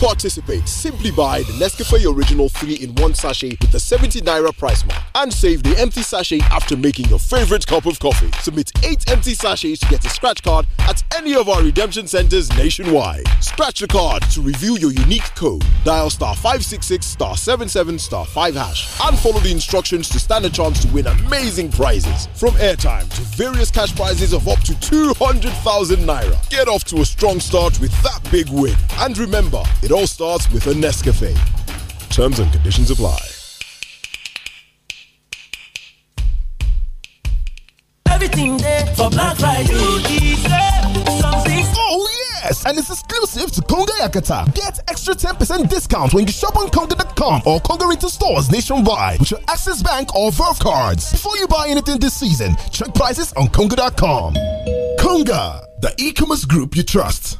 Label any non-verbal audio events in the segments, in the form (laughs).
Participate simply buy the Nescafe Original 3 in 1 sachet with the 70 Naira price mark and save the empty sachet after making your favorite cup of coffee. Submit 8 empty sachets to get a scratch card at any of our redemption centers nationwide. Scratch the card to review your unique code. Dial star 566 star 77 star 5 hash and follow the instructions to stand a chance to win amazing prizes from airtime to various cash prizes of up to 200,000 Naira. Get off to a strong start with that big win. And remember, it all starts with a Nescafe. Terms and conditions apply. Everything there for Black Friday. Oh, yes, and it's exclusive to Conga Yakata. Get extra 10% discount when you shop on Conga.com or Conga retail stores nationwide with your Access Bank or Verve cards. Before you buy anything this season, check prices on Conga.com. Conga, the e-commerce group you trust.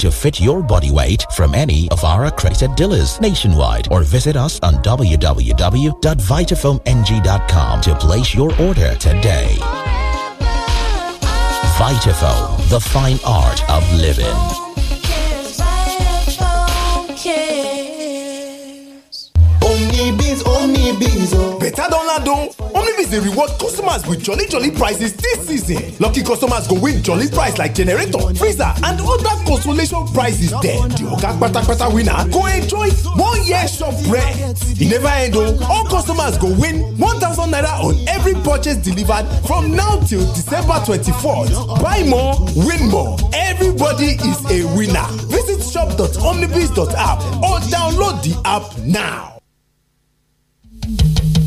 to fit your body weight from any of our accredited dealers nationwide or visit us on www.vitafoamng.com to place your order today. Vitafoam, the fine art of living. Only beans Omnibiz Better don land o. Omnibiz dey reward customers with jolly jolly prices this season. Lucky customers go win jolly price like generator, freezer and other consolation prizes There, The oga kpatakpata winner go enjoy one year shop bread. E never end o. Oh. All customers go win one thousand naira on every purchase delivered from now till December twenty-fourth. Buy more, win more. Everybody is a winner. Visit shop.omnibiz.app or download the app now. Muzik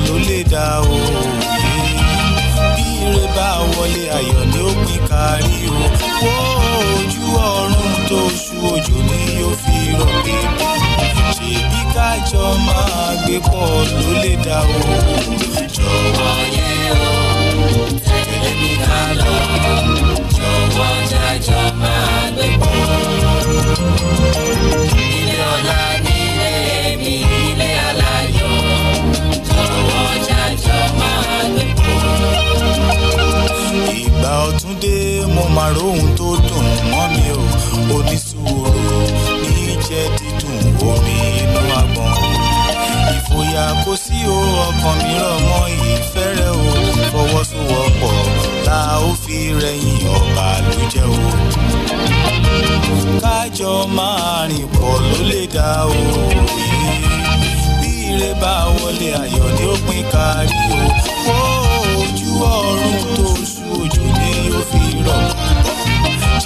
ló lè dá o bí ire bá wọlé ayọ̀ ni ó pín kárí o wo ojú ọ̀run tó ṣú òjò ni yóò fi rọ̀ bébí ṣèbí kájọ máa gbé pọ̀ ló lè dá o jọ̀wọ́ yẹ o tẹ̀lé mi ká lọ jọ̀wọ́ jájọ́. máa róhun tó dùn mọ́ mi o oníṣòro níjẹ́ dídùn omi inú agbọ̀n ìfòyà kò sí o ọkàn mi rọ̀ mọ́ ìfẹ́ rẹ o fọwọ́sowọ́pọ̀ la ó fi rẹ̀yìn ọba ló jẹ́ o kájọ máa rìn pọ̀ ló lè dá o ire bá wọlé ayọ̀ ni ó pín kárí o ojú ọ̀run tó ṣú òjò ni ó fi rọ̀.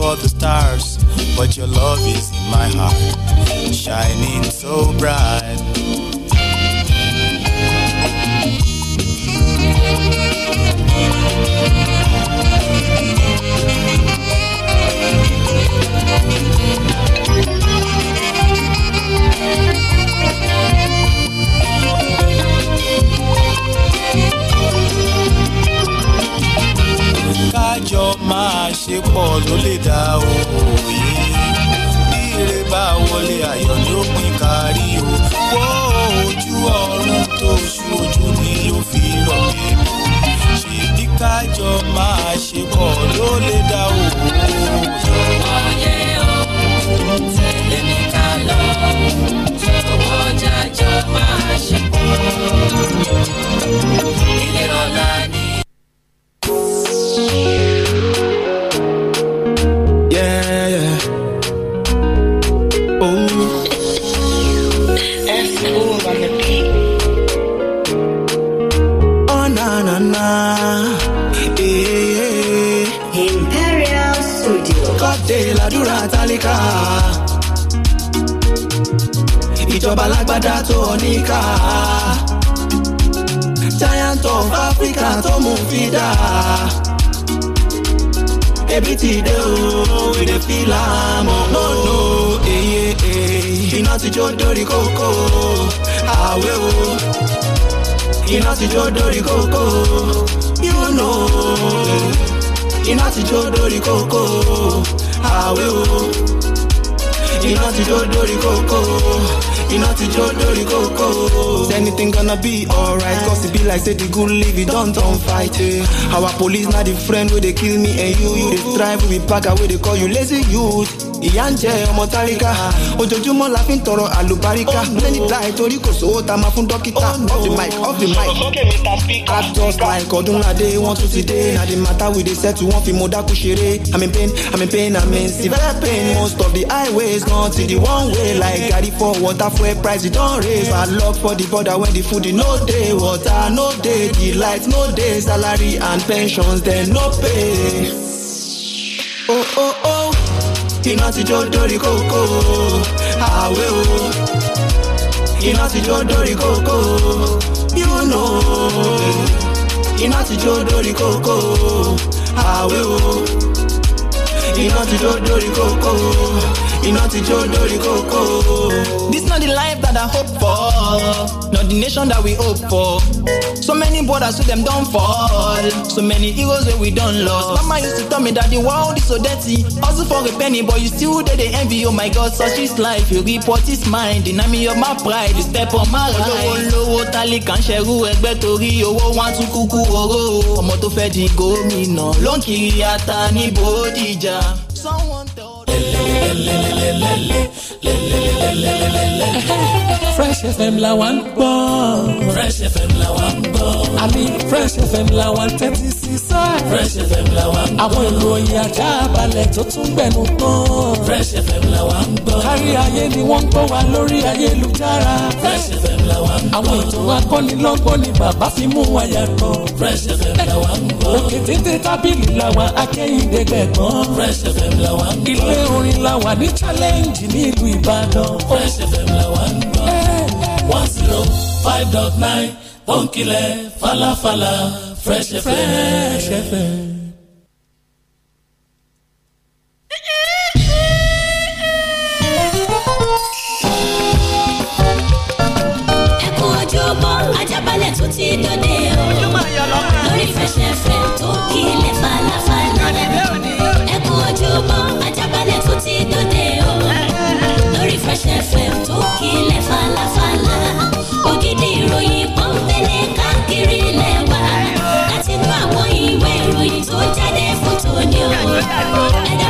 for the stars, but your love is in my heart, shining so bright. Thank you. àṣepọ̀ ló lè dá òòyì bí ire bá wọlé ayọ̀ ni ó pín kárí o wọ́ ojú ọ̀run tó ṣú ojú ni ó fi rọ̀ mí ṣèdíkàjọ máa ṣe pọ̀ ló lè. unity dey o we dey feel am ọmọ no eye iná ti jó dórí kókó àwẹ̀ o iná ti jó dórí kókó you know iná ti jó dórí kókó àwẹ̀ o iná ti jó dórí kókó. Iná ti jó dórí kókó. Anything gonna be alright, cause e be like say the good leave, e don turn fight. Eh. Our police na the friend wey dey kill me and you, you dey strive, we packer away, dey call you lazy youth ìyá ń jẹ ọmọ táríkà ojoojúmọ́ la fi ń tọrọ àlùbáríkà lẹ́ni láì torí kò sówó ta máa fún dókítà off the mic off the mic actors like ọdúnládé wọ́n tún ti dé na the matter we dey settle wọ́n fi mo dákú ṣeré i'm in pain i'm in pain i'm in severe pain most of the highways gone till the one way like garri for water fuel price e don raise padlock for the border when the food no dey water no dey the light no dey salary and pensions dem no pay iná ti jó dórí kókó àwẹ̀ o iná ti jó dórí kókó you know iná ti jó dórí kókó àwẹ̀ o iná ti jó dórí kókó iná ti jó lórí kókó. This not the life that I hope for, not the nation that we hope for. So many brothers so them don't fall. So many heroes where we don't lost. Mama used to tell me that the world is so dirty. Also for a penny, but you still did the envy. Oh my God, such is life. You report is mine. Deny me of my pride. You step on my life. Olówó lówó tálíkà ń ṣerú ẹgbẹ́ torí owo wan tún kuku oró. Ọmọ tó fẹ́ di gómìnà ló ń kiri ata ní Bódìjà. Someone fresh fm la wa ń gbọ́. fresh fm la wa ń gbọ́. àmì fresh fm la wa ń tẹ́tí sí sá. fresh fm la wa ń gbọ́. àwọn ìròyìn ajá balẹ̀ tó tún gbẹnu tán. fresh ayé ni wọ́n ń gbọ́ wa lórí ayélujára. Fresh FM la wa ń gbọ́. àwọn ètò akọ́nilọ́gbọ́n ni bàbá fi mú wa yàtọ̀. Fresh FM la wa ń gbọ́. òkè tètè tábìlì la wa akẹ́yìndẹ́gbẹ̀gbọ́n. Fresh FM la wa ń gbọ́. ilé orin la wa ní challenge ní ìlú Ìbàdàn. Fresh FM la wa ń gbọ́. one zero five dot nine pọ́ńkìlẹ̀ falafala Fresh FM. Fresh FM. fẹsẹ̀fẹ̀ tó kílẹ̀ falafala. ẹ kú ojúmọ́ ajábalẹ̀ tó ti dòde o. lórí fẹsẹ̀fẹ̀ tó kílẹ̀ falafala. ògidì ìròyìn pọ́npẹ́lẹ́ káàkiri ilẹ̀ wa. láti nú àwọn ìwé ìròyìn tó jáde fún tòní o. ẹ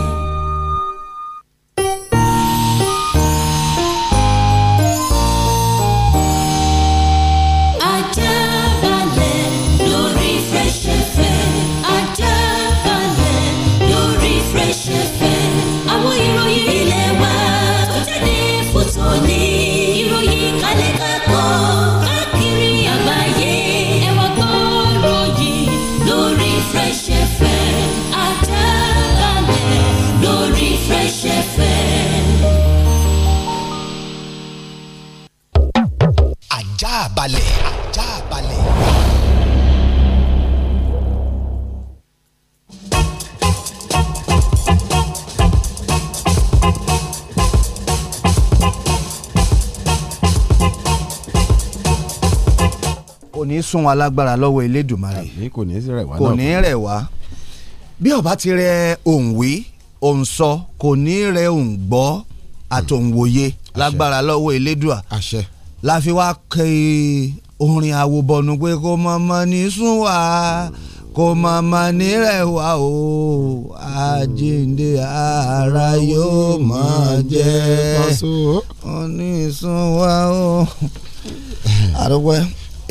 sún wa lágbára lọ́wọ́ Elédùmarè kò ní rẹ̀ wá kò ní rẹ̀ wá bí ọba ti rẹ òǹwé òǹsọ kò ní rẹ òǹgbọ́ àtòǹwòye mm. lágbára lọ́wọ́ Elédùà àṣẹ la fi wá kẹ́ orin àwòbọ̀nù pé kò mọ̀mọ́ ní sún wa kò mọ̀mọ́ ní rẹ̀ wá o àjíǹde ara yóò máa jẹ́ onísùn wa o àdúgbò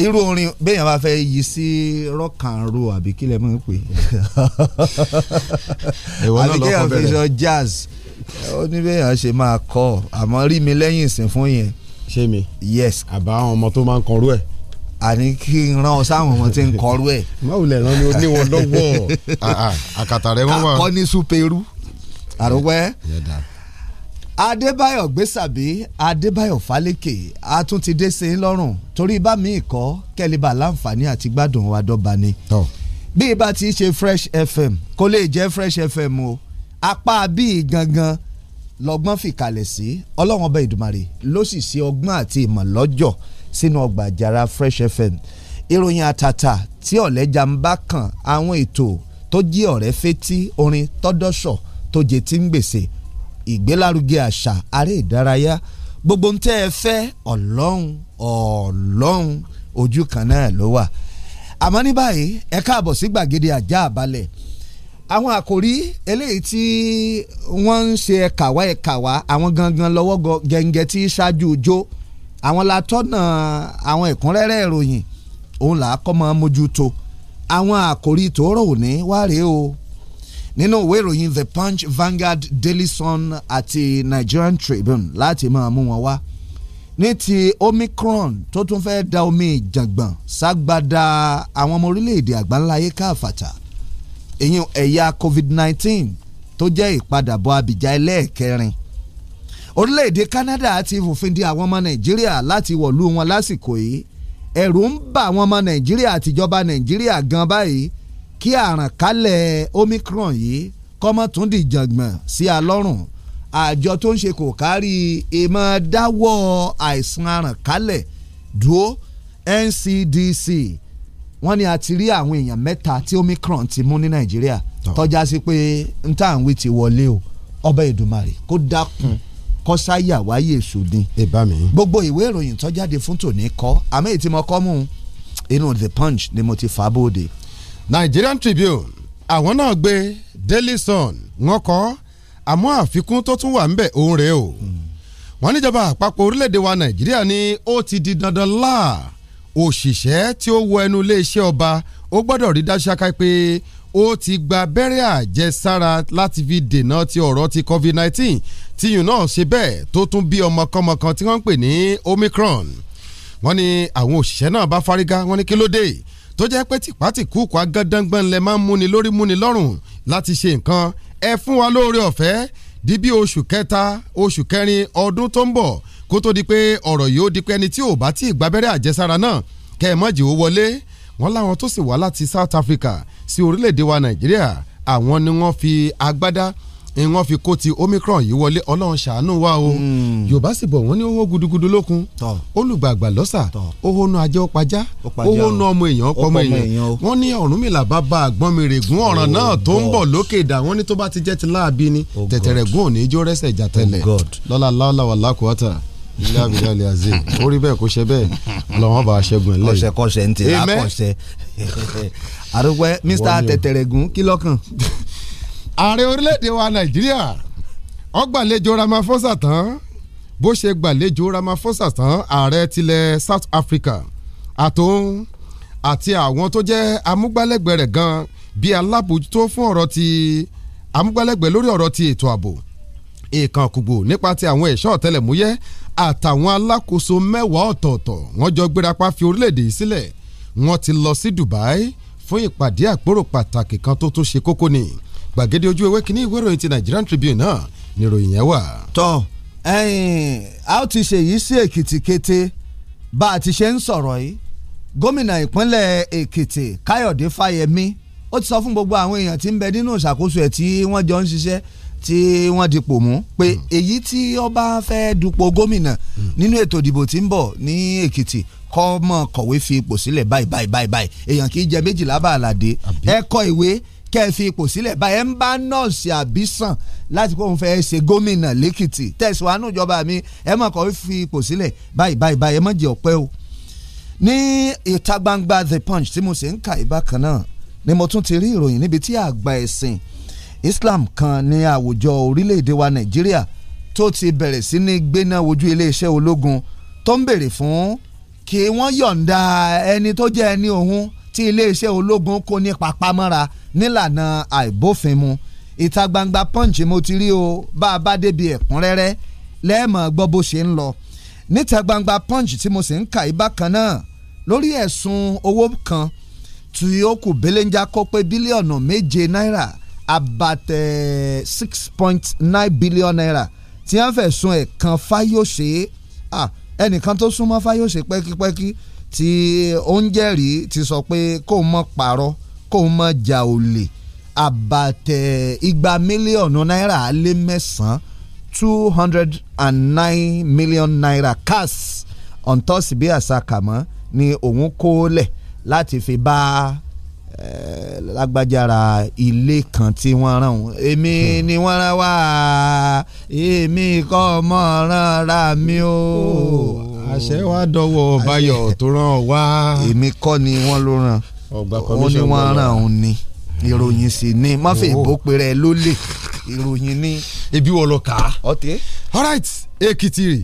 irú orin béèyàn bá fẹ́ yí sí rọ́kànró àbí kílẹ̀ mọ̀ pé àbí kéèyàn fi sọ jazz ó ní béèyàn ṣe máa kọ́ àmọ́ rí mi lẹ́yìn ìsìn fún yẹn. ṣé mi yes àbá àwọn ọmọ tó máa ń kọrú ẹ̀ àní kí n rán ọ sáwọn ọmọ tí ń kọrú ẹ. báwo rán ni o ní wọn lọ́wọ́ (laughs) àkàtà rẹ wọ́n wà. akọ́ni súperú àrùpẹ́. yẹ adébáyọ̀ gbèsàbí adébáyọ̀ fálékè a tún ti dé sí i lọ́rùn torí bá mi ìkọ́ kẹ́líbà láǹfààní àti gbádùn wa dọ́ba ni. bí ibà ti ṣe fresh fm kó lè jẹ́ fresh fm o apá bíi gangan lọ́gbọ́n fìkàlẹ̀ sí ọlọ́run ọba ìdùmarè ló sì ṣe ọgbọ́n àti ìmọ̀ lọ́jọ̀ sínú ọgbà àjàrà fresh fm ìròyìn àtàtà tí ọ̀lẹ́jà ń bá kan àwọn ètò tó jí ọ̀rẹ́ fétí orin tọ́dọ̀ṣọ̀ tó jẹ ti ń gbèsè ìgbélárugẹ àṣà aré ìdárayá gbogbo ń tẹ́ ẹ fẹ́ ọlọ́run ọlọ́run ojú kan náà ló wà àmọ́ ní báyìí ẹ káàbọ̀ sí gbàgede àjà àbálẹ̀ àwọn àkòrí eléyìí tí wọ́n ń ṣe ẹ̀kàwá ẹ̀kàwá àwọn gangan lọ́wọ́ gẹ̀ǹgẹ̀ tí ṣáájú ojó àwọn látọ́nà àwọn ẹ̀kúnrẹ́rẹ́ ìròyìn òun là á kọ́ mọ́ mójútó àwọn àkòrí tòórọ́ òní wá rèé o nínú ìwé ìròyìn The Punch, Vanguard, Daily Sun àti Nigerian Tribune láti máa mú wọn wá ní ti Omicron tó tún fẹ́ da omi ìjàngbọ̀n ságbádá àwọn ọmọ orílẹ̀-èdè àgbáńláyé káfàtà ìyẹn ẹ̀yà COVID-19 tó jẹ́ ìpadàbọ̀ abìjà ẹlẹ́ẹ̀kẹrin orílẹ̀-èdè Canada ti fòfin de àwọn ọmọ Nàìjíríà láti wọ̀lú wọn lásìkò yìí ẹ̀rù ń bà àwọn ọmọ Nàìjíríà àtijọba Nàìjíríà gan báyìí kí àrànkálẹ̀ Omicron yìí kọ́mọ́ tún di jàngbọ̀n sí alọ́rùn àjọ tó ń ṣe kò kárí ìmọ̀ dáwọ́ àìsàn àrànkálẹ̀ dúró NCDC wọ́n ní a ti rí àwọn èèyàn mẹ́ta tí Omicron ti mú ní Nàìjíríà tọ́já sí pé n tá à ń wí ti wọlé o ọbẹ̀ Èdùmàrè kó dákun kọ́sáyà wáyé sùdín gbogbo ìwé ìròyìn tọ́jáde fún tòní kọ́ àmọ́ ètí inú The Punch ni mo ti fà bóde Nigerian Tribune àwọn náà gbé Daily Sun wọn kọ àmọ́ àfikún tó tún wà ń bẹ̀ òun rèé o wọ́n níjọba àpapọ̀ orílẹ̀‐èdè wa Nàìjíríà ni ó ti di dandan láà òṣìṣẹ́ tí ó wọ ẹnu iléeṣẹ́ ọba ó gbọ́dọ̀ rí dáṣáká pé ó ti gba abẹ́rẹ́ àjẹsára láti fi dènà ti ọ̀rọ̀ ti COVID-19 tíyùn náà ṣe bẹ́ẹ̀ tó tún bí ọmọkọ́mọ kan tí wọ́n ń pè ní Omicron wọ́n ní àwọn òṣìṣẹ́ náà bá fárígá wọ́n ní kí ló dé tó jẹ́ pé tìpátìkúùkù agandangban lẹ máa ń múni lórí múni lọ́rùn láti ṣe nǹkan ẹ fún wa lóore ọ̀fẹ́ di bí oṣù kẹta oṣù kẹrin ọdún tó ń bọ̀ kó tó di pé ọ̀rọ̀ yìí ó di pé ẹni tí ò bá tí ì gbábẹ́rẹ́ àjẹsára náà kẹ́ ẹ̀ mọ̀jì ó wọlé wọn láwọn tó sì wá láti South Africa sí orílẹ̀-èdè wa Nàìjíríà àwọn ni wọ́n fi agbádá ni wọ́n fi kó ti omicron yìí wọlé ọlọ́run ṣàánú wa o hmm. yorùbá sì bọ̀ wọ́n ní owó gudugudu lókun olùgbàgbà lọ́sà owó nu ajẹ́ ọ̀pájá owó nu ọmọ èèyàn ọpọmọ èèyàn wọ́n ní ọ̀rúnmìlà bàbá àgbọ̀n mi règún ọ̀ràn oh náà tó ń bọ̀ lókè dà wọ́n ní tó bá ti jẹ́ ti láàbí ni oh tẹ̀tẹ̀rẹ̀ gún òní ijó rẹ́sẹ̀ ìjà tẹ̀lẹ̀ oh lọ́la láọ́lá wà lákòótà ilé abidjan lè azé orí bẹ́ẹ̀ kó ṣe bẹ́ẹ̀ lọ́wọ́n bá aṣẹ́gun ẹ̀ lẹ́yìn. ọ̀sẹ̀ kọ́sẹ̀ ń tẹ̀lé akọ́sẹ̀. (laughs) àdúgbò mr tẹ̀tẹ̀rẹ̀gùn kí lọ́kàn ààrẹ orílẹ̀-èdè wa nàìjíríà ó gbàlejò ramaphosa tán bó ṣe gbàlejò ramaphosa tán ààrẹ tilẹ̀ south africa àtòun àti àwọn tó jẹ́ amúgbálẹ́gbẹ̀ẹ́ rẹ̀ gan bíi alábòjútó fún ọ̀rọ̀ ti amúgbálẹ́gbẹ̀ẹ́ lórí ọ̀rọ̀ ti ètò ààbò ìkàn kùgbò nípa ti àwọn ẹ̀ṣọ́ ọ̀tẹlẹ̀múyẹ́ àtàwọn alákòóso mẹ́wàá ọ̀tọ̀ọ̀tọ̀ wọ́n jọ gbérapá fi orílẹ̀-èdè yìí sílẹ̀ wọ́n ti lọ sí Dubai fún ìpàdé àpérò pàtàkì kan tó tún ṣe kókó ni gbàgede ojú ewé kínní ìwé ìròyìn ti Nigerian Tribune náà ni ìròyìn yẹn wà. tọ́ a ó ti ṣèyí sí Èkìtì kété bá a ti ṣe ń sọ̀rọ̀ yìí gómìnà ìpínlẹ̀ Èkìtì Káyọ̀dé Fáyẹmí ó ti sọ fún gbogbo àwọn èèyàn tí ń bẹ nínú ìṣàkóso ẹ̀ tí wọ́n jọ ń ṣiṣẹ́ tí wọ́n dipò mú pé hmm. èyí tí ọba fẹ́ dupò gómìnà hmm. nínú ètò ìdìbò tí ń bọ̀ ní Èkìtì kọ́ mọ̀ kọ̀wé fi ipò sílẹ̀ báyìí báyìí báyìí èèyàn kì í jẹ méjìlá bá àlàdé ẹ kọ ìwé kẹ́ ẹ fi ipò sílẹ̀ báyẹn ń bá nọ́ọ̀sì àbí sàn láti kó òun fẹ́ ṣe gómìnà lẹ́kìtì tẹ̀síwánú ìjọba mi ẹ mọ̀ kọ́ fi ipò sílẹ̀ báyìí báyìí báyìí ẹ mọ̀ jẹ́ ọ̀pẹ́ o. ní ìta gbangba the punch tí mo sì ń kà ìbákan náà ni mo tún ti rí ìròyìn níbi tí àgbà ẹ̀sìn Islam kan ní àwùjọ orílẹ̀-èdè wa Nàìjíríà tó ti bẹ̀rẹ̀ sí ní gbéná wojú iléeṣẹ́ ológun tó ń béèrè fún kí wọ́n yọ̀ǹda ẹni tó jẹ́ ẹni òun tí iléeṣẹ́ ológun kó nípa pamọ́ra nílànà àìbófinmu ìta gbangba punch mo ti rí o bá a bá débi ẹ̀kúnrẹ́rẹ́ lẹ́ẹ̀mọ̀ gbọ́ bó ṣe ń lọ níta gbangba punch tí mo sì ń kà í bákan náà lórí ẹ̀sùn owó kan tí ó kù belenja kó pé bílíọ̀nù méje náírà about six point nine billion naira tí wọ́n fẹ̀sùn ẹ̀ kan Fáyọ̀ṣe ẹnìkan tó súnmọ́ Fáyọ̀ṣe pẹ́kípẹ́kí tí ó ń jẹ́rìí ti sọ pé kó mọ̀ parọ́ kó mọ̀ jà olè àbàtẹ̀ igba mílíọ̀nù náírà lé mẹ́sàn-án two hundred and nine million naira cash ọ̀ǹtọ́sí bí àṣà ni òun kó lẹ̀ láti fi bá eh, lágbájára ilé kan tí wọ́n rán òun èmi hmm. ni wọ́n rán wá èmi kọ́ ọmọ rán ra mi o oh àṣẹ wa dọwọ́ Báyọ̀ tó rán wá. èmi kọ́ ni wọ́n ló rán wọ́n ní wọ́n rán òun ni ìròyìn sì ni má fẹ́ ìbò péré ló lè ìròyìn ni. ibi wo ló kà á. ọtí. all right Èkìtì rè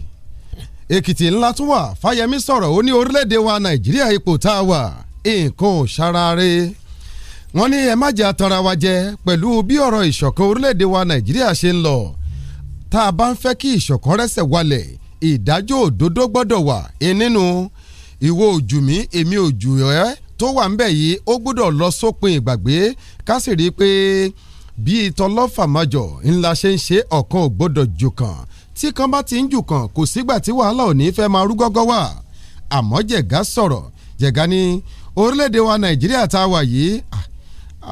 Èkìtì ńlá tún wà Fáyẹmí sọ̀rọ̀ ó ní orílẹ̀-èdè wa Nàìjíríà ipò tá a wà nǹkan ò ṣaraare wọ́n ní ẹ má jẹ́ atara wa jẹ pẹ̀lú bí ọ̀rọ̀ ìṣọ̀kan orílẹ̀ wa Nàìjíríà ṣe ń lọ tá a bá ń fẹ́ kí ìṣọ̀kan rẹ́sẹ̀ walẹ̀ ìdájọ́ òdodo gbọ́dọ̀ wà nínú ìwọ ojú mi èmi ojú ẹ tó wà ńbẹ̀ yìí ó gbọ́dọ̀ lọ sópin ìgbàgbé ká sì rí i pé bí ìtọ́lọ́fàmájọ̀ ńlá ṣe ń ṣe ọ̀kan ò gbọ́dọ̀ jù kan tí kan bá ti ń jù kan kò sígbà tí wàhálà ò ní fẹ́ máa rú wà àmọ́ jẹ̀gá sọ̀rọ̀ jẹ̀gá ní orílẹ̀-èdè wa nàìjíríà tá a wà yìí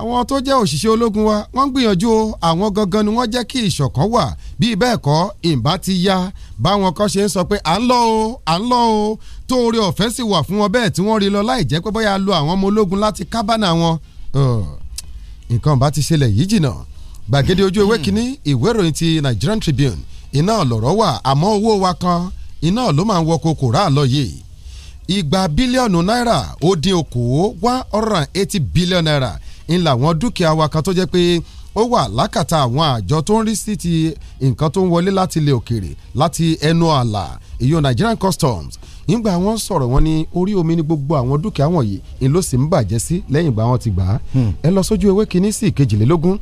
àwọn tó jẹ́ òṣìṣẹ́ ológun wa wọ́n ń gbìyànjú o àwọn gangan ni wọ́n jẹ́ kí ìṣọ̀kan wà bíi bẹ́ẹ̀ kọ́ ìbá ti ya báwọn kan ṣe ń sọ pé à ń lọ o à ń lọ o tó oore ọ̀fẹ́ sì wà fún wọn bẹ́ẹ̀ tí wọ́n rí lọ láì jẹ́ pé bóyá lo àwọn ọmọ ológun láti kábànà wọn. nǹkan bá ti ṣẹlẹ̀ yìí jìnnà gbàgede ojú ewé kínní ìwé ìròyìn ti Nigerian Tribune iná lọ̀rọ̀ wà àmọ́ owó wa kan iná ló máa ń wọ kókó rà lọ yìí igba bílíọ̀nù náírà ó dín okòó one hundred and eighty billion naira ńlá àwọn dúkìá wa kan tó jẹ́ pé ó wà lákàtà àwọn àjọ tó ń rí sí ti nǹkan tó ń wọlé láti ilẹ̀ òkèèrè láti ẹnu àlà ìyó Nigerian Customs nígbà wọn sọ̀rọ̀ wọn ní orí omi ní gbogbo àwọn dúkìá wọ̀nyí ni ló sì ń bàjẹ́ sí lẹ́yìn ìgbà wọn ti gbà á hmm. ẹ lọ sójú ewé kínní sí ìkejìlélógún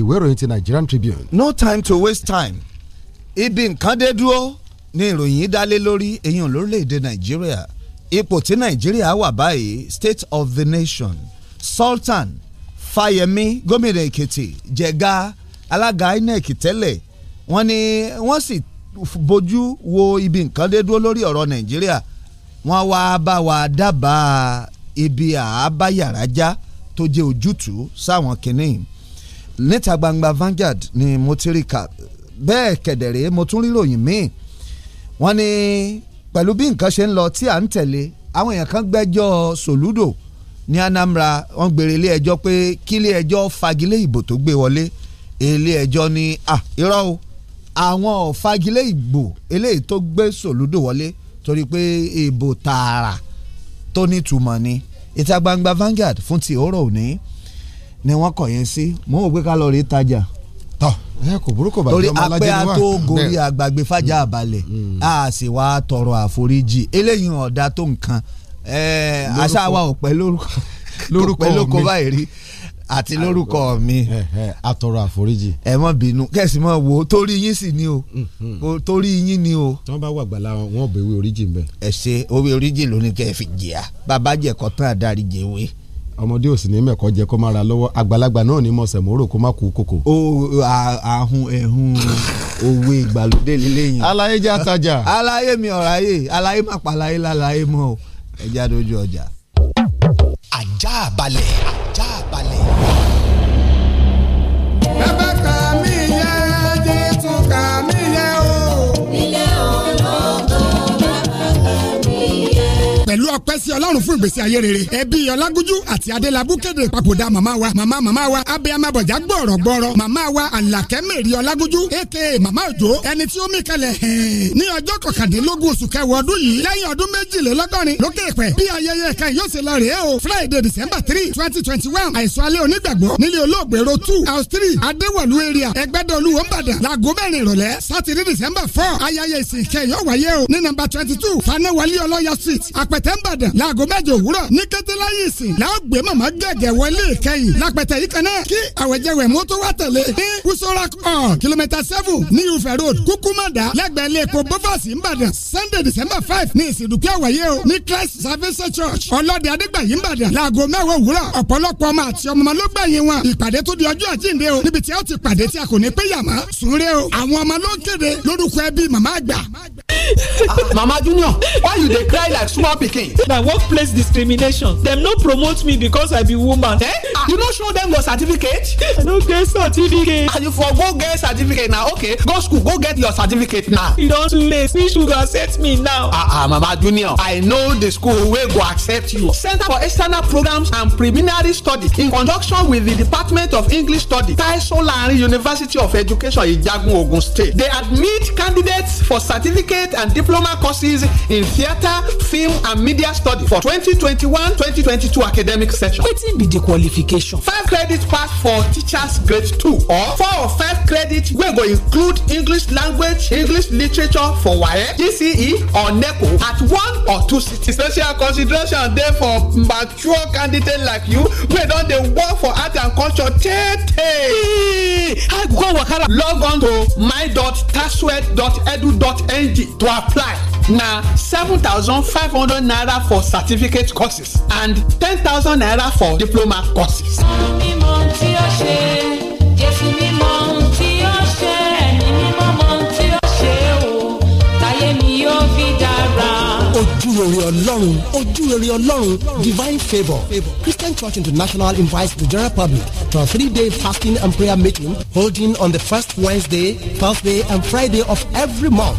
ìwé ìròyìn ti Nigerian Tribune. no time to waste time ibi nǹkan dé dúró ni ìròyìn dálé lórí èyàn lórílẹ̀‐èdè nàìjíríà ipò tí nàìjíríà wà báyìí state of the nation sultan fáyẹmí gómìnà èkìtì jẹ̀ga alága inec tẹ́lẹ̀ wọ́n ní wọ́n sì bójú wo ibi nǹkan dé dúró lórí ọ̀rọ̀ nàìjíríà wọ́n wá bá wa dábàá ibi àbáyàrájá tó jẹ́ ojútùú sáwọn kìnnìún níta gbangba Vanguard ni mo ti rí kà bẹ́ẹ̀ kẹ̀dẹ̀rẹ́ mo tún rí ròyìn míì wọ́n ní pẹ̀lú bí nǹkan ṣe ń lọ tí à ń tẹ̀lé àwọn èèyàn kan gbẹ́jọ́ Sòlúdò ní Anambra wọ́n gbèrè ilé ẹjọ́ pé kí ilé ẹjọ́ fagilé ìbò tó gbé wọlé ilé ẹjọ́ ní à irọ́ o àwọn ò fagilé ìbò eléyìí tó gbé Sòlúdò wọlé torí pé ìbò tààrà tó nítumọ̀ ni ìta gbangba Vanguard fún ti òórọ̀ òní ni wọ́n kọ̀ yẹn sí mò ń wò pé ká lọ rí tajà tọ ẹ kò burúkú bàjẹ́ torí apẹ́ àtó gorí àgbàgbé fàjà àbálẹ̀ mm. a sì wá tọrọ àforíjì eléyìí ọ̀dà tó nǹkan àṣà wa ò pẹ́ lórúkọ lórúkọ mi lórúkọ báyìí rí àti lórúkọ mi. àtọrọ àforíjì. ẹ mọ bínú kẹsì mọ wo torí yín sì ni mhm. o torí yín ni o. tí wọn bá wà gbàlà wọn ò bẹ̀wé oríjì mbẹ. ẹ ṣe owó oríjì lónìí kẹ́ ẹ fi jìyà bàbá jẹ̀kọ́ tán àdárí jẹ̀wé. ọmọdé ò sì ní mẹ́kọ́ jẹ kó máa ra lọ́wọ́ àgbàlagbà náà ní mọ̀ọ́sẹ̀ mòórò kó má kú kòkò. o àhun ẹ̀hún owó ìgbàlódé lélẹ́yìn. aláyé jẹ́ àtajà. aláyé mi ọ̀ráyè aláyé má pa aláyé láláyé mọ́ o ẹ já dojú ọjà. ajá balẹ̀ ajá balẹ̀. pẹ̀lú ọpẹ́ sí ọlọ́run fún ìgbésí ayé rere ẹbí ọlágúnjú àti adélábù kéde ìpapòdà màmá wa màmá màmá wa abiyama bọ̀já gbọ̀rọ̀ gbọ̀rọ̀ màmá wa àlàkẹ́ mèrì ọlágúnjú aka màmá òjò ẹni tí ó mí kalẹ̀ hẹ́n ní ọjọ́ kọkàndínlógún oṣù kẹwàá ọdún yìí lẹ́yìn ọdún méjìlélọ́gọ́rin lókè pẹ̀ bí ayẹyẹ kan yóò ṣe lọ rèé o friday december three twenty twenty one àìsàn alẹ́ onígbàgbọ́ nílé olóògbèrò two house three adéwọ̀lú area ẹgbẹ́dọ̀lú òǹbàdàn laago mẹ́rin ìrọ̀lẹ́ saturday december four ayẹyẹ ìsìnkẹ́ yóò wáyé o ní number twenty two fanáwálé ọlọ́yà street àpẹtẹ ń bàdàn láago mẹ́jọ òwúrọ̀ ní kété láyé ìsìn làá gbé màmá gẹ́gẹ́ wọlé ìkẹyìn lápẹtẹ yìí kan náà kí àwẹ̀jẹwẹ̀ mú tó wá ní kusorak hall seven ní Ifẹ̀ road kúkúmọ̀dá lẹ́gbẹ̀ẹ́ ilé epo bọ́fàsì sunday december five ní ìsìndùkú àwẹ̀yẹ o ní christ service church ọlọ́dẹ adégbàyí ń bàdàn láago mẹ́wàá òwúrọ̀ ọ̀pọ̀lọpọ̀ ọmọ àti ọmọ ló gbẹ̀yìn wọn ìpàdé tó di ọjọ́ àjíǹde o níbi tí a ti pàdé tí a kò ní pé yàmá sùnre o àwọn ah, why you dey cry like small pikin me na workplace discrimination dem no promote me because i be woman eh ah, you no show dem your certificate i no get certificate and you for go get certificate na okay go school go get your certificate now e don too late me sugar set me now ah ah mama junior i know the school wey go accept you center for external programs and preliminary studies in conjunction with the department of english studies taiso larin university of education ijagun ogun state dey admit candidates for certificate and diploma courses in theatre film and media study for 2021-2022 academic session. Wetin be di qualification? Five credit pass for teachers grade two or four or five credit wey go include English language, English literature for WAEC, GCE or NECO at one or two cities. Special consideration dey for mature candidates like you wey don dey work for art and culture tey tey. I go wakala. Log on to my.tasweb.edu.ng to apply na seven thousand five hundred naira for certificate courses and ten thousand naira for diploma courses. Fún mímọ̀ tí ó ṣe, Jésù mímọ̀ tí Ojúrere Ọlọ́run Ojúrere Ọlọ́run Divine favour Christian Church International invites the general public to a three-day fasting and prayer meeting holding on the first Wednesday, Thursday and Friday of every month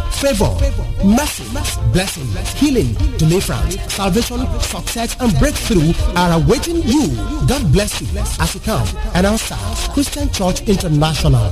favor, mercy, blessing, healing, deliverance, salvation, success, and breakthrough are awaiting you. God bless you as you come. Announcer, Christian Church International.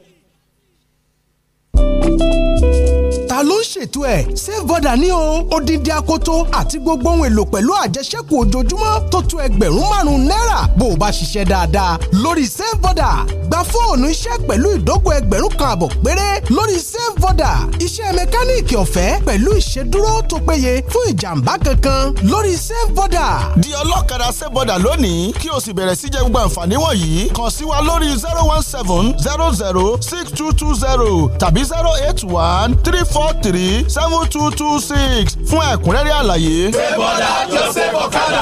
Thank you. ta ló ń ṣètò ẹ̀ save border ní o odindi akoto àti gbogbo ohun èlò pẹ̀lú àjẹsẹ́kù ojoojúmọ́ tó tó ẹgbẹ̀rún márùn-ún náírà bó o bá ṣiṣẹ́ dáadáa lórí save border gba fóònù iṣẹ́ pẹ̀lú ìdógò ẹgbẹ̀rún kan àbọ̀ péré lórí save border iṣẹ́ mẹkáníìkì ọ̀fẹ́ pẹ̀lú ìṣedúró tó péye fún ìjàmbá kankan lórí save border. di ọlọ́kadà save border lónìí kí o sì bẹ̀rẹ̀ sí jẹ gbogbo àǹfààní wọ̀nyí kàn sí wa lórí zero one seven zero zero six two two zero tàbí zero eight one three four three seven two two six fún ẹ̀kúnrẹ́rẹ́ àlàyé. ṣé bọ́dà yóò ṣe bọ̀kadà.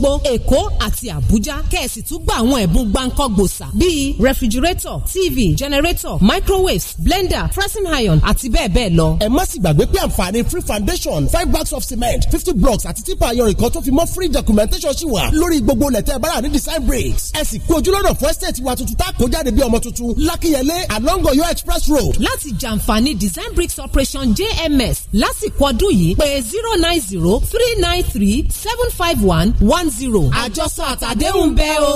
Òṣogbo Èkó àti Àbújá kẹ̀sì tún gba àwọn ẹ̀bùn gbàǹkọ́gbòsà bíi rẹfrigirétọ̀ TV jẹnẹrétọ̀ microwaves blender pressing iron àti bẹ́ẹ̀ bẹ́ẹ̀ lọ. ẹ má sì gbàgbé pé àǹfààní free foundation five bags of cement fifty blocks àti tipa ayọ̀rìn kan tó fi mọ́ free documentation sí wa lórí gbogbo lẹ́tẹ̀ bára ní design breaks ẹ sì kú ojúlọ́nà fún estate wa tuntun tá a kó jáde bí ọmọ tuntun lákìyẹlé along Oyo express road. láti jàǹfààní design bricks operation jms lásìkò ọdún yìí pé zero nine zero three nine three seven five one one zero àjọsọ àtàdéhùn bẹ́ẹ̀ o.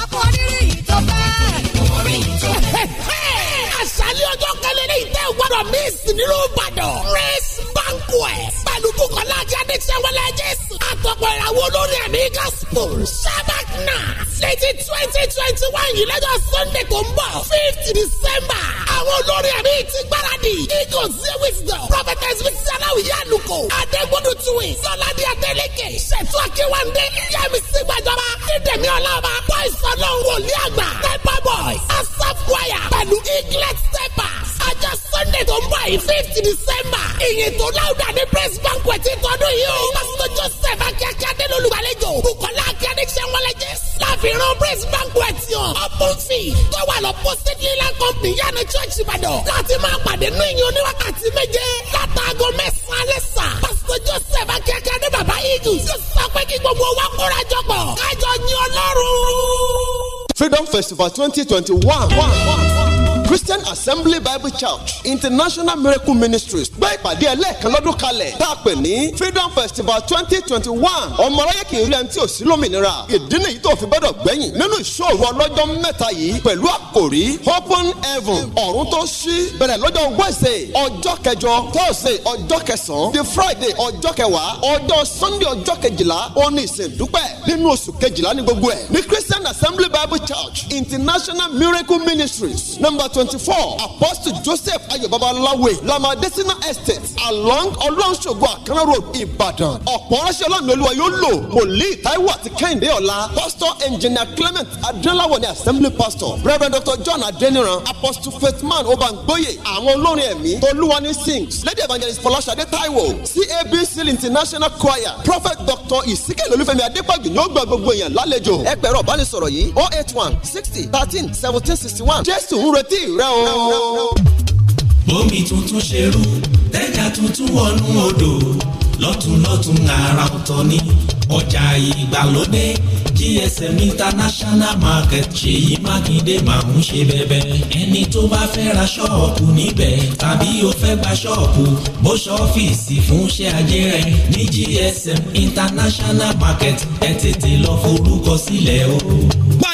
akọrin yìí tó bẹ́ẹ̀. orin yìí tó bẹ́ẹ̀ àṣálẹ́ ọjọ́ kẹlẹ́ ní ìtẹ́ ìwádọ̀ miss nílùú ìbàdàn. Race banquet alùpùpọ̀lá jáde sẹ́wọ́lẹ̀ jésù. àtọ̀pọ̀ ìràwọ̀ olórin ẹ̀mí gospel sábàkínà létí twenty twenty one yìí lọ́jọ́ sunday tó ń bọ̀ fifth december. àwọn olórin ẹ̀mí ti gbáradì. eagle zee wisdom Prophets, wisdom aláwìyé àlùkò. adégbòdù tuwe sọládì adélèké. ṣètò akéwàndé yẹmi sígbàjọba. dídèmí ọlọ́ba. boys ọlọ́run wòlíì àgbà. pepper boys. asaf choir. pẹ̀lú eaglet steppers. àjọ sunday tó ń bọ̀ yìí fifth december. ìyìn tó láwùdà ní press bar banquet tọdún yìí o. pásítọ̀ joseph akíákí adélo olùgbàlejò bukola akíade sẹ́wọ́lẹ́jẹ́ láfihàn praise banquet yàn open field tó wà lọ posted leland church ìbàdàn láti máa pàdé ní ìyẹn oníwákàtí méje látàgọ́ mẹ́sàn-án alẹ́ sà. pásítọ̀ joseph akíákí adé bàbá eagle yóò pé kí gbogbo wa kóra jọ pọ̀ kájọ yìn ọlọ́run. freedom festival twenty twenty one. Christian Assembly Bible Church International Miracle Ministries gbé ìpàdé ẹlẹ́ẹ̀kan lọ́dún kalẹ̀ tá a pè ní Freedom Festival twenty twenty one ọmọ aráyé kì í rí ẹni tí ò sí lómìnira ìdí nìyí tó fi gbọ́dọ̀ gbẹ̀yìn nínú ìṣòro ọlọ́jọ́ mẹ́ta yìí pẹ̀lú àkòrí open heaven ọ̀run tó ṣí bẹ̀rẹ̀ lọ́jọ́ Wednesday ọjọ́ kẹjọ Thursday ọjọ́ kẹsàn-án the Friday ọjọ́ kẹwàá ọjọ́ Sunday ọjọ́ kejìlá òní ìsìndúpẹ́ nínú oṣù kejìlá ní gbogbo ẹ̀ ní Christian Assembly Bible Church International Miracle Ministries number twenty. 24 four apostle joseph ayọ̀ lamadesina estate along ọlọ́nṣogbo àkànná road ìbàdàn ọ̀pọ̀ ránṣẹ́ ọlọ́run olúwa yóò lò wòlíì taiwo àti kẹ́hìndé ọ̀la pastor engineer clement adéláwọ̀ ni assembly pastor reverend dr john adeniran apostle faithman obangboye àwọn olórin ẹ̀mí tolúwani sings lady evangelist fọláṣadé taiwo cabc international choir prophet dr ìsíkèlè olúfẹ́mi adépọ̀jù ni ó gba gbogbo èèyàn lálejò ẹ pẹ̀rọ ìbánisọ̀rọ̀ yìí oh eight one sixty thirteen seventeen sixty one jésù ń retí àdúrà o. bómi tuntun ṣe rú tẹ́jà tuntun wọnú odò lọ́tùnlọ́tùn àrà ọ̀tọ̀ ni ọjà ìgbàlódé gsm international market ṣèyí mákindé máa ń ṣe bẹ̀bẹ̀ ẹni tó bá fẹ́ ra ṣọ́ọ̀pù níbẹ̀ tàbí o fẹ́ gba ṣọ́ọ̀pù bó ṣọ́ọ̀fìsì fún ṣẹ́ ajé rẹ ní gsm international market ẹ tètè lọ forúkọ sílẹ̀ o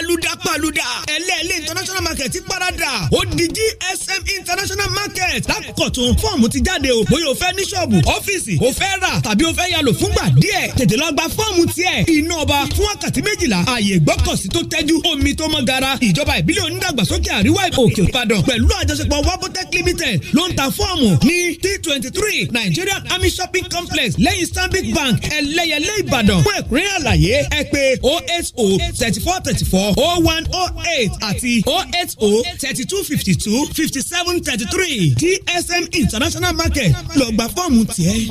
pálúdà pálúdà ẹlẹ́ẹ̀lẹ́ international market ti parada ó di gsm international market lákọ̀tún fọ́ọ̀mù ti jáde o bóyá o fẹ́ ní ṣọ́ọ̀bù ọ́fíìsì o fẹ́ rà tàbí o fẹ́ yálò fúngbà díẹ̀ tètè lọ gba fọ́ọ̀mù tiẹ̀ iná ọba fún wákàtí méjìlá ààyè gbọ́kọ̀sí tó tẹ́jú omi tó mọ́ gara ìjọba ìbílẹ̀ onídàgbàsókè àríwá òkè ìbàdàn pẹ̀lú àjọṣepọ̀ wabotec limited ló ń ta fọ́ọ̀mù ní t twenty three nigerian army shopping complex lẹ́yìn stanbic bank ẹlẹ́yẹlé ìbàdàn fún ẹ̀kúnrẹ́rẹ́ àlàyé ẹ pè oh eight oh thirty four thirty four oh one oh eight àti oh eight oh thirty two fifty two fifty seven thirty three dsm international market lọ gba fọ́ọ̀mù tiẹ̀.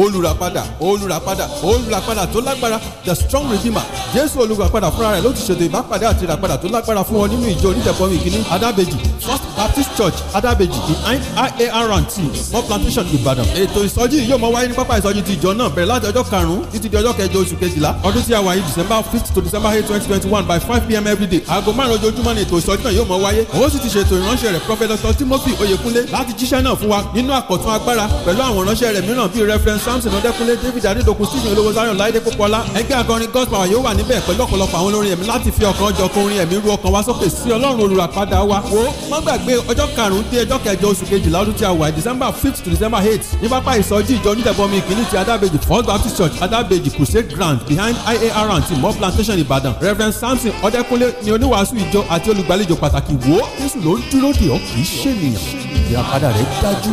olùràpadà olùràpadà olùràpadà tó lágbára the strong redeemer jésù olùràpadà fúnra rẹ̀ ló ti ṣètò ìbápadà àti ìràpadà tó lágbára fún wọn nínú ìjọ onídẹ̀kọ́mi ìkíní adábẹ́jì first baptist church adábẹ́jì behind iarnt mọ́ plantation ìbàdàn ètò ìsọjí yìí yóò mọ wáyé ní pápá ìsọjí ti ìjọ náà bẹ̀rẹ̀ láti ọjọ́ karùn-ún títí di ọjọ́ kẹjọ oṣù kejìlá ọdún tí a wà yìí december December fifth to December eight twenty twenty one by five pm every day. aago márùn ojoojúmọ́ ni ètò ìsọjí náà yóò mọ wáyé. ó sì ti ṣètò ìránṣẹ́ rẹ̀ Prophet Dr. Timothy Oyekunle láti jíṣẹ́ náà fún wa nínú àkọ̀tún agbára pẹ̀lú àwọn ìránṣẹ́ rẹ̀ mìíràn bíi Rev. Samson Ọdẹkùnlé David Adédokun Stephen Olówó Zion Láìdé Pópọ́lá ẹgbẹ́ akọrin Gospel yóò wà níbẹ̀ pẹ̀lú ọ̀pọ̀lọpọ̀ àwọn olórin ẹ̀mí láti fi ọkàn jọ kọrin ẹ̀mí ru ọkàn wa sókè sí Ọlọ́run olùràpadà wa. wo má gbàgbé ọjọ́ karùn-ún dé ọjọ́ kẹjọ oṣù kejìlá ọdún tí a wà December fifth to December eight ní pápá ìsọjí ìjọ onídàbọmi ìkíní ti Adábèjì First Baptist Church Adábèjì Crusade Ground behind IAR and mọ́ plantation ìbàdàn reverend samson ọdẹkùnlé ni oníwàásù ìjọ àti olùgbàlejò pàtàkì wò ó jésù ló ń dúró dè ọ́ kì í ṣènìyàn ìyàpadà rẹ̀ dájú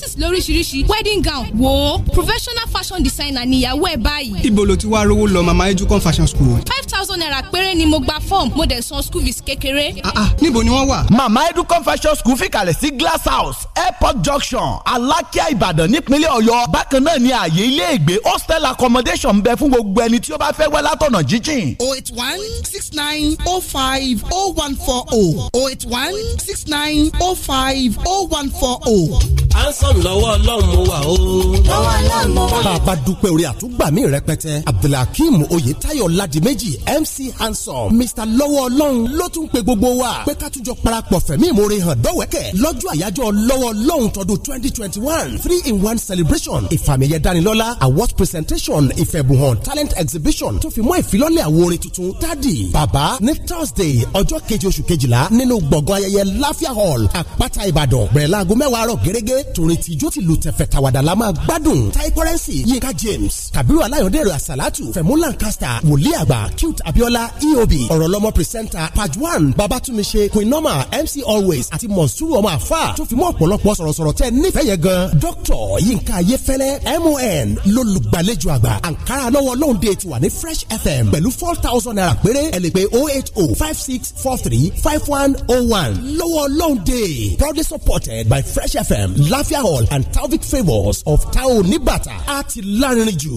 dresses lóríṣiríṣi wedding gown wo professional fashion designer níyàwó ẹ̀ báyìí. ibo ló ti wá rówó lọ mama ejukon fashion school. five thousand naira péré ni mo gba form mo dẹ̀ san school fees kékeré. ah ah níbo ni wọ́n wà. mama ejukon fashion school fìkàlẹ̀ sí glass house airport junction alákíá ìbàdàn nípínlẹ̀ ọ̀yọ́ bákan náà ni ààyè ilé ìgbé hostel accommodation bẹ fún gbogbo ẹni tí ó bá fẹ́ wẹ́ látọ̀nà jíjìn. oh eight one six nine oh five oh one four oh oh eight one six nine oh five oh one four oh. à ń sọ ọlọ́run lọ́wọ́ ọlọ́run mo wà o. lọ́wọ́ ọlọ́run mo wà. bàbá dúpẹ́ orí àtúgbàmí rẹpẹtẹ abdulhakeem oyetayo ladimeji mc handsome mr lọ́wọ́ ọlọ́run ló tún pe gbogbo wa pé ká tún jọ parapọ̀ fẹ̀mí ìmoore hàn dọ́wẹ́kẹ̀ lọ́jọ́ àyájọ́ lọ́wọ́ ọlọ́run tọdún twenty twenty one three in one celebration ìfàmìyẹ dánilọ́lá award presentation ìfẹ̀bùhàn talent exhibition tó fi mọ́ ìfilọ́lẹ̀ àwo orin tuntun tádì bàbá ní thursday ọjọ́ keje oṣù kejìlá nínú gbọ̀ngàn ayẹyẹ láfíà hall àpáta ìbàdàn bẹ̀rẹ̀ láago mẹ́wàá àárọ̀ gẹ́gẹ́ torí tìjó tìlù tẹ̀fẹ̀ tàwàdà la máa gbádùn tai currency yinka james kabiru alayọ̀dẹ̀rẹ̀ asalatu fẹ̀mú lancaster wòlíì àgbà cute abiola eob ọ̀rọ̀lọ́mọ pírísẹ́ńtà pajwan babatunmise queen norma mc always àti monsuru ọmọ àfà tó fi mọ́ ọ̀pọ̀lọpọ̀ sọ̀rọ̀sọ̀rọ̀ tẹ́ nífẹ̀ẹ́ yẹn gan dr yinka ayefẹ́lẹ́ mon lólùgbàlejò àgbà ankara lọ́wọ́ lóhùndé ti wà ní fresh fm pẹ̀lú four thousand naira péré ẹ lè pè oh eight oh five six four three five one oh one lọ́wọ́ lóhùndé proudly supported by fresh fm láfíà Hall and Talvik Favours of Tao Nibata. A ti lárinrin jù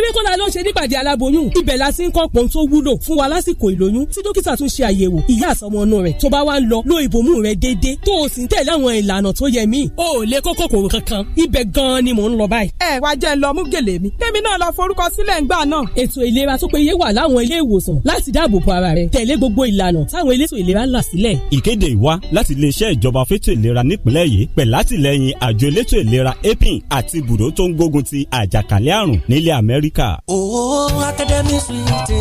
erékọ́lá ló ń ṣe nípàdé aláboyún ibẹ̀ la sì ń kọ́ pọ́n tó wúlò fún wa lásìkò ìlóyún tí dókítà tún ṣe àyẹ̀wò ìyá àsọmọnú rẹ̀ tó bá wá ń lọ lo ìbomú rẹ̀ déédéé tó o sì ń tẹ̀lé àwọn ìlànà tó yẹ mí o ò lè kó kòkòrò kankan ibẹ̀ gan-an ni mò ń lọ báyìí. ẹ wá jẹ́ lọ mú gèlè mi tèmi náà lọ forúkọ sílẹ̀ ńgbà náà. ètò ìlera tó péye wà láwọn ilé ìwòsàn láti dáàbò bo ara rẹ tẹ̀lé gbogbo ìlànà táwọn elétò ìlera là sílẹ̀. ìkéde ìwá láti iléeṣẹ́ ìjọba fétò ìlera nípìnlẹ̀ yìí pẹ̀lú látìlẹ́yìn àjọ elétò ìlera apin àti ibùdó tó ń gbógun ti àjàkálẹ̀ àrùn nílẹ̀ amẹ́rí áfíríkà. òwò oh, akademi suwite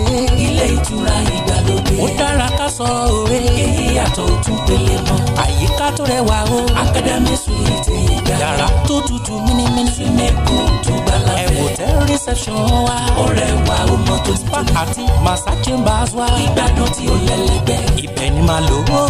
ilé ìtura ìgbàlódé ó dára ká sọ òwe èyí yàtọ̀ òtún pélé mọ́ àyíká tó rẹwà o akademi suwite yàrá tó tutù mímímí sinimu tó gbala hotel reception wa. ọ̀rẹ́ wa ó mọ tó ti tó. spa àti massa chambers wa. ìgbádùn tí ó lẹ́lẹ́gbẹ́. ibẹ̀ ni màá lò ó.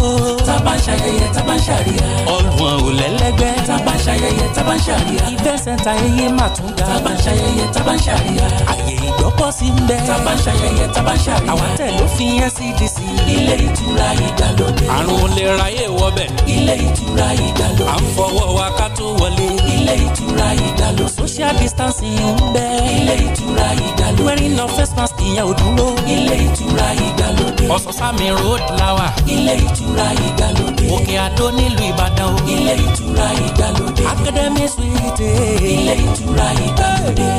tábà ń ṣayẹyẹ tábà ń ṣàríyá. ọ̀gbun ò lẹ́lẹ́gbẹ́. tábà ń ṣayẹyẹ tábà ń ṣàríyá. ìfẹ́ sẹ́ńtà ẹyẹ mà tún ga. tábà ń ṣayẹyẹ tábà ń ṣàríyá. àyè ìgbọ́pọ̀ sí ń bẹ. tábà ṣayẹyẹ tábà ń àwọn tẹ̀ ló fi NCDC. ilé ìtura ìdàlódé. àrùn olè ra yé wọbẹ̀. ilé ìtura ìdàlódé. à ń fọwọ́ wa ká tó wọlé ilé ìtura ìdàlọ́. social distancing ń bẹ. ilé ìtura ìdàlọ́. wearing no face mask ìyẹn ò dúró. ilé ìtura ìdàlódé. ọ̀sán-sámi road lawa. ilé ìtura ìdàlódé. òkè àdó nílùú ìbàdàn o. ilé ìtura ìdàlódé. academy suite. ilé ìtura ìdàlódé.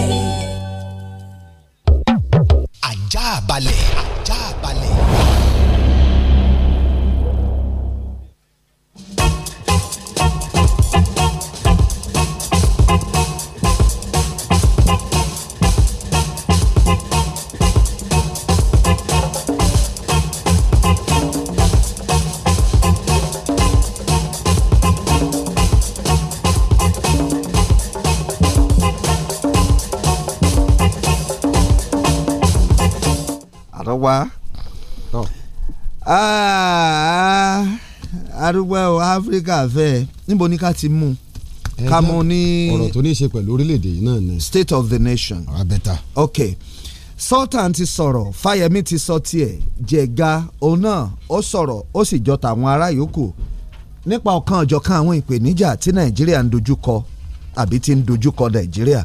ajá balẹ̀ ajá balẹ̀. wá ah, arúgbó áfíríkà fẹ́ níbo ni ká ti mú ká mú ní. ọ̀rọ̀ tó ní í ṣe pẹ̀lú orílẹ̀-èdè yìí náà ni. state of the nation. abẹ́ta. Ah, ok sultan ti sọ̀rọ̀ fáyẹ̀mí ti sọ tiẹ̀ jẹ̀ga òun náà ó sọ̀rọ̀ ó sì jọ tàwọn ará yòókù nípa ọ̀kan ọ̀jọ̀kan àwọn ìpèníjà tí nàìjíríà ń dojúkọ àbí tí ń dojúkọ nàìjíríà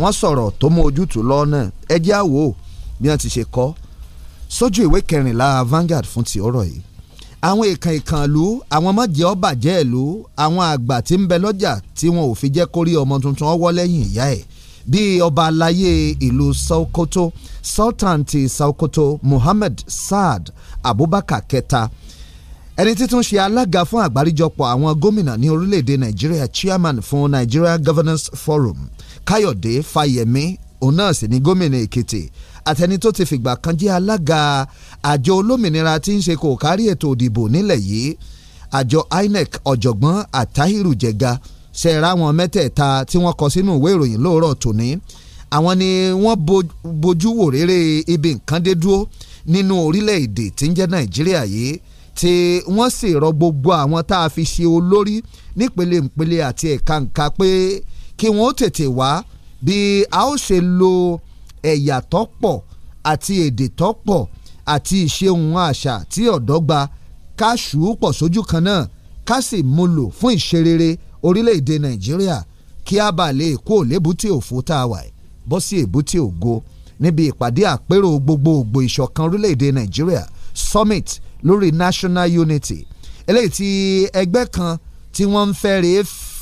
wọ́n sọ̀rọ̀ tó mọ ojútùú lọ́nà ẹjẹ́ àwò bí wọ́n ti ṣe kọ́ sójú ìwé kẹrìnlá Vanguard fún ti ọ̀rọ̀ yìí àwọn ìkàn ìkàn ìlú àwọn mọ̀jẹ̀ ọba jẹ́ ìlú àwọn àgbà tí ń bẹ lọ́jà tí wọn ò fi jẹ́ kórí ọmọ tuntun ọwọ́ lẹ́yìn ìyá ẹ̀ bíi ọba aláyé ìlú Sokoto Sultan ti Sokoto Muhammad Saad Abubakar kẹta ẹni títún ṣe alága fún àgbáríjọpọ̀ àwọn gómìnà ní orílẹ̀-èdè Nàìjíríà chairman fún Nigeria Governance Forum Káyọ̀dé Fáyẹ̀mí òun náà sì ni gómìnà Èkìtì àtẹni tó ti fìgbà kan jẹ́ alága àjọ olómìnira tí ń ṣe kò kárí ètò òdìbò nílẹ̀ yìí àjọ INEC ọ̀jọ̀gbọ́n àtàhírù jẹ̀ga ṣẹ̀ra wọn mẹ́tẹ̀ẹ̀ta tí wọ́n kọ sínú ìwé ìròyìn lóòrọ̀ tòní àwọn ni wọ́n bojú wò rere ibi nǹkan dé dúró nínú orílẹ̀-èdè tí ń jẹ́ Nàìjíríà yìí tí wọ́n sì rọ gbogbo àwọn tá a fi ṣe olórí nípele ìpele àti ẹ̀ka nǹka pé kí wọ́n tètè wá bí a ó ṣe lo ẹ̀yà tó pọ̀ àti èdè tó pọ̀ àti ìṣeun àṣà tí ọ̀dọ́gba ká ṣù ú pọ̀ sójú kan náà ká sì mú lò fún ìṣerere orílẹ̀-èdè nàìjíríà kí a bá lè kó lébùté òfò tá a wà bọ́ sí èbúté ògo níbi ìpàdé àpérò gbogbogbò ìṣọ̀kan orílẹ̀-èdè nàìjíríà summit lórí national unity eléyìí tí ẹgbẹ́ kan tí wọ́n ń fẹ́ rèé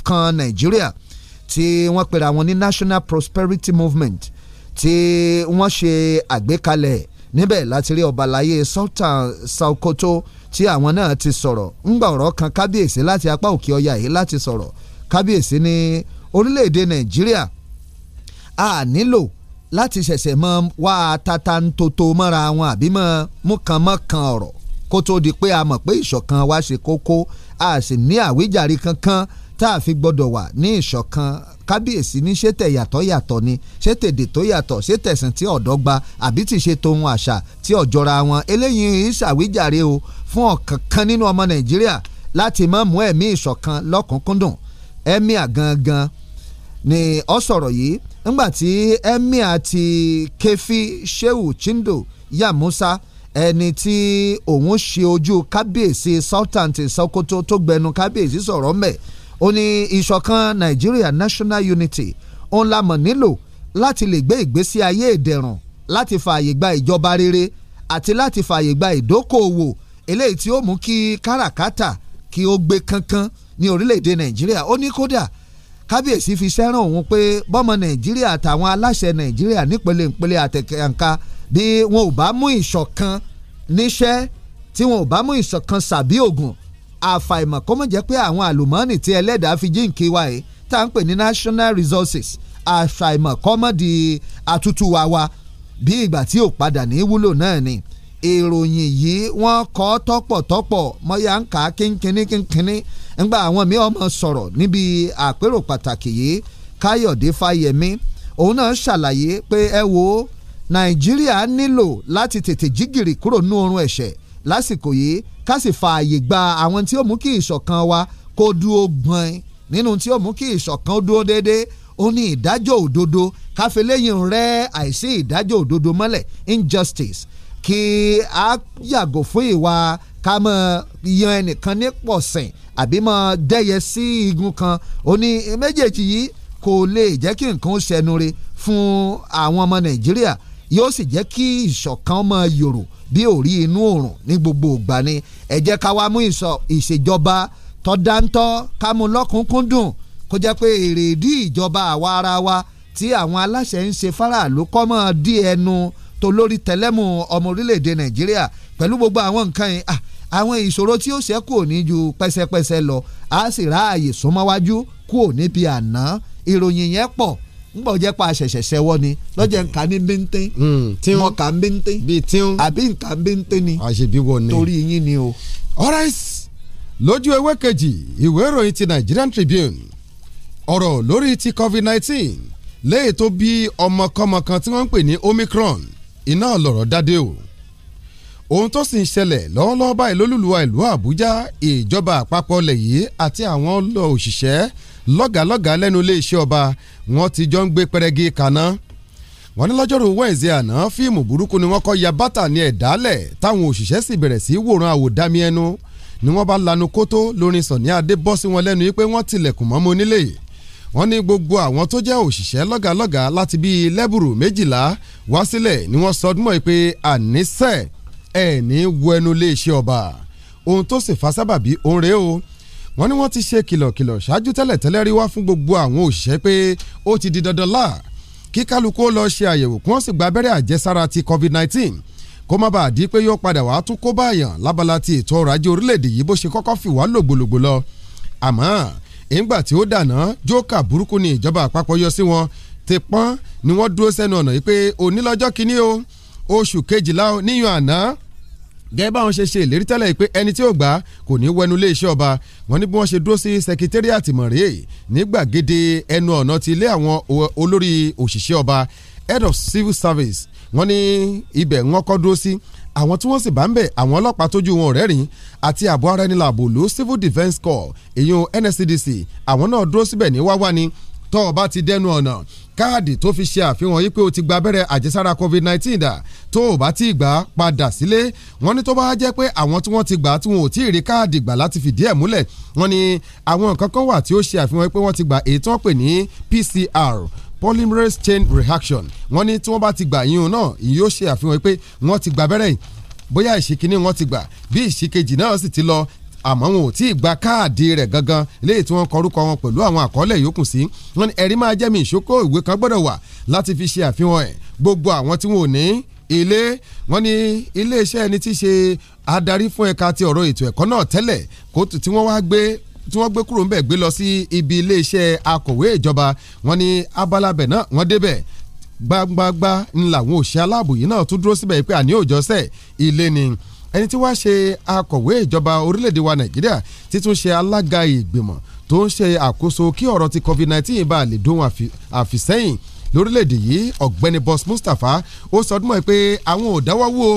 kan nàìjíríà tí wọ́n pera wọn ní national prosperity movement tí wọ́n ṣe àgbékalẹ̀ níbẹ̀ láti rí ọba láyé Sultan Sokoto tí àwọn náà ti sọ̀rọ̀ ńgbà ọ̀rọ̀ kan kábíyèsí láti apá òkè ọya yìí láti sọ̀rọ̀ kábíyèsí ní orílẹ̀-èdè Nàìjíríà a nílò láti ṣẹ̀ṣẹ̀ mọ wá tata toto mọ́ra wọn àbí mọ́ mú ọ̀rọ̀ kó tó di pé a mọ̀ pé ìṣọ̀kan wa ṣe kókó a sì ní àwíjàre kankan tá a fi gbọ́dọ̀ wà ní ìṣọ̀kan kábíyèsí ní ṣé yàtọ̀ yàtọ̀ ni ṣé tèdè tó yàtọ̀ ṣé tẹ̀sán tí ọ̀dọ́ gba àbí ti ṣe tohun àṣà tí ọ̀jọ̀ra wọn eléyìí ṣàwíjàre o fún ọ̀kankan nínú ọmọ nàìjíríà láti má mú ẹ̀mí ìṣọ̀kan lọ́kùnkúndùn ẹ̀míà gangan ni ọ sọ̀rọ̀ yìí ńgbà tí ẹ̀míà ti Keffi Shehu Chindo Yamusa ẹni tí òun ṣe ojú kábíyèsí Sultan ti Sokoto tó gbẹnu kábíyèsí sọ̀rọ̀ mẹ́ẹ̀ ó ní ìṣọ̀kan Nigeria national unity òun la mọ̀ nílò láti lè gbé ìgbésí ayé ìdẹ̀rùn láti fààyè gba ìjọba rere àti láti fààyè gba ìdókòòwò eléyìí tí ó mú kí káràkátà kí ó gbé kánkán ní orílẹ̀-èdè Nàìjíríà ó ní kódà kábíyèsí fi sẹ́ràn òun pé bọ́mọ Nàìjíríà àtàwọn aláṣẹ Nàìjíríà nípele nípele àtẹ̀kẹ̀ǹka bí wọn ò bá mú ìṣọ̀kan níṣẹ́ tí wọn ò bá mú ìṣọ̀kan sàbí ògùn àfàìmọ̀ kó mọ̀ jẹ́ pé àwọn àlùmọ́ọ́nì tí ẹlẹ́dàá fi jíǹkí wa yìí tá à ń pè ní national resources àfàìmọ̀ kó mọ̀ di àtútù wa wa bí ìgbà tí ò padà ní wúlò náà ni ìròyìn yìí wọ́n kọ tọ́pọ̀tọ́pọ̀ mọ́yà ń kà á kínkínní kínkínní ńgbà àwọn mi ọmọ sọ̀rọ̀ níbi àpérò pàtàkì yìí Káyọ̀dé Fáyẹmí òun náà ṣàlàyé pé ẹ wo Nàìjíríà nílò láti tètè jígìrì kúrò nú oorun ẹ̀ṣẹ̀ lásìkò yìí ká sì fààyè gba àwọn tí ó mú kí ìṣọ̀kan wa kó dúró gbọ́n nínú tí ó mú kí ìṣọ̀kan dúró déédéé ó ní ìdájọ́ òdodo káfíléyìn rẹ́ àìsí ìdájọ́ òdodo mọ́lẹ̀ injustice kí a yàgò fún ìwà ká mọ yan ẹnìkan ní pọ̀sìn àbí mọ dẹ́yẹ sí igun kan ó ní méjèèjì yìí kò lè jẹ́ kí nǹkan ó ṣẹnu re fún àwọn ọmọ Nàìjíríà yóò sì jẹ́ kí ìṣọ̀kan mọ yòrò bí òrí inú òrùn ní gbogbo ìgbà ni ẹ jẹ́ ká wá mú ìṣèjọba tọ́dáńtọ́ ká mú lọ́kùnkúndùn kó jẹ́ pé èrèdí ìjọba àwa ara wa tí àwọn aláṣẹ ń ṣe faraàlú kọ́ mọ́ dí ẹnu tó lórí tẹlẹ́mù ọmọ orílẹ̀-èdè nàìjíríà pẹ̀lú gbogbo àwọn nǹkan yẹn àwọn ìṣòro tí ó ṣẹ́kù òní ju pẹ́sẹpẹ́sẹ lọ á sì ráàyè súnmọ́wájú kú òní bíi àná ìròyìn yẹn pọ̀ ngbà ó jẹ́ pa àṣẹ̀ṣẹ̀ ṣẹwọ́ ni lọ́jẹ̀ nǹkan ní bíntín mọ̀ hmm, kà ń bíntín àbí nǹkan bíntín ni torí yín ni o. alright lójú ewé kejì ìwé ìròyìn ti Nigerian Tribune ọ̀rọ̀ lórí ti COVID-19 léyìí tó bí ọmọkọ́mọ kan tí wọ́n ń pè ní Omicron iná lọ̀rọ̀ dádé o ohun tó sì ń ṣẹlẹ̀ lọ́wọ́lọ́wọ́ báyìí lólùlùwà ìlú Àbújá ìjọba àpapọ̀ lẹ̀ yìí àti àwọn ọlọ́ òṣìṣẹ́ lọ́gàlọ́gà lẹ́nu iléeṣẹ́ ọba wọ́n ti jọ ń gbé pẹrẹgì kaná wọ́n ní lọ́jọ́rú wẹ́ẹ̀sì àná fíìmù burúkú ni wọ́n kọ́ ya bàtà ní ẹ̀dálẹ̀ táwọn òṣìṣẹ́ sì bẹ̀rẹ̀ sí wòran àwòdámi ẹnu ni wọ́n bá lanu kótó lórin sọ̀ní adé bọ́ sí wọn lẹ́nu yìí pé wọ́n tilẹ̀kùn mọ́mọ́ onílé wọ́n ní gbogbo àwọn tó jẹ́ òṣìṣẹ́ lọ́gàlọ́gà láti bíi lẹ́bùrù méjìlá wá sílẹ̀ ni wọ́n sọ ọdúnmọ̀ pé ànísẹ̀ ẹ̀ ní wọ ẹnu iléeṣẹ́ ọba ohun tó sì fa sábàbí òun rèé o wọ́n ní wọ́n ti ṣe kìlọ̀kìlọ̀ ṣáájú tẹ́lẹ̀tẹ́lẹ̀ rí wá fún gbogbo àwọn òṣìṣẹ́ pé ó ti di dandan láà kí kálukú lọ ṣe àyẹ̀wò kí wọ́n sì gba abẹ́rẹ́ àjẹsára ti covid-19 kó má bàa di pé yóò padà wàá tún kó báyàn lábala ti ètò ọrọ̀ ajé orílẹ̀-èdè yìí bó ṣe kọ́kọ́ fi wá lògbòlògbò lọ àmọ́ ìgbà tí ó dànà jókà burúkú ni ìjọba àpapọ̀ yọ sí wọn ti pọ́n ni wọ́n dúró sẹ́nu ọ̀nà yìí pé òní lọ́jọ́ o oṣù kejìlá níyàn àná gẹ́gẹ́ báwọn ṣe ṣe ìlérí tẹ́lẹ̀ pé ẹni tí ó gbà kò ní wẹnu ilé iṣẹ́ ọba wọn ní bí wọ́n ṣe dúró sí sekitẹ́ríàtì mọ̀rẹ́ ní ẹnu ọ̀nà ti ilé àwọn olórí òṣìṣẹ́ ọba head of civil service wọ́n ní ibẹ̀ wọ́n kọ́ dúró sí àwọn tí wọ́n sì bá ń bẹ̀ àwọn ọlọ́pàá tójú wọn rẹ́rìn àti ààbò ara ẹni làbò ló civil defence corps èyàn NSCDC àwọn náà dúró síbẹ̀ ní wáwá ni tó o bá ti dẹnu ọ̀nà káàdì tó fi ṣe àfihàn yìí pé o ti gba abẹ́rẹ́ àjẹsára covid nineteen dà tó o bá ti gbà á padà sílé wọ́n ní tó bá jẹ́ pé àwọn tí wọ́n ti gbà á tí wọn ò tí ì rí káàdì gbà láti fìdí ẹ̀ múlẹ̀ wọ́n ní àwọn nǹkan kan wà tí ó ṣe àfihàn pé wọ́n ti gbà èyí tí wọ́n pè ní PCR polymerase chain reaction wọ́n ní tí wọ́n bá ti gbà yíyún náà ìyẹn yóò ṣe àfihàn pé wọ́n ti gba abẹ́rẹ́ yìí bóyá ìṣìkíní wọ́n ti gbà bí ìṣìkejì náà sì ti lọ àmọ́ wọn ò tí ì gba káàdì rẹ̀ gangan léyìí tí wọ́n kọ orúkọ wọn pẹ̀lú àwọn àkọọ́lẹ̀ yòókù sí wọn ni ẹ̀rí máa jẹ́ mi ìṣókò ìwé kan gbọ́dọ̀ wà láti fi ṣe àfihàn ẹ̀ gbogbo àwọn tí wọn ò ní ilé wọn ni iléeṣẹ́ ẹni tí ṣe adarí fún ẹ̀ka ti ọ̀rọ̀ ètò ẹ̀kọ́ náà tẹ́lẹ̀ kóòtù tí wọ́n wá gbé tí wọ́n gbé kúrò ń bẹ̀ gbé lọ sí ibi iléeṣẹ́ akọ̀wé ìjọba wọn ni abalabẹ̀ náà wọ́n débẹ̀ gbagbagba ńlá àwọn òṣìṣẹ́ aláàbò yìí náà tún dúró síbẹ̀ pé àní òjọ́sẹ̀ ilé ni ẹni tí wàá ṣe akọ̀wé ìjọba orílẹ̀-èdè wa nàìjíríà títún ṣe alága ìgbìmọ̀ tó ń ṣe àkóso kí ọ̀rọ̀ ti covid nineteen bá lè dóhun àfìsẹ́yìn lórílẹ̀‐èdè yìí ọ̀gbẹ́ni Boss Mustapha ó sọdún mọ́ ẹ pé àwọn ò dáwọ́wọ́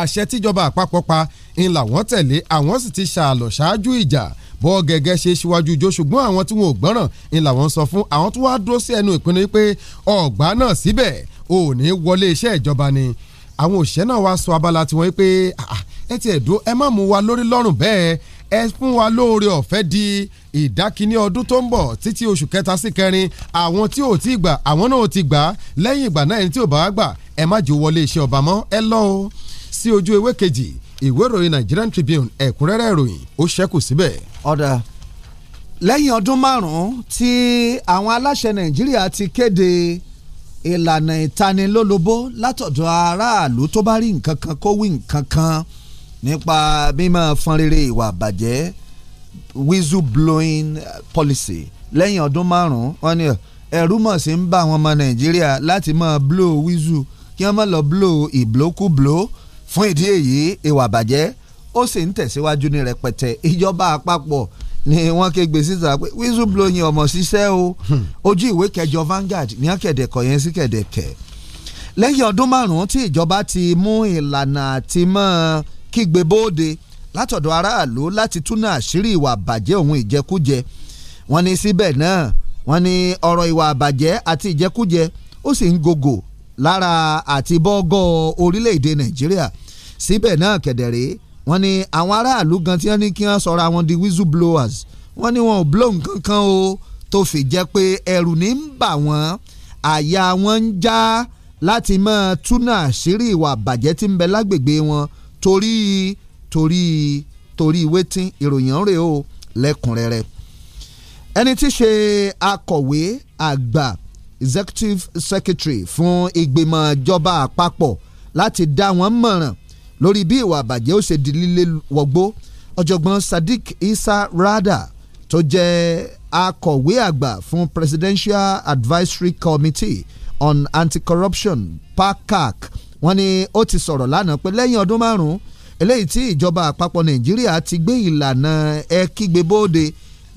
àṣẹ tíjọba àpapọ̀ pa ń làwọn tẹ̀lé àwọn sì ti ṣàlọ̀ ṣáájú ìjà bọ́ gẹ́gẹ́ ṣe síwájú ijó ṣùgbọ́n àwọn tí wọn ò gbọ́ràn ń làwọn sọ fún àwọn tó wá dúró sí ẹnu ìpinnu yìí pé ọ̀gbá náà síbẹ̀ ò wọlé iṣẹ́ ìjọba ni àwọn òṣìṣẹ́ náà wá sọ abala tiwọn pé ẹ ti ẹ̀dùn ẹ má mú wa lórí lọ́rùn bẹ́ẹ̀ ẹ fún wa lóore ọ̀fẹ́ di ìdákiní ọdún tó ń bọ̀ títí oṣù kẹta sí kẹrin àwọn tí ò tí gbà àwọn náà ò ti gbà lẹ́yìn ìgbà náà ẹni tí ò bá gbà ẹ má jò wọlé iṣẹ́ ọba mọ́ ẹ lọ́ o sí ojú ewé kejì ìwé ìròyìn Nigerian Tribune ẹ̀kúnrẹ́rẹ́ ìròyìn ó ṣẹ́kù síbẹ̀. ọ̀dà lẹ́yìn ọdún márùn-ún tí àwọn aláṣẹ Nàìjíríà ti kéde ìlànà ìtanilólobó látọ̀dọ̀ aráàlú tó bá rí nǹkan kan kó wí nǹkan kan nípa mímọ́ fọn rere ìwà àbàjẹ́ whistle blowing policy lẹ́yìn ọdún márùn-ún wọ́n ní ẹ̀rú mọ̀ sí ń bá àwọn ọmọ nàìjíríà láti máa blow whistle kí wọ́n má lọ blow ìblókùbló fún ìdí èyí ìwà àbàjẹ́ ó sì ń tẹ̀síwájú ní rẹpẹtẹ ìjọba àpapọ̀ ni wọ́n ké gbé síta pé wíṣù blóyin ọmọ ṣiṣẹ́ o hmm. ojú ìwé kẹjọ Vanguard ní akẹ̀dẹ̀kọ̀ yẹn sí kẹ̀dẹ̀kẹ̀ lẹ́yìn ọdún márùn-ún tí ìjọba ti mú ìlànà àti mọ́ kígbe bóde látọ̀dọ̀ aráàlú láti túnà àṣírí ìwà àbàjẹ́ òun ìjẹkújẹ wọ́n ní síbẹ̀ náà wọ́n ní ọ̀rọ̀ ìwà àbàjẹ́ àti ìjẹkújẹ ó sì ń gògò lára àti bọ́gọ́ orílẹ̀-èdè Nàìjíríà síbẹ̀ náà kẹ̀dẹ̀rẹ́ wọ́n ní àwọn aráàlú gan tí wọ́n ní kí wọ́n sọ̀rọ̀ àwọn di whistle blowers wọ́n ní wọn ò blow nǹkan kan o tó fi jẹ́ pé ẹ̀rù ní ń bà wọ́n àyà wọn ń já láti máa túnà àṣírí ìwà bàjẹ́ tí ń bẹ lágbègbè wọn torí torí torí wetin ìròyìn rèé o lẹ́kùnrẹ́rẹ́ ẹni tí ṣe akọ̀wé àgbà executive secretary fún ìgbìmọ̀ ìjọba àpapọ̀ láti dá wọn mọ̀ràn lórí bí ìwà àbàjẹ́ ó ṣe di lílé wọgbó ọ̀jọ̀gbọ́n Sadiq Isa Rada tó jẹ́ akọ̀wé àgbà fún Presidential Advisory Committee on Anti-Corruption PACAC wọ́n ní ó ti sọ̀rọ̀ lánàá pé lẹ́yìn ọdún márùn-ún eléyìí tí ìjọba àpapọ̀ Nàìjíríà ti gbé ìlànà ẹ kígbe bóde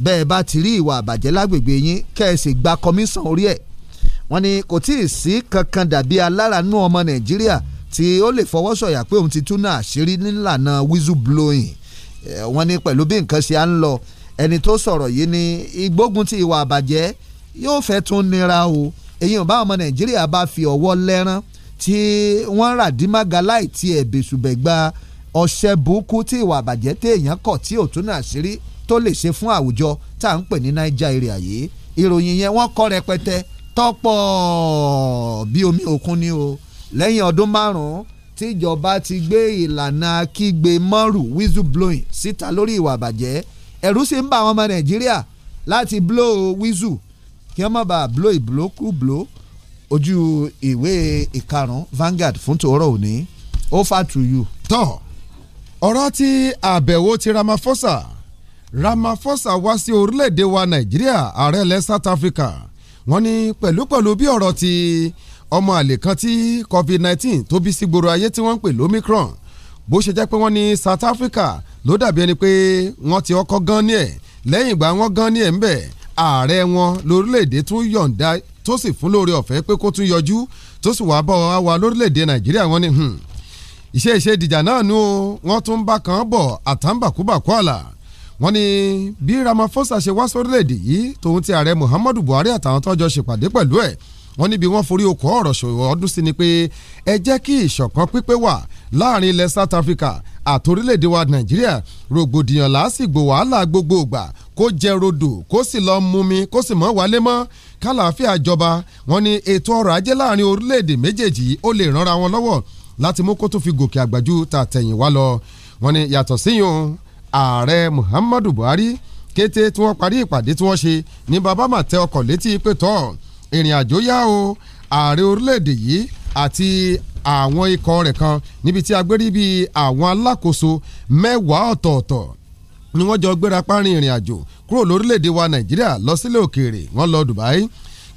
bẹ́ẹ̀ bá ti rí ìwà àbàjẹ́ lágbègbè yín kẹ́ẹ̀sì gba kọmíṣàn orí ẹ̀ wọ́n ní kò tí ì sí kankan dàbí alárànú ọmọ Nàìjíríà no tí ó lè fọwọ́ sọ̀yà pé òun ti tú náà àṣírí nílànà whistle blowing wọ́n ní pẹ̀lú bí nǹkan ṣe à ń lọ ẹni tó sọ̀rọ̀ yìí ni ìgbógun ti ìwà àbàjẹ́ yóò fẹ́ tún nira o èyí ò bá ọmọ nàìjíríà bá fi ọwọ́ lẹ́rán tí wọ́n rà dímága láì tí ẹ̀ bẹ̀sùbẹ̀gba ọ̀sẹ̀ burúkú tí ìwà àbàjẹ́ téèyàn kọ̀ tí ò tún náà ṣírí tó lè ṣe fún àwùjọ tá à ń pè ní nàìjíríà yìí ìròyìn yẹn wọ́n kọ́ rẹpẹtẹ tọ́pọ̀ bí omi òkun ni o. lẹ́yìn ọdún márùn-ún tíjọba ti gbé ìlànà kígbe mọ́rù whistle blowing síta lórí ìwà àbàjẹ́ ẹ̀rù sì ń bà àwọn ọmọ nàìjíríà láti bló whistle kí wọ́n má bàa blow ìblókù ojú ìwé ìkarùn vangard Vanguard fún tòórọ́ òní ó fà tù tọ́ ọ̀rọ̀ tí àbẹ̀wò ti Ramaphosa Ramaphosa wá sí orílẹ̀-èdè wa nàìjíríà ààrẹ ilẹ̀ South Africa wọ́n ní pẹ̀lú pẹ̀lú bí ọ̀rọ̀ ti ọmọ àlè kan tí covid-19 tó bí sí gbòòrò ayé tí wọ́n ń pè lomicron bó ṣe jẹ́ pé wọ́n ní South Africa ló dàbí ẹni pé wọ́n ti ọkọ̀ gan ní ẹ̀ lẹ́yìn ìgbà wọ́n gan ní ẹ̀ ń bẹ̀ ààrẹ wọn lórílẹ̀‐èdè tún yọ̀ǹda tó sì fún lóore ọ̀fẹ́ pé kó tún yọjú tó sì wàá bọ̀ wá wa lórílẹ̀‐èdè Nàìjíríà wọn ni hmm, iṣẹ́ ìṣe ìdìjà náà ni wọ́n tún bá kan bọ̀ àtàǹbàkúbàkú àlà wọ́n ní bí Ramaphosa ṣe wá sórílẹ̀‐èdè yìí tòun ti ààrẹ Muhammadu Buhari àtàwọn tó jọ ṣèpàdé pẹ̀lú ẹ̀ wọ́n níbi wọ́n forí okùn ọ̀rọ̀ ṣòwò ọdún sí ni pé ẹ jẹ́ kí ìṣọ̀kan pípé wà láàrin ilẹ̀ South Africa àti orílẹ̀-èdè wa Nàìjíríà rògbòdìyàn làásìgbò wàhálà gbogbo ògbà kó jẹ rodò kó sì lọ mumi kó sì mọ́ wálé mọ́ kálàáfíà jọba wọ́n ní ètò ọrọ̀ ajé láàrin orílẹ̀-èdè méjèèjì ó lè rànra wọn lọ́wọ́ láti mú kó tó fi gòkè àgbàjú tàtẹ̀yìnwá lọ wọ́n ní yàtọ̀ síyùn ààrẹ Muhammadu Buhari kété tí wọ́n parí ìpàdé tí wọ́n ṣe ní bàbá mà tẹ ọkọ̀ létí pé tọ́ ìrìn àjò yá o ààrẹ orílẹ̀-èdè yìí àti àwọn ikọ̀ rẹ̀ kan níbi tí agbérí bíi àwọn alákòóso mẹ́wàá ọ̀tọ̀ọ̀tọ̀ ni wọ́n jọ gbéra párin ìrìn àjò kúrò lórílẹ̀‐èdè wa nàìjíríà lọ sílẹ̀ òkèèrè wọ́n lọ dubai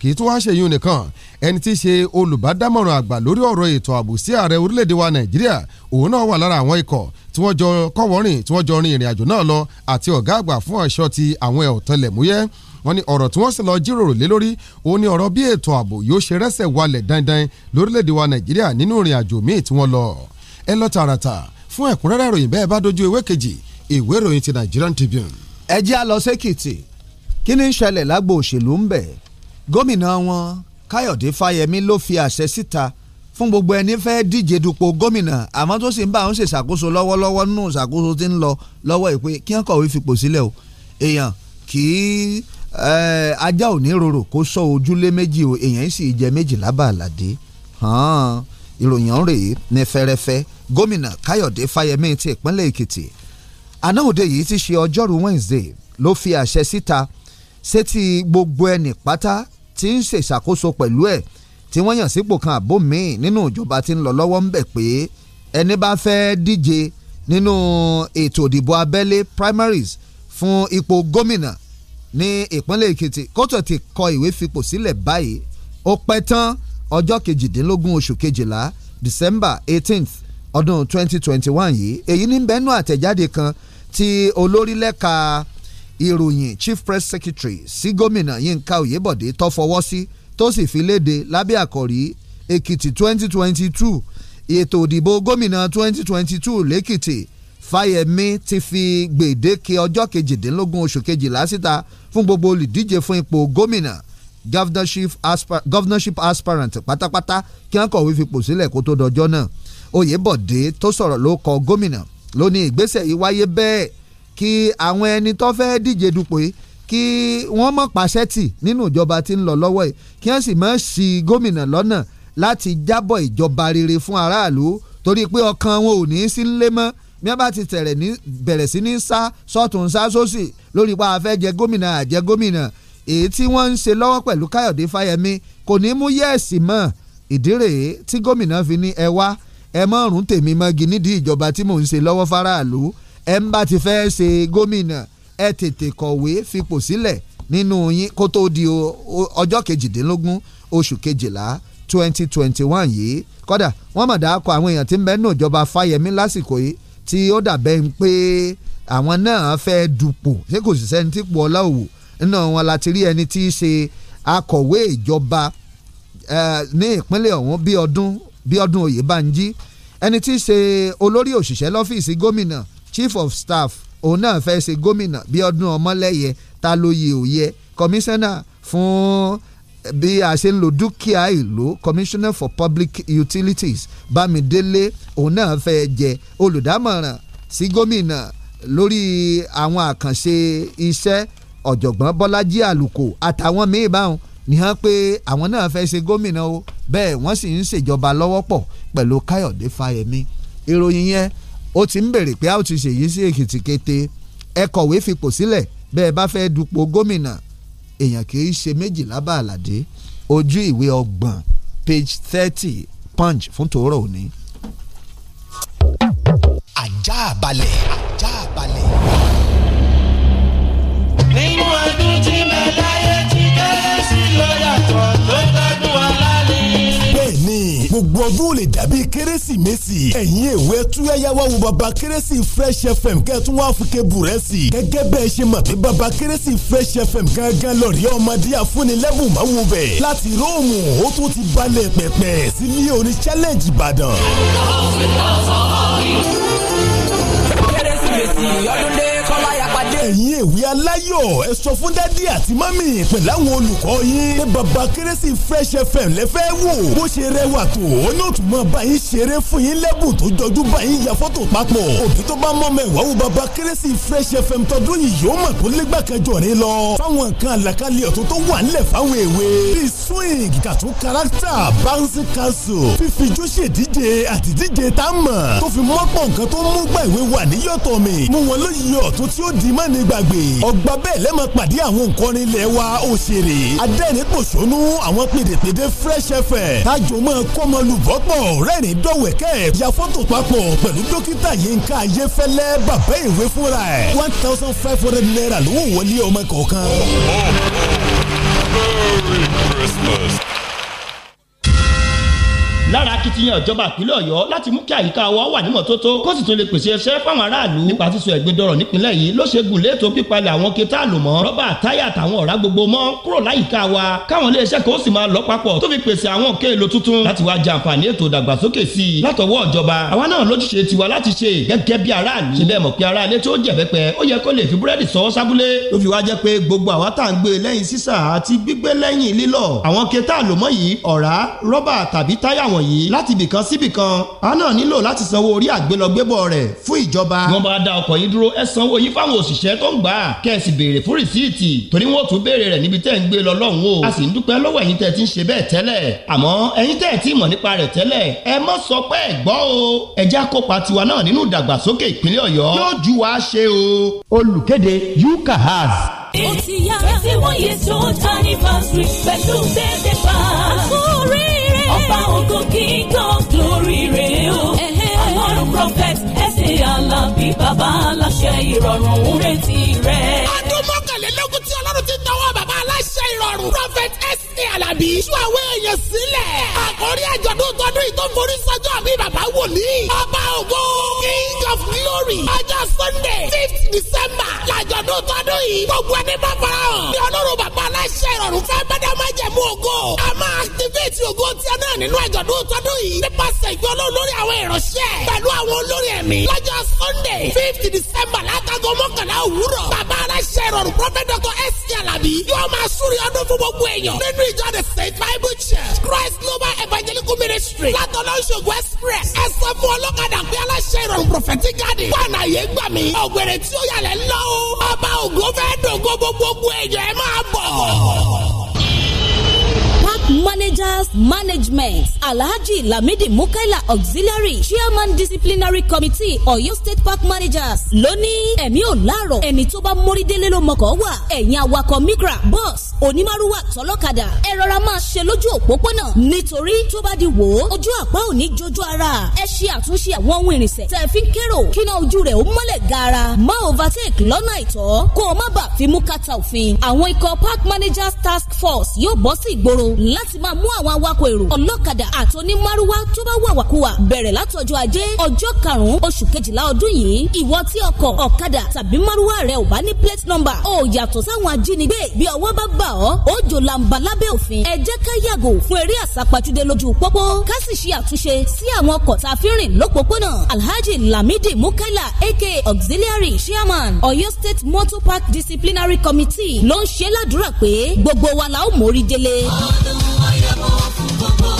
kì í tún wá ṣèyún nìkan ẹni tí í ṣe olùbádámọ̀ràn àgbà lórí ọ̀rọ̀ ètò ààbò sí ààrẹ orílẹ̀‐èdè wa nàìjíríà òun náà wà lára àwọn ikọ̀ tí wọ́n jọ kọ́wọ́rìn tí wọ́n jọ rin ìrìn àjò náà lọ àti ọ̀gá àgbà fún ẹ̀ṣọ́ ti àwọn ọ̀tẹlẹ̀múyẹ́ wọ́n ní ọ̀rọ̀ tí wọ́n sì lọ jíròrò lé lórí òun ni ọ̀rọ̀ bí ètò ààbò yóò ṣe rẹ́sẹ̀ walẹ̀ dandan lórílẹ̀‐èdè wa nàìjíríà nínú ìrìn àjò míì tí wọ́n lọ ẹ lọ tààràtà fún ẹ̀kúnrẹ́rẹ́ ìròyìn bẹ́ẹ̀ bá dojú ewé kejì ìwé ìròyìn ti Nigerian Tribune. ẹ jẹ́ a lọ sékìtì kí ni ń ṣẹlẹ̀ lágbo òṣèlú ń bẹ̀ gómìnà wọn Káyọ̀dé Fáyẹmí ló fi àṣẹ síta fún gbogbo ẹni fẹ́ díje dupò gómìnà àmọ́ tó sì ń bá àwọn ṣèṣàkóso lọ́wọ́lọ́wọ́ nínú ìṣàkóso tí ń lọ lọ́wọ́ ìpè kí wọ́n kọ̀wé fipò sílẹ̀ o èèyàn kì í ajá ò ní rorò kó sọ ojúlé méjì o èèyàn sì jẹ méjì lábà àlàdé ìròyìn ọ̀rẹ́ ní fẹ́rẹ́fẹ́ gómìnà káyọ̀dé fáyemí ti ìpínlẹ̀ èkìtì anáhùndé yìí ti ṣe ọjọ́rú wednesday ló fi àṣẹ síta sétí gbogbo ẹnì pátá tí ń ṣèṣàkóso pẹ̀lú ẹ̀ tí wọ́n yàn sípò kan àbó míì nínú ìjọba tí ń lọ lọ́wọ́ ń bẹ̀ pé ẹni bá fẹ́ díje nínú ètò ìdìbò abẹ́lé primaries fún ipò gómìnà ní ìpínlẹ̀ Èkìtì kótó ti kọ ìwé fipò sílẹ̀ báyìí ó pẹ́ tán ọjọ́ kejìdínlógún oṣù kejìlá December eighteenth ọdún twenty twenty one yìí èyí ní bẹ́ẹ̀ nú àtẹ̀jáde kan tí olórí ìròyìn chief press secretary sí gómìnà Yínká Oyèbọ̀dé tó fọwọ́ sí tó sì fi léde lábẹ́ àkọ́rí Èkìtì twenty twenty two ètò òdìbò gómìnà twenty twenty two lẹ́kìtì Fáyẹ̀mí ti fi gbèdéke ọjọ́ kejìdínlógún oṣù kejìlá síta fún gbogbo olùdíje fún ipò gómìnà governorship, aspirant pátápátá kí wọ́n kọ̀wé fipò sílẹ̀ kó tó dọjọ́ náà Oyèbọ̀dé tó sọ̀rọ̀ ló kọ gómìnà ló ní ìgbésẹ̀ yìí wáyé bẹ́ẹ̀ kí àwọn ẹni tó fẹ́ díje dupò yìí kí wọ́n mọ̀ pàṣẹ tì nínú ìjọba tí ń lọ lọ́wọ́ yìí kí wọ́n sì mọ̀ sí gómìnà lọ́nà láti jábọ̀ ìjọba rere fún aráàlú torí pé ọkàn wọn ò ní í sí ńlẹ̀ mọ́ bí wọ́n bá ti tẹ̀rẹ̀ ní bẹ̀rẹ̀ sí ní sá sọ́tún sá sósì lórí ipa afẹ́ jẹ gómìnà àjẹ gómìnà èyí tí wọ́n ń ṣe lọ́wọ́ pẹ̀lú Káyọ̀dé Fáyẹmí kò ní mú yẹ́ẹ̀sì mọ́ ìdí rèé tí gómìnà fi ní ẹ wá ẹ mọ̀rún tèmi mọ́gi nídìí ìjọba tí mò ń ṣe lọ́wọ́ faraàlú ẹ ń bá ti fẹ́ ṣe gómìnà ẹ tètè kọ̀wé fipò sílẹ̀ nínú yín kó tó di ọjọ́ kejìdínlógún oṣù kejìlá twenty twenty one yìí kódà wọ́n mọ̀ dáa kọ àwọn èèyàn tí ń bẹ́ẹ̀ nù ìjọba Fáyẹmí lásìkò yìí tí ó dàbẹ́ ń pé àwọn náà fẹ́ dupò ṣé kò sì sẹ́ni tí pọ̀ ọláòwò nínú wọn láti rí ẹni tí í ṣe akọ̀wé ìjọba ní ìpínlẹ̀ ọ̀hún bí ọdún bí ọdún Oyèbánjí ẹni tí í ṣe olórí òṣìṣẹ́ lọ́fíìsì gómìnà chief of staff òun náà fẹ́ ṣe gómìnà bí ọdún ọmọlẹ́yẹ ta lóye òye commissioner fún bí a ṣe ń lo dúkìá ìlú commissioner for public utilities bámidélé òun náà fẹ́ jẹ olùdámọ̀ràn sí gómìnà lórí àwọn àkànṣe iṣẹ́ ọ̀jọ̀gbọ́n bọ́lájí àlùkò àtàwọn míì báwọn ni hàn pé àwọn náà fẹ́ ṣe gómìnà o bẹ́ẹ̀ wọ́n sì ń ṣèjọba lọ́wọ́ pọ̀ pẹ̀lú káyọ̀dé fáyẹmí ìròyìn yẹn ó ti ń bèrè pé a ó ti ṣèyí sí èkìtì kété ẹ kọ̀wé fipò sílẹ̀ bẹ́ẹ̀ bá fẹ́ dupò gómìnà èèyàn kì í ṣe méjìlá bá àlàdé ojú ìwé ọgbọ̀n page thirty punch fún tòórọ òní. ajá balẹ̀ ajá balẹ̀. nínú ọdún tí mẹ́láyé ti kérésì lọ́yàtọ̀ ló bá gbogbo ọdún ò lè dàbí kérésìmesì ẹ̀yin èwe tú ẹ̀yáwó wo baba kérésì fresh fm kẹ́tún wá fún kébù rẹ̀ sí gẹ́gẹ́ bẹ́ẹ̀ ṣe mọ̀ pé baba kérésì fresh fm gángan lọ́ọ̀rì ọmọdé àfúnilẹ́bù máa wù bẹ̀ láti róòmù ó tún ti balẹ̀ pẹ̀pẹ̀ sílé orin challenge ìbàdàn. kérésìmesì ọdún dé ẹ̀yin èwe aláyọ̀ ẹ sọ fún dádì àti mọ́mì pẹ̀lú àwọn olùkọ́ yín pé baba kérésì fresh fm lẹ́fẹ́ wò bó ṣe rẹwà tó ó ní òtún mọ́ báyìí ṣeré fún yín lẹ́bùn tó jọjú báyìí ya fọ́tò papọ̀ òbí tó bá mọ́ mẹ́wàá wo baba kérésì fresh fm tọdún yìí yóò mọ̀ tó lé gbàkẹ́jọ rẹ lọ fáwọn nǹkan àlàkalẹ̀ ọ̀tún tó wà nílẹ̀ fáwọn èwe bíi swing cartoon character bouncy castle fífijú ṣèdíje àti díje tá a mọ̀ tó fi mọ́pọ̀ nǹkan tó mú gbà ìwé wà níyọ̀tọ̀ mi mú wọn lóyè ọ̀tún tí ó di ní gbàgbé ọgbà bẹ́ẹ̀ lẹ́mọ̀ pàdé àwọn nǹkan ilé wa òṣèré adẹ́rìn pòṣónú àwọn pèdèpèdè fresh fm tájò mọ́ kọ́mọlúbọ́pọ̀ rẹ́rìn dọ́wẹ̀kẹ́ ya fọ́tò papọ̀ pẹ̀lú dókítà yínká ayéfẹ́lẹ́ bàbá ìwé fúnra ẹ̀ one thousand five hundred naira ló wọlé ọmọ kọ̀ọ̀kan. Oh, oh, oh. Merry Christmas lára akitiyan ìjọba ìpínlẹ̀ ọ̀yọ́ láti mú kí àyíká wa wà ní mọ́tótó kó sì tún lè pèsè ẹsẹ̀ fáwọn aráàlú nípa sísọ ẹ̀gbin dọ̀rọ̀ nípínlẹ̀ yìí ló ṣe gùn léètò pípalẹ̀ àwọn kẹta àlùmọ́ rọ́bà táyà àtàwọn ọ̀rá gbogbo mọ́ kúrò láyìíká wa káwọn iléeṣẹ́ kan ó sì máa lọ papọ̀ tó fi pèsè àwọn òkè èlò tuntun láti wá jàǹfààní ètò ìdàgbàsókè sí i látọwọ́ ìjọba àwa náà lójúṣe tiwa láti ṣe gẹ́gẹ́ bí aráàlú ṣe bẹ́ẹ̀ mọ̀ pé aráalé tó jẹ̀bẹ́ pẹ́ ó fi búrẹ́dì sọ sábúlé ló fi wá jẹ́ pé gbogbo àwa tá à ń gbé lẹ́yìn sísà àti gbígbé lẹ́yìn lílọ̀ àwọn kẹta àlùmọ́ yìí ọ̀rá rọ́bà tàbí wọ̀nyí láti ibìkan sí ibìkan a náà nílò láti sanwó orí àgbélọgbébọ̀ rẹ̀ fún ìjọba. wọ́n bá dá ọkọ̀ yín dúró ẹ sanwó yín fáwọn òṣìṣẹ́ tó ń gbà á kẹ́ béèrè fún rìsíìtì torí wọ́n tún béèrè rẹ̀ níbi tẹ́ ń gbé lọ lọ́hùn o. a sì ń dúpẹ́ lọ́wọ́ ẹ̀yin tẹ́ ti ń ṣe bẹ́ẹ̀ tẹ́lẹ̀ àmọ́ ẹ̀yin tẹ́ ti mọ̀ nípa rẹ̀ tẹ́lẹ̀ ẹ mọ́ sọ pé ẹ gbọ́ o ẹ jẹ́ àkópa tiwa náà nínú ìdàgbàsókè ìpínlẹ̀ Ọ̀yọ́ yóò ju wa ṣe o. olùkéde UCAS. ó ti yára tí wọ́n yẹ sọ́ọ́ anniversary pẹ̀lú bẹ́ẹ̀ bá ògo kíkan glory rèé o ọlọ́run prophet ẹ̀sìn alábí bàbá aláṣẹ ìrọ̀rùn ń retí rẹ̀. ọdún mọ́kànlélógún tí ọlọ́run ti tọwọ́ bàbá aláṣẹ ìrọ̀rùn prophet ẹ̀sìn ní alábí. Sọ àwọn èèyàn sílẹ̀. Àkórí àjọ̀dún tọdún yìí tó ń forí sọ́jọ́ àbí bàbá wòlíì. Ọba king of glory ọjọ́ sunday fifth december làjọ̀dún tọdún yìí gbogbo ẹni bá fara hàn ní ọlọ́run bàbá aláṣẹ ìrọ̀rùn fẹ́ bẹ́ẹ̀ máa jẹ̀mú ògo a máa activate ògo tiẹ̀ náà nínú àjọ̀dún tọdún yìí nípasẹ̀ ìgbọ́ lórí àwọn ìránṣẹ́ pẹ̀lú àwọn olórí ẹ̀mí lọ́jọ́ sunday fifth december látago mọ́kànlá òwúrọ̀ bàbá aláṣẹ ìrọ̀rùn prophet dr s c alabi yóò máa súre ọdún fún gbogbo èèyàn nínú ìjọ the saint bible church christ global evangelical ministry látọ̀lọ́ṣogbo express ẹ̀sán fún ọlọ́kadà pé aláṣẹ ìrọ̀rùn prọfẹ̀tì gáàdì fún àyè gbà mí. ọ̀gbẹ̀rẹ̀ tí ó yàlẹ̀ lọ́wọ́ ọba ògo fẹ́ dògo gbogbo èèyàn ẹ máa bọ̀ managers management alhaji lamidi mukaila auxiliary chairman disciplinary committee ọ̀yọ́ state park managers lónìí ẹ̀mí ò láàrọ̀ ẹni tó bá mórí délé ló mọ̀kọ́ wà ẹ̀yin awakọ̀ micra bus onímàrúwà tọlọ́kadà ẹ rọra máa ṣe lójú òpópónà nítorí tó bá di wò ó ojú àpá ò ní jojú ara ẹ ṣe àtúnṣe àwọn ohun ìrìnsẹ̀ tẹ̀ fi ń kérò kíná ojú rẹ̀ ó mọ́lẹ̀ gaara má overtake lọ́nà ìtọ́ kó o má bàa fi mú kàtà òfin àwọn ikọ̀ park managers task force yóò bọ́ sí ìgboro láti láti máa mú àwọn awakọ̀ èrò ọlọ́kadà àti onímárúwá tó bá wà wàkúwà bẹ̀rẹ̀ látọjọ́ ajé ọjọ́ karùn-ún oṣù kejìlá ọdún yìí ìwọ tí ọkọ̀ ọ̀kadà tàbí márúwá rẹ ò bá ní plate number ó yàtọ̀ sáwọn ajínigbé bí ọwọ́ bá gbà ọ́ ó jò làǹbà lábẹ́ òfin ẹ jẹ́ ká yàgò fún eré àsápajúdé lójú pópó ká sì ṣe àtúnṣe sí àwọn ọkọ̀ tá a fi rìn lópòpónà Alhaji Lamidi Mukaila aka auxiliary chairman Ọ̀yọ́ State Motor Park Disciplinary Committee ló ń ṣe ládùúrà pé gbogbo wa la ó mórí délé. ọdún ọmọ yẹn mọ̀ fún gbogbo.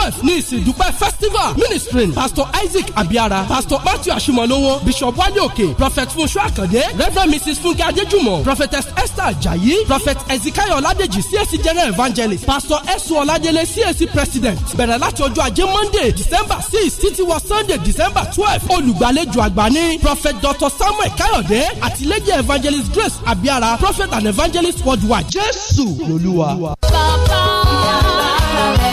twelve ní ìsìndúpẹ́ festival ministering pastor isaac abiara pastor matthew ashumalowo bishop wale prophet funṣu akande reverend mrs funke adejumo prophetess esther ajayi prophet ezekiel oladeji CSC general evangelist pastor esu oladele CSC president bẹ̀rẹ̀ láti ọjọ́ ajé monday december six títí wọ sunday december twelve olùgbàlejò àgbà ní prophet dr samuel kayode àtìlẹ́yìn evangelist grace abiara prophet and evangelist worldwide jésù lolúwa. bàbá rẹ̀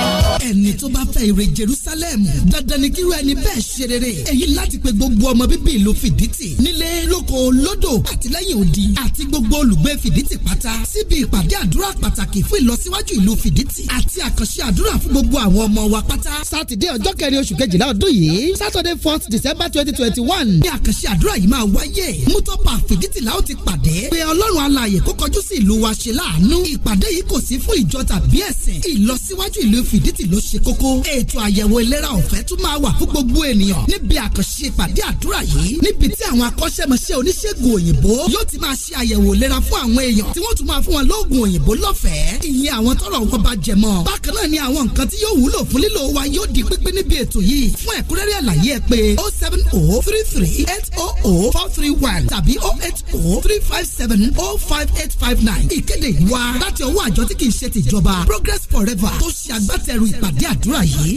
ẹni tó bá fẹ́ ire Jerusalem dandan ni kíru ẹni bẹ́ẹ̀ ṣe rere èyí láti pe gbogbo ọmọ bíbí ìlú fìdítì nílé lóko lódò àtìlẹ́yìn òdi àti gbogbo olùgbé fìdítì pátá síbi ìpàdé àdúrà pàtàkì fún ìlọsíwájú ìlú fìdítì àti àkànṣe àdúrà fún gbogbo àwọn ọmọ wa pátá. sátidé ọjọ́ kẹrin oṣù kejìlá ọdún yìí sátọdé fourth december twenty twenty one ní àkànṣe àdúrà yìí máa wáyé mútọ́pà fìdítì la ti pàdé pé ọlọ́run alààyè kó kọjú sí ìlú wa ṣe láàánú ìpàdé yìí kò sí fún ìjọ tàbí ẹ̀sìn ìlọsíwájú ìlú fìdítì ló ìlú ṣe kókó ètò àyẹ̀wò ìlera ọ̀fẹ́ tún máa wà fún gbogbo ènìyàn níbi àkànṣe ìpàdé àdúrà yìí níbi tí àwọn akọ́ṣẹ́mọṣẹ́ oníṣègùn òyìnbó yóò ti máa ṣe àyẹ̀wò ìlera fún àwọn èèyàn tí wọ́n tún máa fún wọn lóògùn òyìnbó lọ́fẹ̀ẹ́ ìyẹn àwọn tọ́rọ̀ wọn bá jẹ mọ́ bákan náà ni àwọn nǹkan tí yóò wúlò fún lílo wa yóò di pínpín níbi ètò yìí fún ẹ̀kúnrẹ́rẹ́ àlàyé ẹ pé oh seven oh three three eight oh oh four three one tàbí oh eight oh three five seven oh five eight five nine ìkéde yìí wá láti ọwọ́ àjọ tí kì í ṣe tìjọba progress forever tó ṣe agbátẹrù ìpàdé ìpàdé àdúrà yìí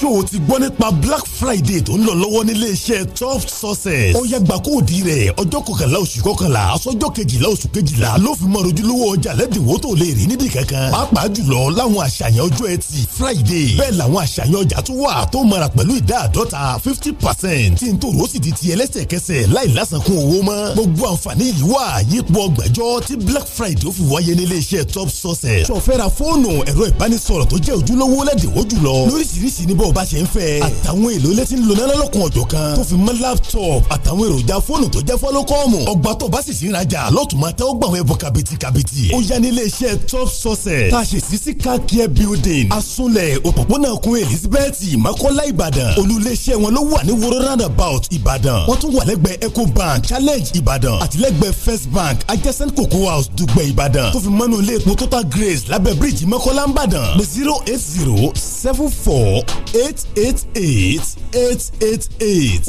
ṣó o ti gbọ́ nípa black friday tó ń lọ lọ́wọ́ níléeṣẹ́ top success. ó yàgbà kó di rẹ̀ ọjọ́ kọkànlá oṣù kọkànlá aṣọ́jọ́ kejìlá oṣù kejìlá ló fi mọ ojúlówó ọjà lẹ́dínwó tó lè rí nídìí kankan. pàápàá jùlọ láwọn àṣàyàn ọjọ́ ẹtì friday bẹ́ẹ̀ làwọn àṣàyàn ọjà tó wà tó mara pẹ̀lú ìdá àdọ́ta fifty percent tí n tó rò ó sì di ti ẹlẹ́sẹ̀kẹsẹ̀ láì lásàkún owó mọ́. gbogbo àǹfààní yìí wà yípo ọgbàjọ́ tí black friday ó fi wáyé níléeṣẹ́ top success. sọfẹ́ra fóònù ẹ̀rọ ìbánisọ̀rọ̀ tó jẹ́ ojúlówó lẹ́dínwó jùlọ lọ lóríṣiríṣi ní bọ́ọ̀ bá ṣe ń fẹ́ àtàwọn èlò létí ń lona lọ́lọ́kun ọ̀jọ̀ kan tó fi mọ́ laptop àtàwọn èròjà fóònù tó jẹ́ fọ́lọ́kọ́ọ̀mù ọgbà tó bá sì sí ìrajà lọ́tùmọ̀ tẹ́ ó gbà wọ́n ẹbọ kàbìtì kàbìtì ó yá ní iléeṣẹ́ top sources tá a ṣe sí sí car care building asunlẹ̀ òpópónà kun elizabeth makola ìbàdàn olùléeṣẹ́ wọn ló wà ní woro roundabout ìbàdàn wọ́n tún wà lẹ́gbẹ̀ẹ́ ecobank challenge ìbàdàn àtìlẹ́gbẹ̀ẹ́ first bank adjacent cocoa house dùgbẹ̀ ìbàdàn tó fi mọ́nú ilé epo total grace lábẹ́ bíríìjì makola ìbàdàn zero eight zero seven four oh eight eight eight eight eight eight.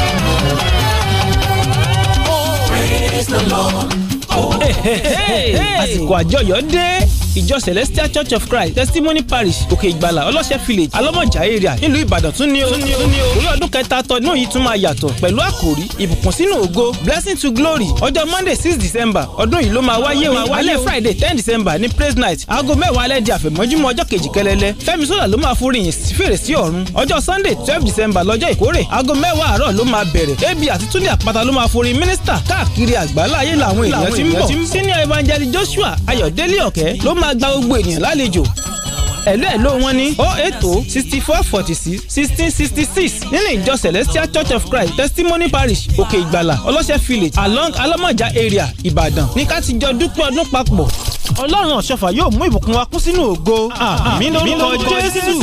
Oh, Praise the Lord. Oh. Hey, hey, hey, àsìkò àjọyọ̀ dé ìjọ celestial church of christ testimony parish òkè ìgbàlà ọlọ́sẹ̀ village alọ́mọjà area nílùú ìbàdàn tún ní o orí ọdún kẹta tọdún yìí tún máa yàtọ̀ pẹ̀lú àkòrí ìbùkún sínú ògo blessing to glory ọjọ́ monday six december ọdún yìí ló máa wáyé o alẹ́ friday ten december ní praise night aago mẹ́wàá alẹ́ di àfẹ̀mọ́júmọ́ ọjọ́ kejì kẹlẹ́lẹ́ fẹ́mi sọ́là ló máa foríyìn fèrè sí ọ̀run ọjọ́ sunday twelve december lọ́jọ́ ìkórè aago mẹ́wàá àárọ̀ ló máa bẹ̀rẹ̀ ab àti túnde àpáta ló máa forin mínísítà káàkiri àgbáláyé làwọn èèyàn ti ń bọ̀ senior evangelist joshua ayọ̀délé ọ̀kẹ́ ló m máa gba gbogbo ènìyàn lálejò ẹ̀lú ẹ̀lú wọn ní oh eight oh sixty four forty six sixteen sixty six nínú ìjọ celestial church of christ testimony parish òkè ìgbàlà ọlọ́sẹ̀ village along alamaja area ìbàdàn ní ká ti jọ dúpẹ́ ọdún papọ̀ ọlọ́run ọ̀ṣọ́fà yóò mú ìbùkún wa kún sínú ògo àmì lórúkọ jésù.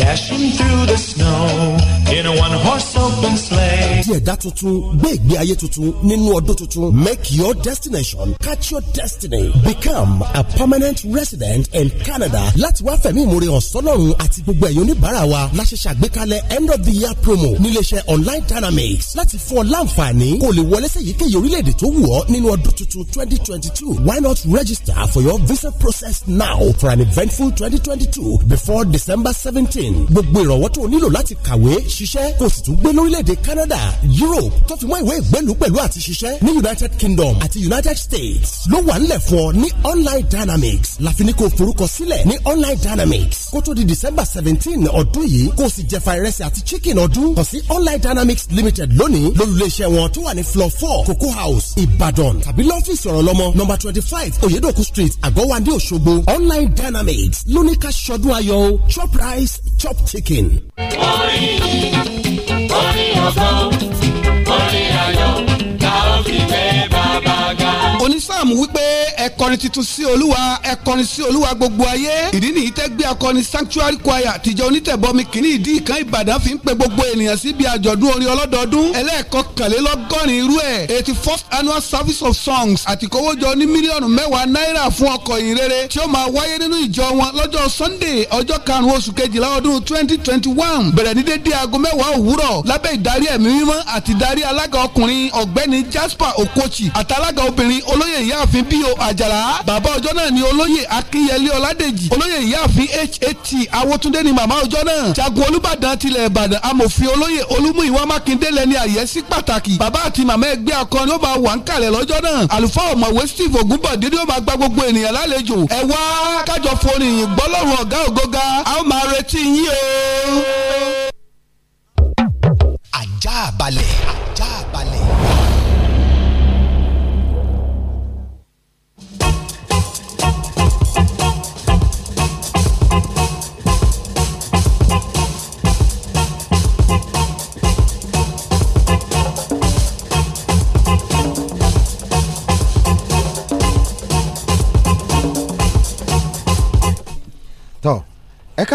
Dashing through the snow in a one horse open sleigh di ẹ̀dá tuntun gbé ìgbé ayé tuntun nínú ọdún tuntun make your destination catch your destiny become a permanent resident in Canada láti wá fẹ̀mí ìmoore ọ̀sọ́lọ́run àti gbogbo ẹ̀yọ́ oníbàárà wa la ṣe ṣàgbékalẹ̀ end of the year promo níléeṣẹ́ online dynamics láti fún ọ láǹfààní kó lè wọlé sí èyíkéyìí orílẹ̀-èdè tó wù ọ́ nínú ọdún tuntun twenty why not register for your visa process now for an eventful 2022 before December 17. gbogbo ìrànwọ́ tó o nílò láti kàwé ṣiṣẹ́ kó o sì tún gbé lórílẹ̀-èdè Canada Europe tó fi mọ́ ìwé ìgbẹ́lú pẹ̀lú àti ṣiṣẹ́ ní United Kingdom àti United States ló wà nílẹ̀ fún ọ ní Online Dynamics láfiní kò forúkọ sílẹ̀ ní Online Dynamics kó tó di December seventeen ọdún yìí kó o sì jẹ̀fà ìrẹsì àti chicken ọdún kàn sí Online Dynamics Limited lónìí lólùléeṣẹ́ wọn tó wà ní floor four Cocoa House Ibadan. tàbí lọ́fíìsì ọ̀rọ̀ lọ́mọ number twenty five Oyedoku Street Àgọ́wandé Òṣogbo Online Dynamics lóníkà ṣọdún ayọ̀ chop rice chop chicken ọ̀sán orin ayọ̀ wípé kọrin tuntun sí olúwa ẹ kọrin sí olúwa gbogbo ayé ìdí nìyí tẹ́ gbé akọrin sanctuary choir tìjọ onítẹ̀bọmi kìíní ìdí ìkan ìbàdàn fi ń pe gbogbo ènìyàn síbi àjọ̀dún orin ọlọ́dọọdún ẹlẹ́ẹ̀kọkànlélọ́gọ́rin irú ẹ̀ eighty first annual service of songs àtikówójọ ní mílíọ̀nù mẹ́wàá náírà fún ọkọ̀ ìhìnrere tí ó máa wáyé nínú ìjọ wọn lọ́jọ́ sunday ọjọ́ karùn-ún oṣù kejìlá ọdún twenty twenty one bẹ̀rẹ̀ ní dédé aago mẹ́wàá òwúrọ̀ lábẹ́ ìdarí ẹ̀mí mímọ́ àti ìdarí alága ọkùnrin ọ̀gbẹ́ni jasper okochi àtàlága obìnrin olóyè ìyáàfin bío àjà àjàlá bàbá ọjọ́ náà ni olóyè akínyẹlé ọládèjì olóyè ìyáàfin hat awótúndé ni màmá ọjọ́ náà jagun olúbàdàn tilẹ̀ ìbàdàn amòfin olóyè olúmúyìwá mákindé lẹni àyẹ́sí pàtàkì bàbá àti màmá ẹgbẹ́ akọni ó máa wà ń kalẹ̀ lọ́jọ́ náà àlùfáà ọ̀mọ̀wé steve ògúnbọ̀dé ni ó máa gba gbogbo ènìyàn lálejò ẹ wá kájọ forin ìgbọ́lọ́run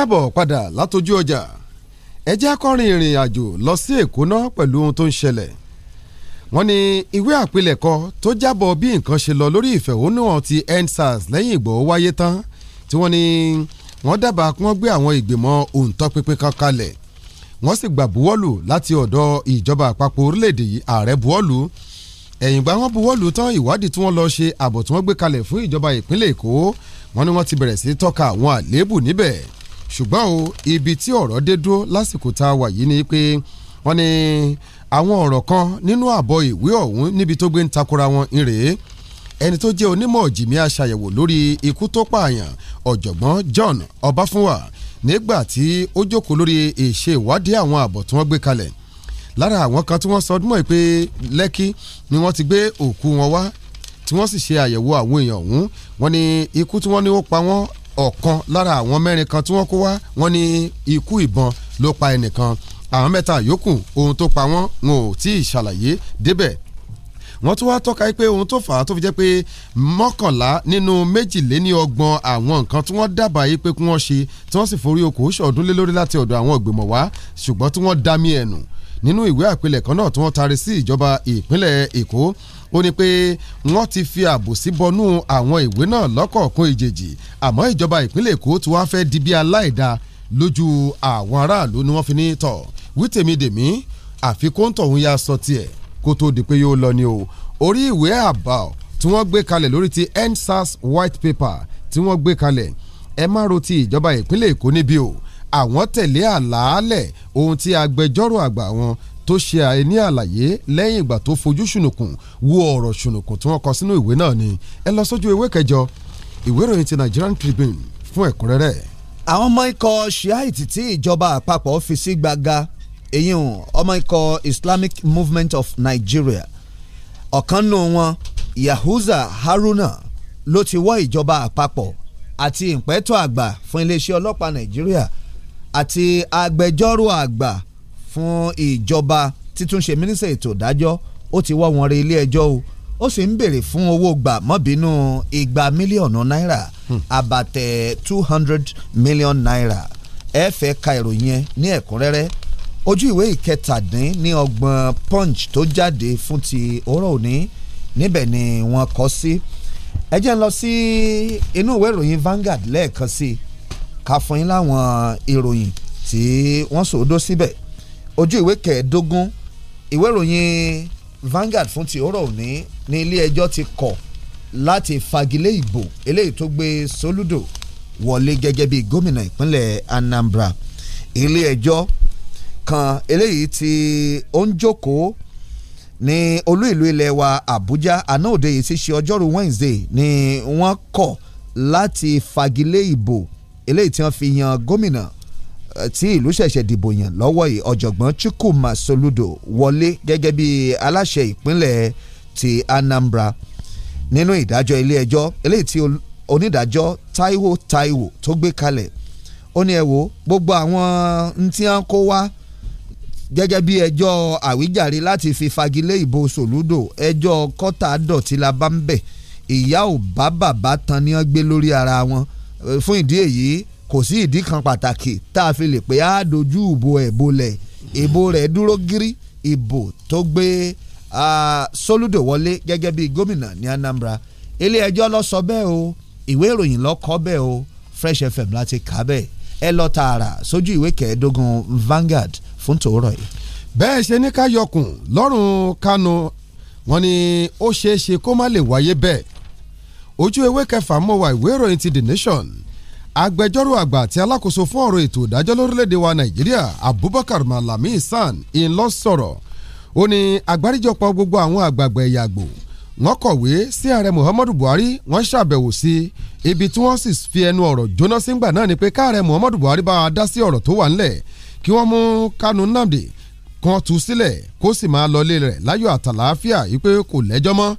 káàbọ̀ padà látọjú ọjà ẹ jẹ́ akọrin ìrìn àjò lọ sí èkó náà pẹ̀lú ohun tó ń ṣẹlẹ̀ wọ́n ní ìwé àpilẹ̀kọ tó jábọ̀ bí nǹkan ṣe lọ lórí ìfẹ̀hónúhàn ti endsars lẹ́yìn ìgbọ̀ wáyé tán tí wọ́n ní wọ́n dábàá kí wọ́n gbé àwọn ìgbìmọ̀ òǹtọ́pinpin kan kalẹ̀ wọ́n sì gbà buwọ́lù láti ọ̀dọ̀ ìjọba àpapọ̀ orílẹ̀-èdè yìí ààrẹ buwọ́lù ẹ̀yìn gbà wọ́n buwọ́lù tán ìwádìí tí wọ́n lọ ṣe àbọ̀ tí wọ́n gbé kalẹ̀ fún ìjọba ìpínlẹ̀ èkó wọ́n ní wọ́n ti bẹ̀rẹ̀ sí tọ́ka àwọn àléébù níbẹ̀ ṣùgbọ́n o ibi tí ọ̀rọ̀ dé dúró lásìkò tá a wà yìí ni pé wọ́n ní àwọn ọ̀rọ̀ kan nínú àbọ̀ ìwé ọ̀hún níbi tó gbé ń takora wọn ìrèé ẹni tó jẹ́ onímọ̀ jìmí aṣàyẹ̀wò lórí ikú tó pààyàn ọ̀jọ̀gbọ́n John Ọbáfúnwà nígbà tí ó jókòó lórí ìṣe ìwádìí àwọn àbọ̀ tí wọ́n gbé kalẹ̀ lára àwọn kan tí wọ́n sọ ọdúnmọ̀ pé Lẹ́kí ni wọ́n ti gbé òkú wọn wá tí wọ́n sì ṣe àyẹ̀wò àwọn èèyàn ọ̀hún wọ́n ní ikú tí wọ́n ní ó pa wọ́n ọ̀kan lára àwọn mẹ́rin kan tí wọ́n kó wá wọ́n ni ikú ìbọn ló pa ẹnìkan àwọn mẹ́ta yòókù ohun tó pa wọ́n wọn ò tí ì ṣàlàyé débẹ̀ wọ́n tún wá tọ́ka pé ohun tó fà á tó fi jẹ́ pé mọ́kànlá nínú méjìléníọgbọ̀n àwọn nǹkan tí wọ́n dábàá yìí pé kí wọ́n ṣe tí wọ́n sì forí okòó ṣọ̀ọ́dún lé lórí láti ọ̀dọ̀ àwọn ìgbìmọ̀ wá ṣùgbọ́n tí wọ́n dá mí ẹ̀nù nínú ìwé àpilẹ̀kọ náà tí wọ́n taari sí ìjọba ìpínlẹ̀ Èkó ó ní pé wọ́n ti fi àbòsí bọnú àwọn ìwé náà lọ́kọ̀ọ̀kan ìjèjì àmọ́ ìjọba ìpínlẹ̀ Èkó tí wàá fẹ́ di bí aláìda lójú àwọn aráàlú ni wọ́n fi ní tọ̀ wí tèmi dèmi àfikún tọ̀hún ya sọ tiẹ̀ kó tó di pé yóò lọ ni o orí ìwé àbá tí wọ́n gbé kalẹ̀ lórí ti EndSARS white paper tí wọ́n gbé kalẹ̀ ẹ má ro ti ìjọba ìpínlẹ̀ Èkó níbí o àwọn tẹ̀lé àlàálẹ̀ ohun tí agbẹjọ́rò àgbà wọn tó ṣe àìní àlàyé lẹ́yìn ìgbà tó fojú ṣùnùkùn wo ọ̀rọ̀ ṣùnùkùn tí wọ́n kọ sínú ìwé náà ni ẹ lọ sójú ewé kẹjọ ìwé ìròyìn ti Nigerian Tribune fún ẹ̀kúnrẹ́rẹ́. àwọn ọmọ ikọ̀ shiite tí ìjọba àpapọ̀ fi sí gbaga èyí hàn ọmọ ikọ̀ Islamic Movement of Nigeria ọ̀kan nù wọn Yahuza Haruna ló ti wọ́ ìjọba àpapọ̀ àti ìpẹ́tọ̀ àgbà fún iléeṣẹ́ ọlọ́pàá Nàìjíríà àti agbẹjọ́rò àgbà fún ìjọba títúnṣe mínísítà ètò ìdájọ́ ó ti wọ́ wọn re ilé ẹjọ́ o ó sì ń béèrè fún owó gbà mọ́bínú igba mílíọ̀nù náírà hmm. àbàtẹ̀ two hundred million naira ẹ fẹ́ ka ìròyìn yẹn ní ẹ̀kúnrẹ́rẹ́ ojú ìwé ìkẹtàdín ní ọgbọ̀n punch tó jáde fún ti òórọ̀ òní níbẹ̀ ni wọ́n kọ sí ẹ jẹ́ ń lọ sí inú ìwé ìròyìn Vanguard lẹ́ẹ̀kan sí i ká fún yín láwọn ìròyìn tí wọ́n sòdó síbẹ̀ ojú ìwé kẹẹ̀ẹ́dógún ìwé ìròyìn Vanguard fún ti òórọ̀ òní ní ilé ẹjọ́ ti kọ̀ láti fagilé ìbò eléyìí tó gbé Soludo wọlé gẹ́gẹ́ bí gómìnà ìpínlẹ̀ Anambra ilé ẹjọ́ kan eléyìí tí ó ń jókòó ní olú ìlú ilẹ̀ wa Àbújá àná òde yìí ti ṣe ọjọ́rú Wednesday ni wọ́n kọ̀ láti fagilé ìbò eléyìí tí wọ́n fi yan gómìnà Eh, tí ìlú ṣẹ̀ṣẹ̀ dìbò yàn lọ́wọ́ yìí ọ̀jọ̀gbọ́n Chukwuma Soludo wọlé gẹ́gẹ́ bí aláṣẹ ìpínlẹ̀ ti Anambra nínú ìdájọ́ ilé ẹjọ́ eléyìí tí onídàájọ́ Taiwo Taiwo tó gbé kalẹ̀ ó ní ẹ wo gbogbo àwọn ntí à ń kó wá gẹ́gẹ́ bí ẹjọ́ àwíjàre láti fi fagilé ìbò Soludo ẹjọ́ kọ́tà dọ̀tí la bá ń bẹ̀ ìyá ò bá bàbá tan ni wọ́n gbé lórí ara wọn eh, fún ìdí èyí kò sí ìdí kan pàtàkì tá a fi lè pé á dojú ìbò ẹ̀ bolẹ̀ ìbò rẹ̀ dúró gírí ìbò tó gbé Soludo wọlé gẹ́gẹ́ bí gómìnà ní Anambra ilé ẹjọ́ lọ sọ bẹ́ẹ̀ o ìwé ìròyìn lọ kọ bẹ́ẹ̀ o Fresh FM láti kà bẹ́ẹ̀ ẹ lọ tààrà sójú ìwé kẹẹ̀ẹ́dógún Vanguard fún tòórọ̀ yìí. bẹ́ẹ̀ ṣe ní ká yọkùn lọ́rùn Kanu wọn ni ó ṣeé ṣe kó má lè wáyé bẹ́ẹ̀ ojú ewé kẹfà mọ́ wa ìwé ìròyìn ti The Nation agbẹjọ́rò àgbà àti alákòóso fún ọ̀rọ̀ ètò ìdájọ́ lórílẹ̀‐èdè wa nàìjíríà abubakar malami san ńlọ sọ̀rọ̀ ó ní àgbáríjọpọ̀ gbogbo àwọn àgbààgbà ẹ̀yà àgbò wọ́n kọ̀wé sí ààrẹ muhammadu buhari wọ́n ṣàbẹ̀wò sí ibi tí wọ́n sì fi ẹnu ọ̀rọ̀ jóná sígbà náà ni pé káàrẹ muhammadu buhari bá a dá sí ọ̀rọ̀ tó wà ńlẹ̀ kí wọ́n mú kánú nnamdi kan tú sílẹ̀ kó sì máa lọlé rẹ̀ láyọ̀ àtàlàáfíà yìí pé kò lẹ́jọ́ mọ́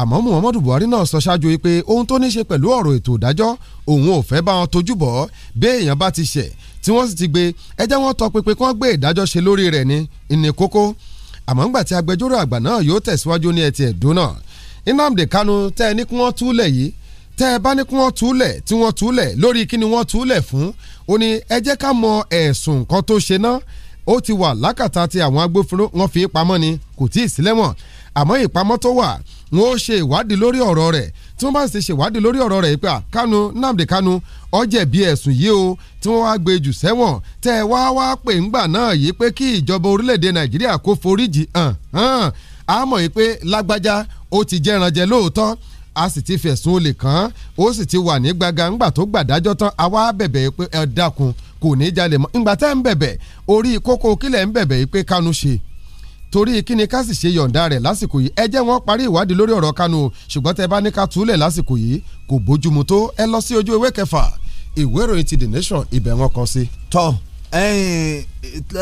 àmọ́ muhammadu buhari náà sọ ṣáájú pé ohun tó ní ṣe pẹ̀lú ọ̀rọ̀ ètò ìdájọ́ òun ò fẹ́ bá wọn tójú bọ̀ ọ́ bí èèyàn bá ti ṣẹ̀ tí wọ́n sì ti gbé ẹjẹ́ wọn tọ pinpin kí wọ́n gbé ìdájọ́ ṣe lórí rẹ̀ ní ìní kókó àmọ́ ńgbà tí agbẹjọ́rò àgbà náà yóò tẹ̀síwájú ní ẹtì ẹ̀dùn náà nnamdi kanu tẹ́ ẹ ní kí wọ́n túlẹ̀ yìí tẹ́ ẹ bá ní kí wọ́n túlẹ̀ tí wọ́n túlẹ̀ lórí kí ni wọ́n túlẹ̀ fún ó ní ẹ ká mọ ẹ̀sùn nǹkan tó ṣe náà ó ti wà lákàtà tí àwọn agbófinró wọn fi pamọ́ ni kò tí ì sílẹ̀ wọ̀n àmọ́ ìpamọ́ tó wà wọn ó ṣe ìwádìí lórí ọ̀rọ̀ rẹ̀ tí wọ́n bá ṣe ìwádìí lórí ọ̀rọ̀ rẹ̀ pé Kanu Nnamdi Kanu ó jẹ̀bi ẹ̀sùn yìí o tí wọ́n wá gbé jù sẹ́wọ̀n tẹ́ ẹ wá wá pè ńgbà náà yìí pé kí ìjọba orílẹ̀-èdè Nàìjíríà kó foríjì hàn hàn á mọ̀ yìí pé lágbájá ó ti jẹranjẹ lóòótọ́ a sì ti fẹ̀sùn olè kàn ó sì ti wà ní gbaga ńgbà tó gbàdájọ́ tán a wá bẹ̀bẹ̀ pé ẹ dákun kò ní jalè mọ́ ńgbà tẹ́ ń bẹ̀bẹ̀ orí kókó kílẹ̀ ń bẹ̀bẹ̀ yìí pé Kanu ṣe torí kíni ká sì ṣe yọ̀ǹda rẹ̀ lásìkò yìí ẹ jẹ́ wọ́n parí ìwádìí lórí ọ̀rọ̀ Kanu ṣùgbọ́n tẹ́ bá ní ká túlẹ̀ lásìkò yìí kò bójúmu tó ẹ lọ sí ojú ewé kẹfà ìwé ìròyìn ti The Nation ibẹ̀ wọn kan sí. tọ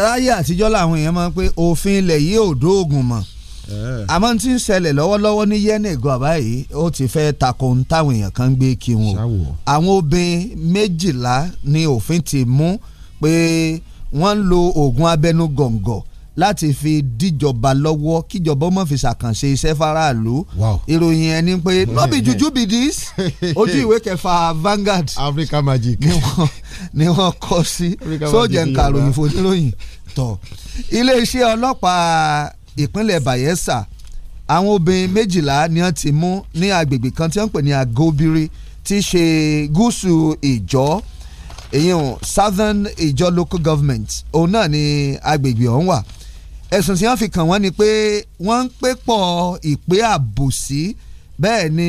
láyé àtijọ́ làwọn èèyàn máa ń pé òfin ilẹ̀ yìí ò dóògùn mọ́ eh. àmọ́ tí ń ṣẹlẹ̀ lọ́wọ́lọ́wọ́ ní yẹ́nìgọ́ àbáyé ó ti fẹ́ takò ń táwọn èèyàn kan gbé kí àwọn obìnrin méjìlá ni òfin ti mú pé wọ́n ń lo oògùn abẹnú láti fi díjọba lọ́wọ́ kíjọba má fi ṣàkànṣe iṣẹ́ faraàlú ìròyìn ẹni pé no hmm. be juju be this (laughs) ojú ìwé kẹfà Vanguard Africa Magic ni wọ́n kọ sí sójà ń karòyìn fòníròyìn tọ̀ iléeṣẹ́ ọlọ́pàá ìpínlẹ̀ Bayelsa àwọn obìnrin méjìlá ni wọ́n ti mú ní agbègbè kan tí wọ́n pè ní Agobiri tí í ṣe gúúsù ìjọ́ èyí hàn Southern Ìjọ Local Government òun náà ni agbègbè ọ̀hún wà ẹ̀sùn tí wọ́n fi kàn wọ́n ni pé wọ́n ń pé pọ̀ ìpè àbòsí bẹ́ẹ̀ ni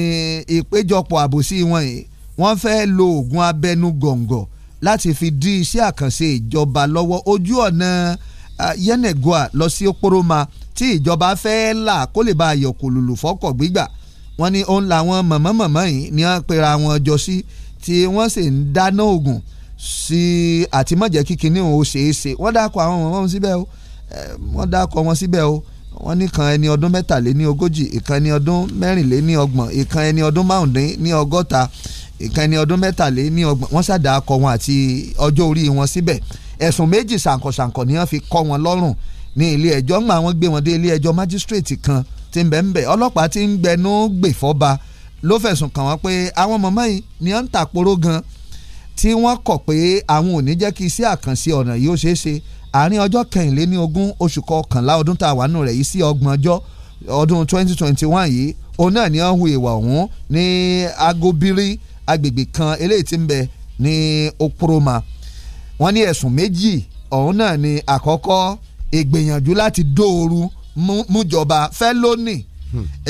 ìpéjọpọ̀ àbòsí wọn yìí wọ́n fẹ́ lo oògùn abẹnú gọ̀ǹgọ̀ láti fi dí iṣẹ́ àkànṣe ìjọba lọ́wọ́ ojú ọ̀nà yẹnẹgua lọ sí Oporoma tí ìjọba fẹ́ là kó lè bá ayọ̀ kòlòlò fọ́kọ̀ gbígbà wọ́n ní òun làwọn mọ̀mọ́mọ̀mọ́ yìí ni wọ́n pera wọn jọ sí tí wọ́n sì ń dáná oògùn sí àtìmọ́jẹ́ kíkiní òun ó ṣeé ṣe wọ́n dákọ̀ àwọn mọ̀mọ́ síbẹ̀ o wọ́n dákọ̀ wọn síbẹ̀ o wọ́n nìkan ẹni ọdún mẹ́tàléní ogójì ìkan ẹni ọdún mẹ́rìnléní ọgbọ̀n ìkan ẹni ọdún márùndínní ọgọ́ta ìkan ẹni ọdún mẹ́tàléní ọgbọ̀n wọ́n ṣàdákọ̀ wọn àti ọjọ́ orí wọn síbẹ̀ ẹ̀sùn méjì ṣàǹkọ̀ṣàǹkọ̀ ni wọ́n fi kọ́ wọn lọ́rùn ní ilé ẹjọ́ ńgbà wọ́n gbé wọn dé ilé ẹjọ́ májísírèètì kan tí ń bẹ ń bẹ ọlọ́pàá tí ń gbẹnú gbèfọ́ba ló fẹ̀sùn kàn wọ́n pé àwọn mọ̀mọ́ yìí ni wọ́n ń tàporó gan tí wọ́n kọ̀ pé àwọn ò ní jẹ́ kí iṣẹ́ àkànṣe ọ̀nà yìí ó ṣeé ṣe àárín ọjọ́ kẹrìnléní ogún oṣù kọkànlá ọdún tá a wà nù rẹ̀ yìí sí ọgbọ̀n ọjọ́ ọdún 2021 yìí òun náà ni wọ́n hu ìwà ọ̀hún ní agobiri agbègbè kan eléyìí tí ń bẹ ní okoroma wọ́n ní ẹ̀sùn méjì ọ̀hún náà ni àkọ́kọ́ ìgbìyànjú láti dóoru mújọba fẹ́ lónìí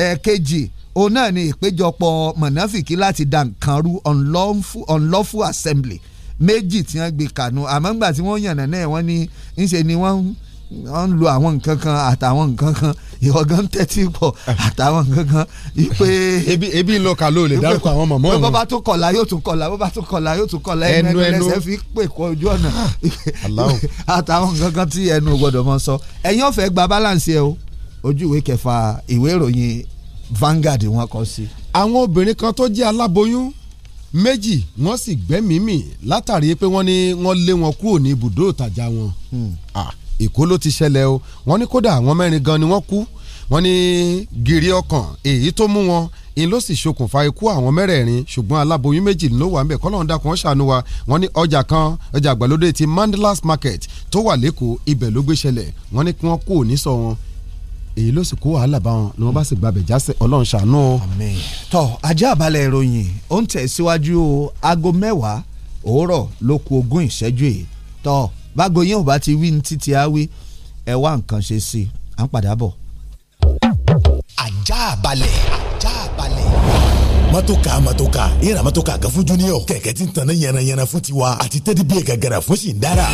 ẹ̀ẹ̀kejì hmm. òun náà ni ìpéjọpọ̀ mọ̀nàfìkì láti dá nǹkan rú unlawful assembly méjì tí wọ́n gbé kànú àmọ́ ńgbà tí wọ́n yànnà náà wọ́n ní ńṣe ni wọ́n ń lo àwọn nǹkan kan àtàwọn nǹkan kan ìwọ̀gán tẹ́tí pọ̀ àtàwọn nǹkan kan ipe. (laughs) ebi ebi lọ kà ló lè dárúkọ àwọn mọ̀mọ́ ọ̀hún. bọ́bá tó kọ̀la yóò tún kọ̀la bọ́bá tó kọ̀la yóò tún kọ̀la ẹnu ẹnu ẹsẹ̀ fi pè kọ ojú ọ̀nà (laughs) àtàwọn nǹkan kan tí ẹnu gbọ́dọ̀ mọ sọ ẹ̀yin ọ̀fẹ́ gba balance ẹ o ojú ìwé kẹfà ìwé ìròyìn Vanguard wọn kọ sí. àwọn obìnrin kan tó jẹ́ aláboyún méjì wọ́n sì gbẹ́mìí mì látàrí pé wọ́n ní wọ́n lé wọn kúrò ní ibùdó ìtajà wọn. Hmm. èkó ló ti ṣẹlẹ̀ o wọ́n ní kódà àwọn mẹ́rin gan ni wọ́n kú wọ́n ní gìrì ọkàn èyí tó mú wọn in ló sì ṣokùnfà ikú àwọn mẹ́rẹ̀ẹ̀rin ṣùgbọ́n aláboyún méjì ló wà ń bẹ̀ kọ́lọ́run dákun ṣàánú wa wọ́n ní ọjà kan ọjà àgbàlódé ti Mandela's Market tó wà lẹ́kọ̀ọ́ ibẹ̀ ló gbé ṣẹlẹ̀ wọ́n ní kí wọ́n kú òní sọ wọn èyí ló sì kó wàhálà bá wọn ni wọ́n bá sì gbàbẹ̀ jásẹ̀ ọlọ́run ṣàánú o. àmín. tọ ajá àbálẹ̀ ìròyìn ó ń tẹ̀síwájú o aago mẹ́wàá òwúrọ̀ ló ku ogún ìṣẹ́jú yìí tọ bágo yín ò bá ti wí ní títí á ẹ wá nǹkan ṣe sí i à ń padà bọ̀. ajá àbálẹ̀ ajá àbálẹ̀ matoka matoka ìyẹn matoka kan fún junior kẹ̀kẹ́ tí ń tanná yànnayànna fún tiwa àti tẹ́tí bíi gàgàrà fún sì ń dára.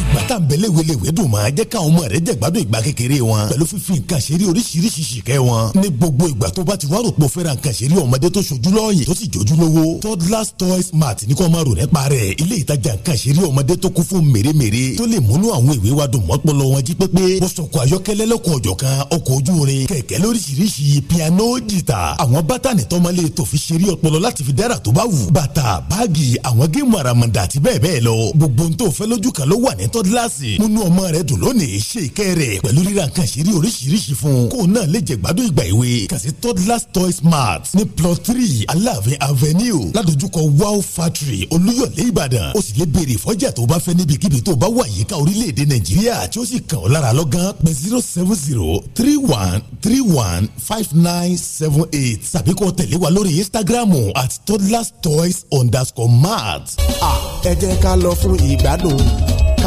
ìgbà tá n bẹ̀lẹ̀ welewe dùn máa jẹ́ káwọn ọmọ rẹ̀ jẹ̀gbádùn ìgbà kékeré wọn pẹ̀lú fífi nǹkan ṣeré oríṣiríṣi ṣìkẹ́ wọn. ní gbogbo ìgbà tó bá ti wá rògbò fẹ́ra nǹkan ṣeré ọmọdé tó ṣojú lọ́ọ̀yìn tó sì jójú lówó wa dùn mọ́pọlọ wọn jí pépé bọ́sọ̀kọ̀ ayọ́kẹ́lẹ́ lọ́kọ̀ ọ̀jọ̀kan ọkọ̀ ojú irin kẹ̀kẹ́ lóríṣiríṣi piano jìtà àwọn ètò fi ṣeré ọpọlọ láti fi dára tó bá wù bàtà báàgì àwọn géèmù àràmàǹdà àti bẹ́ẹ̀ bẹ́ẹ̀ lọ gbogbo n tó fẹ́ lójú kan ló wà ní tọ́dílàsì múnú ọmọ rẹ dùn lónìí ṣe ìkẹ́ rẹ̀ pẹ̀lú ríra nǹkan ṣeré oríṣiríṣi fún kó náà lè jẹ gbádùn ìgbà ìwé kàṣí tọ́dílàs toys smart, ní plot three aláàfin avenue ládojúkọ wow factory olúyọ̀lé ìbàdàn ó sì lè béèrè ìfọ́jà tó bá fẹ́ níbikíbi tó bá wà yíká orílẹ̀-èdè zero seven zero three one three one five nine seven eight tàbí kó lórí Instagram at toddlerstoys underscore mart. ẹ jẹ́ ká lọ fún ìgbádùn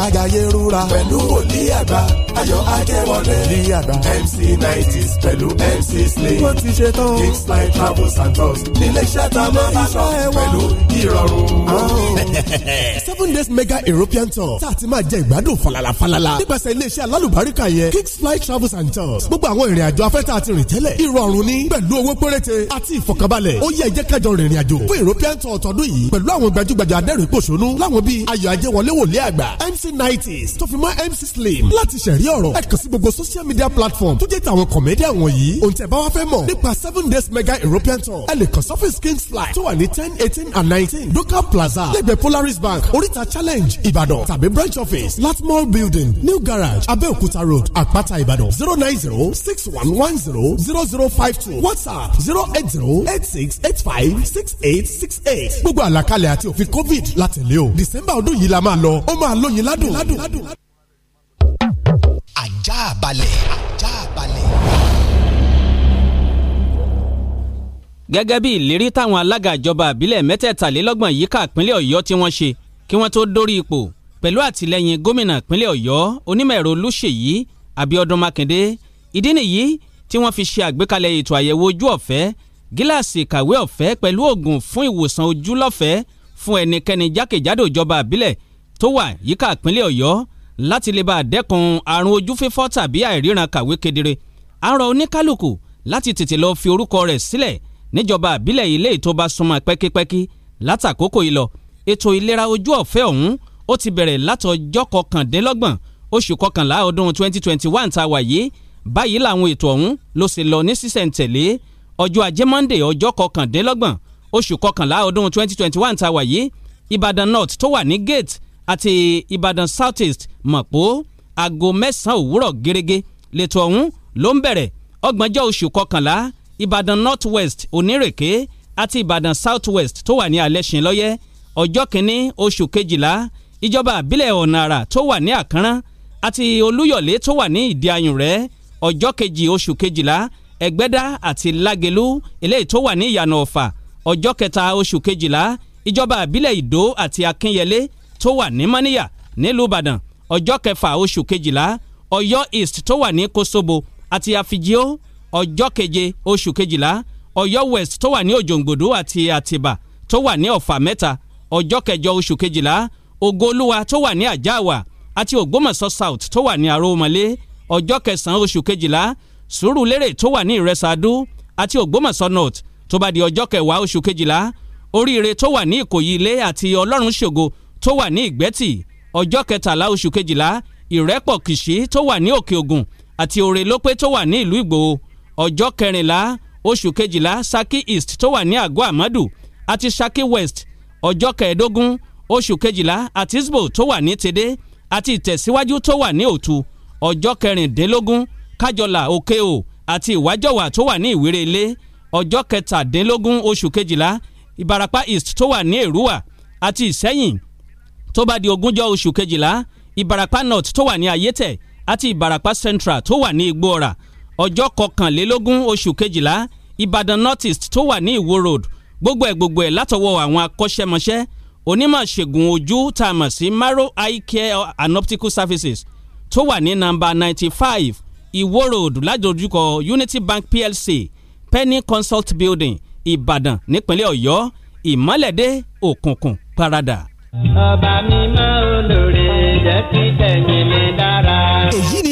kájàyé rúra. pẹ̀lú wòlíì àgbà ayọ̀ akẹ́wọlé. wòlíì àgbà mc nineties pẹ̀lú mc slay. wọ́n ti ṣe tán. kings line travels and nílé iṣẹ́ ta máa bá pẹ̀lú ìrọ̀rùn. Oh. (laughs) seven days mega european tour tá a ti máa jẹ ìgbádùn falala falala nípasẹ̀ iléeṣẹ́ alálùbáríkà yẹn kings fly travels and tours gbogbo àwọn ìrìn àjò afẹ́ tá a ti rìn tẹ́lẹ̀ ìrọ̀rùn ni pẹ̀lú owó péréte àti ìfọ̀kànbalẹ̀ ó yẹ ìjẹ́ kájọ rìnrìn àjò fún european tour tọdún yìí pẹ̀lú àwọn gbajúgbajà adẹ́rìn-pòṣónú láwọn bíi ayọ̀ ajẹ́wọlé wòlíì àgbà mc nineteen s tó fi mọ́ MC Slim láti ṣẹ̀rí ọ̀rọ̀ ẹ sí gbogbo social media platform tó jẹ́ tàwọn comedian wọ̀nyí òun tẹ̀ bá wá fẹ́ mọ̀ nípa seven days mega European tour ẹ lè kàn sọ́fíìsì Kingslight tó wà ní ten eighteen and nineteen Doka Plaza lẹ́gbẹ̀ẹ́ Polaris Bank oríta challenge Ìbàdàn tàbí branch office Latmore building new garage Abẹ́òkúta road Àpáta Ìbàdàn zero nine zero six one one zero zero zero five two WhatsApp zero eight zero eight six eight five six eight six eight gbogbo àlàkalẹ̀ àti òfin COVID láti o December ọdún yìí la máa lọ ó máa lóyin ládùn ládùn. ajá balẹ̀ ajá balẹ̀. gẹ́gẹ́ bí ìlérí táwọn alága ìjọba àbílẹ̀ mẹ́tẹ̀ẹ̀talélọ́gbọ̀n yíká ìpínlẹ̀ ọ̀yọ́ tí wọ́n ṣe kí wọ́n tó dórí ipò pẹ̀lú àtìlẹ́yìn gómìnà ìpínlẹ̀ ọ̀yọ́ onímọ̀ ẹ̀rọ olúṣèyí abiodun makinde ìdí nìyí tí wọ́n fi ṣe àgbékalẹ̀ ètò àyẹ̀wò ojú ọ̀fẹ́ gíláàsì ìkàwé ọ̀fẹ́ pẹ̀lú oògùn fún ìwòsàn ojú lọ́fẹ̀ẹ́ fún ẹnikẹ́ni jákèjádò ìjọba àbílẹ̀ tó wà yíká ìpínlẹ̀ ọ̀yọ́ láti lè bá a dẹ́kun àrùn ojú fífọ́ tàbí àìríran kàwé kedere à ń rọ oníkálùkù láti tètè lọ fi orúkọ rẹ̀ sílẹ̀ níjọba àbílẹ̀ ilé tó bá súnmọ́ pẹ́kípẹ́kí látàkókò ìlọ ètò ìlera ojú ọ̀fẹ́ ọ̀hún ó ti bẹ̀rẹ̀ látọjọ́ kọkàndínlọ́gbọ̀n oṣù kọkànlá ọdún 2021 tá a wà yìí báyìí làwọn ètò ọ̀hún ló sì lọ ní sísẹ̀ǹtẹ̀lé ọjọ́ ajé monde ọjọ́ kọkàndínlọ́gbọ̀n oṣù kọkànlá ọdún 2021 tá a wà yìí Ìbàdàn North tó wà ní gate àti Ìbàdàn South East mọ̀pó aago mẹ́sàn-án òwúrọ̀ gẹ́gẹ́ lẹ́tò ọ̀hún ló ń bẹ̀rẹ̀ ọgbọ̀njọ́ oṣù kọkànlá Ìbàdàn North West Onírèké àti Ìbàdàn South West tó wà ní Alẹ́ṣin lọ́yẹ́ ọjọ́ kìíní oṣù kejìlá ìjọba àbílẹ̀ ọ̀nà àrà tó wà ní Àkànrán àti Olúyọ̀lé tó wà ní Ìdí Ayùnrẹ́ ọjọ́ kejì oṣù kejìlá Ẹ̀gbẹ́dá àti Lágelú eléyìí tó wà ní Ìyànà Ọ̀fà ọjọ́ kẹta oṣù kejìlá ìjọba àbílẹ̀ Ìdó àti Akínyẹlé tó wà ní mọ́níyà nílùú ìbàdàn ọjọ́ kẹfà oṣù kejìlá ọ̀yọ́ east tó wà ní kosobo àti afijio ọjọ́ keje oṣù kejìlá ọ̀yọ́ west tó wà ní òjòǹgbòdú àti àtìbà tó wà ní ọ̀fà mẹ́ta ọjọ́ kẹjọ oṣù kejìlá ògoolúwa tó wà ní àjáàwá àti ògbómọ̀ṣọ́ south tó wà ní àròmọlé ọjọ́ kẹsàn-án oṣù kejìlá sùúrùlérè tó wà ní ìrẹsàdú àti ògbómọ̀ṣọ́ north tó bá di ọjọ́ kẹwàá oṣù kejìlá oríire tó wà ní ìkòyí àti ọlọ́run ṣògo tó wà ní ìgbẹ́tì ọjọ́ kẹtàlá oṣù kejìlá ìrẹ́pọ̀ kìṣí tó wà ní òkè ògùn àti òrè lópé tó wà ní ìlú ìgbòho ọjọ́ kẹrìnlá oṣù kejìlá saki east tó wà ní àgọ́ àmọ́dù àti saki west ọjọ́ kẹẹ̀ẹ́dógún oṣù kejìlá àti isbo tó wà ní tèdè àti ìtẹ̀síwájú tó wà ní òtù ọjọ́ kẹrìndínlógún kájọlà òkèò àti ìwájọwà tó wà ní ìwéré ilé ọjọ́ kẹtàdínlógún oṣù kejìlá ìbarapá east tó wà ní èrúwà àti ìsẹ́yìn tó bá di ogúnjọ́ oṣù kejìlá ìbàràpá north tó wà ní ayétẹ̀ àti ìbàràpá central tó wà ní igbó ọ̀rà ọjọ́ kọkànlélógún oṣù kejìlá ìbàdàn north east tó wà ní ìwó road gbogbo ẹ̀ gbogbo ẹ̀ látọwọ́ àwọn akọ́ṣẹ́mọṣẹ́ onímọ̀ ojú tá a mọ̀ sí maro eye care and optical services tó wà ní nọ́mbà ninety five ìwó road ládojúkọ unity bank plc penny consult building ìbàdàn nípínlẹ̀ ọ̀yọ́ ìmọ̀lẹ́dẹ́ òkùnkùn parada ọba mímọ́ olóore jẹ́ kí tẹ̀yìn mi dára. èyí ni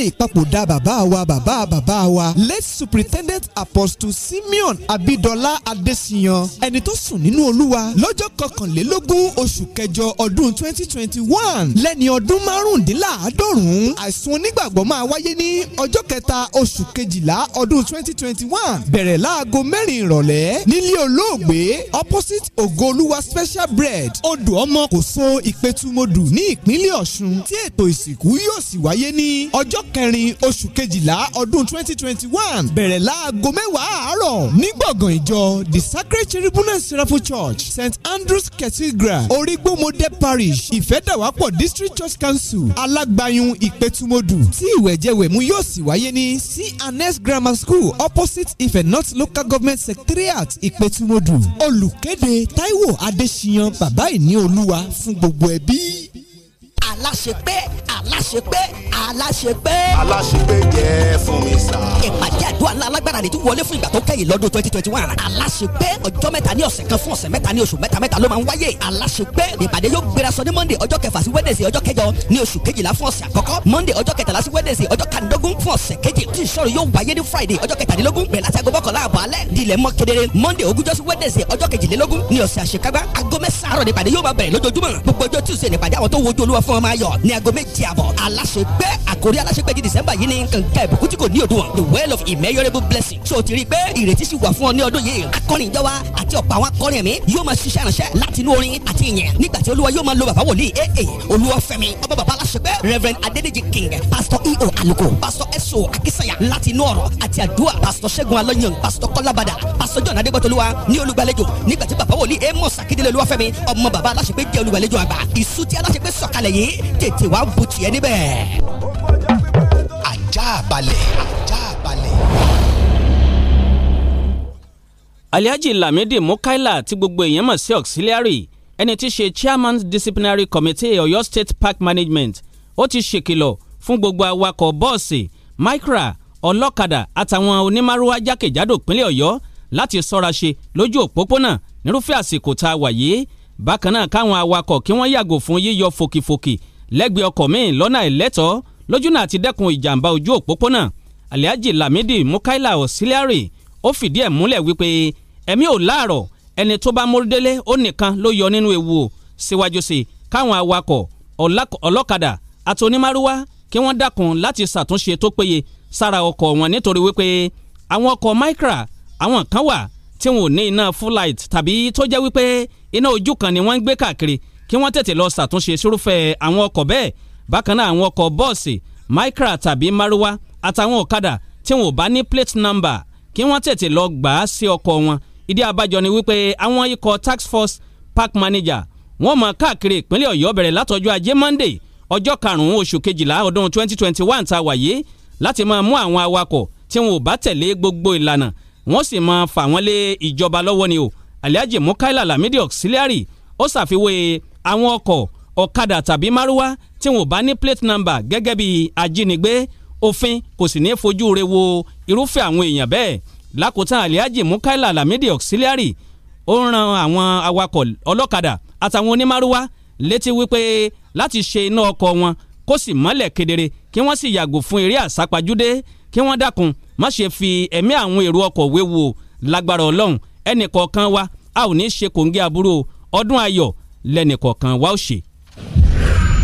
ọjọ́dé ìpapòdà bàbá wa bàbá bàbá wa late superintendent apostle simeon abidola adesiyan ẹni tó sùn nínú olúwa lọ́jọ́ kọkànlélógún oṣù kẹjọ ọdún twenty twenty one lẹ́ni ọdún márùndínláàádọ́rùn-ún àìsùn onígbàgbọ́ máa wáyé ní ọjọ́ kẹta oṣù kejìlá ọdún twenty twenty one bẹ̀rẹ̀ láago mẹ́rin ìrọ̀lẹ́ nílé olóògbé opposite ògo olúwa special bread odò ọmọ kò so ìpẹ́tùmọ̀dù ní ìpínlẹ̀ ọ̀ṣun tí ètò ìsìnkú yóò sì wáyé ní ọjọ́ kẹrin oṣù kejìlá ọdún twenty twenty one bẹ̀rẹ̀ láago mẹ́wàá àárọ̀ ní gbọ̀ngàn ìjọ the sacred cherubim's seraphim church st andrews cathedral orígbòmọdé parish ìfẹ́dàwápọ̀ district church council alágbàyún ìpẹ́tùmọ́dù tí ìwẹ̀jẹ̀wẹ̀mú yóò sì wáyé ní cns grammar school opposite ife north local government secretariat ìpẹ́tùmọ́dù olùkéde taiwo adéṣiyan bàbá ìní olúwa fún gbogbo ẹbí aláṣepé aláṣepé aláṣepé. aláṣepé jẹ́ fún mi sá. ìpàdé àdúrà ńlá alágbára rẹ̀ ti wọlé fún ìgbà tó kẹ́yìn lọ́dún twenty twenty one. aláṣepé ọjọ́ mẹ́ta ní ọ̀sẹ̀ kan fún ọ̀sẹ̀ mẹ́ta ní oṣù mẹ́ta mẹ́ta ló máa ń wáyé. aláṣepé ìpàdé yóò gbéra sọ ní monday ọjọ́ kẹfà sí wednesday ọjọ́ kẹjọ ní oṣù kejìlá fún ọ̀sẹ̀ àkọ́kọ́ monday ọjọ́ kẹtàlá sí wednesday ọjọ́ kàndógún fún ọ̀sẹ̀ kejì tí ìṣòro yóò wáyé ní friday ọjọ́ kẹtàdínlógún bẹ̀rẹ̀ láti aago mọ́kànlá àbọ̀ alẹ́ dilẹ̀ monday ogúnjọ́ sí wednesday ọjọ́ kejìlélógún ní ọ̀sẹ̀ àṣekágbá aago mẹ́sàn-án àárọ̀ nípàdé yóò máa bẹ̀rẹ̀ lójoojúmọ́ tuesday nípàdé àwọn tó wojú olúwa Ayọ̀ ní aago méje àbọ̀ aláṣepé àkórí aláṣepé di December yìí ni kànga ìbùkún tí kò ní òdiwọ̀n the well of immeasurable blessing so ti rí i pé ìrètí sì wà fún ọ ní ọdún yìí akọrin ìjọba àti ọ̀pọ̀ àwọn akọrin ẹ̀mí yóò máa ṣiṣẹ́ ìrànṣẹ́ láti inú orin àti ìyẹn nígbà tí olúwa yóò máa lo bàbá wòlíì aa olúwafẹ́mi ọmọ bàbá aláṣepé reverend adédèjì king pastor eo aluko pastor eso akísàyà láti inú ọ̀rọ̀ àti àdúrà pastor ṣẹ́gun alọ́yàn pastor kọ́lábàdà pastor john adégbòtolúwa ní olùgbàlejò nígbà tí bàbá wòlíì amos akíndélé olúwafẹ́mi ọmọ bàbá aláṣepé jẹ́ olùgbàlejò àgbà ìsú tí aláṣepé sọ̀kalẹ̀ yìí tètè wá bu tiẹ̀ níbẹ̀. ajá balẹ̀ ajá balẹ̀. Alhaji Lamidi Mukaila tí gbogbo èèyàn mọ̀ sí auxiliary ẹni tí í ṣe chairman disciplinary committee Ọ̀yọ́ State Park Management ó ti ṣèkìlọ̀ fún gbogbo awakọ̀ bọ́ọ̀sì micra ọlọ́kadà àtàwọn onímàrúwá jákèjádò ìpínlẹ̀ Ọ̀yọ́ láti ṣọ́ra ṣe lójú òpópónà nírúfẹ́ àsìkò tá a wà yìí bákan náà káwọn awakọ̀ kí wọ́n yàgò fún yíyọ fòkìfòkì lẹ́gbẹ̀ẹ́ ọkọ̀ míì lọ́nà ìlẹ́tọ̀ọ́ lójúnà àti dẹ́kun ìjàmbá ojú òpópónà Alhaji Lamidi Mukaila Auxiliary ó fìdí ẹ̀ múlẹ̀ wípé ẹ̀mí ò láàrọ̀ ẹni tó bá mórídélé ó nìkan ló yọ nínú ewu o síwájú sí káwọn awakọ̀ ọlọ́kadà àti onímárúwá kí wọ́n dákun láti ṣàtúnṣe tó péye sára ọkọ̀ wọn nítorí wípé àwọn ọkọ̀ micra àwọn kan wà tí wọn ò ní iná full light tàbí tó jẹ́ wípé iná ojú kan ni wọ́n ń gbé káàkiri kí wọ́n tètè lọ ṣàtúnṣe sírúfẹ́ àwọn ọkọ̀ bẹ́ẹ̀ bákan náà àwọn ọkọ̀ bọ́ọ̀sì micra tàbí maruwa àtàwọn ọ̀kadà tí wọn bá ní plate number kí wọ́n tètè lọ gbà á sí ọkọ̀ wọn ìdí abájọ ni wípé àwọn ikọ̀ tax force park manager wọ́n máa káàkiri ìpínlẹ̀ ọ̀yọ́ bẹ̀rẹ̀ látọjọ́ ajé monday ọjọ́ karùn-ún oṣù kejìlá ọdún 2021 tá wà yìí láti máa mú àwọn awakọ̀ tí wọn ò bá tẹ̀lé gbogbo ìlànà wọ́n sì máa fà wọ́n lé ìjọba lọ́wọ́ ni o Alhaji Mukaila Lamidi Auxiliary ó ṣàfiwé àwọn ọkọ̀ ọ̀kadà tàbí márúwá tí wọn ò bá ní plate number gẹ́gẹ́ bí ajínigbé òfin kò sì ní fojú re wo irúfẹ́ àwọn èèyàn bẹ́ẹ̀ lákòótán aliaji mukaila lamidi auxiliary ó ń ran àwọn awakọ̀ ọlọ́kadà àtàwọn onímárúwá létí wípé láti ṣe iná ọkọ̀ wọn kó sì mọ́lẹ̀ kedere kí wọ́n sì yàgò fún eré àsápajúdé kí wọ́n dákun má ṣe fi ẹ̀mí àwọn èrò ọkọ̀ wéwu lágbára ọlọ́run ẹnì kọ̀ọ̀kan wa a ò ní ṣe kòǹgẹ́ aburú ọdún ayọ̀ lẹ́nìkọ̀ọ̀kan wa ó ṣe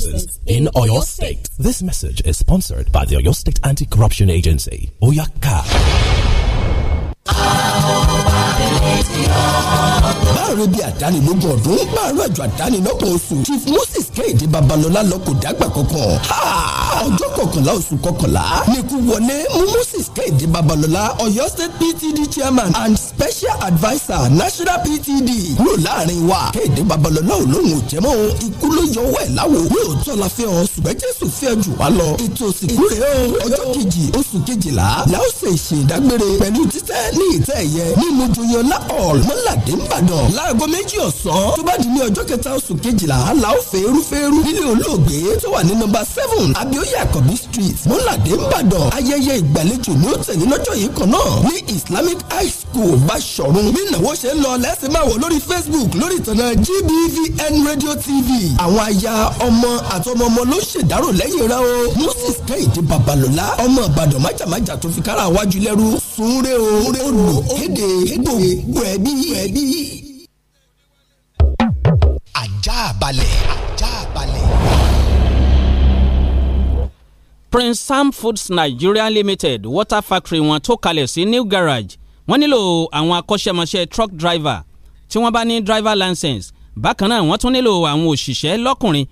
citizens in Oyo State. This message is sponsored by the Oyo State Anti-Corruption Agency, Oyaka. bíi àdánilógún ọdún àjọ àdánilọ́pọ̀ oṣù chief moses babalọ́lá dàgbà kankan. ọjọ́ kọkànlá oṣù kọkànlá nìkú wọlé mú moses kéde babalọ́lá ọ̀yọ́ state ptd chairman and special adviser national ptd kúrò láàrin wa kéde babalọ́lá olóhùn òjẹ́mọ́ ikú ló yọ ọwọ́ ẹ̀ láwo lóòótọ́ la fẹ́ ọ ṣùgbọ́n jésù fẹ́ jù wá lọ ètò òsìnkú rẹ̀ o ọjọ́ kejì oṣù kejìlá làó ṣe ṣe ìdágbére pẹ̀lú títẹ́ ní ìtẹ́ ẹ̀yẹ nínú joyola hall mọ́ládé ńbàdàn láago méjì ọ̀sán tó bá di ní ọjọ́ kẹta oṣù kejìlá làó fẹ́ẹ́rú nílé olóògbé tó wà ní nọ́mbà seven abiy olóyè àkànbí street mọ́ládé ìbàdàn ayẹyẹ ìgbàlejò ni ó tẹ̀lé lọ́jọ́ yìí kan náà ní islamic high school basọ̀run bí ìnáwó ṣe ń lọ lẹ́sìn máa wò lórí facebook lórí ìtànà gbvn radio tv àwọn aya ọmọ àtọmọọmọ ló ṣèdárò lẹ́yìn rẹ o moses kẹ́hìndé babalọ́lá ọmọ ìbàdàn májàmájà tó fi kára wájú lẹ́rú sunre o olù kéde gbogbo ẹbí. ajá balẹ̀ ajá balẹ̀. Prince Sam Foods Nigeria Limited water factory wọn tó kalẹ̀ sí New Garage wọ́n nílò àwọn akọ́ṣẹ́mọṣẹ́ truck driver tí wọ́n bá ní driver license bákan náà wọ́n tún nílò àwọn òṣìṣẹ́ lọ́kùnrin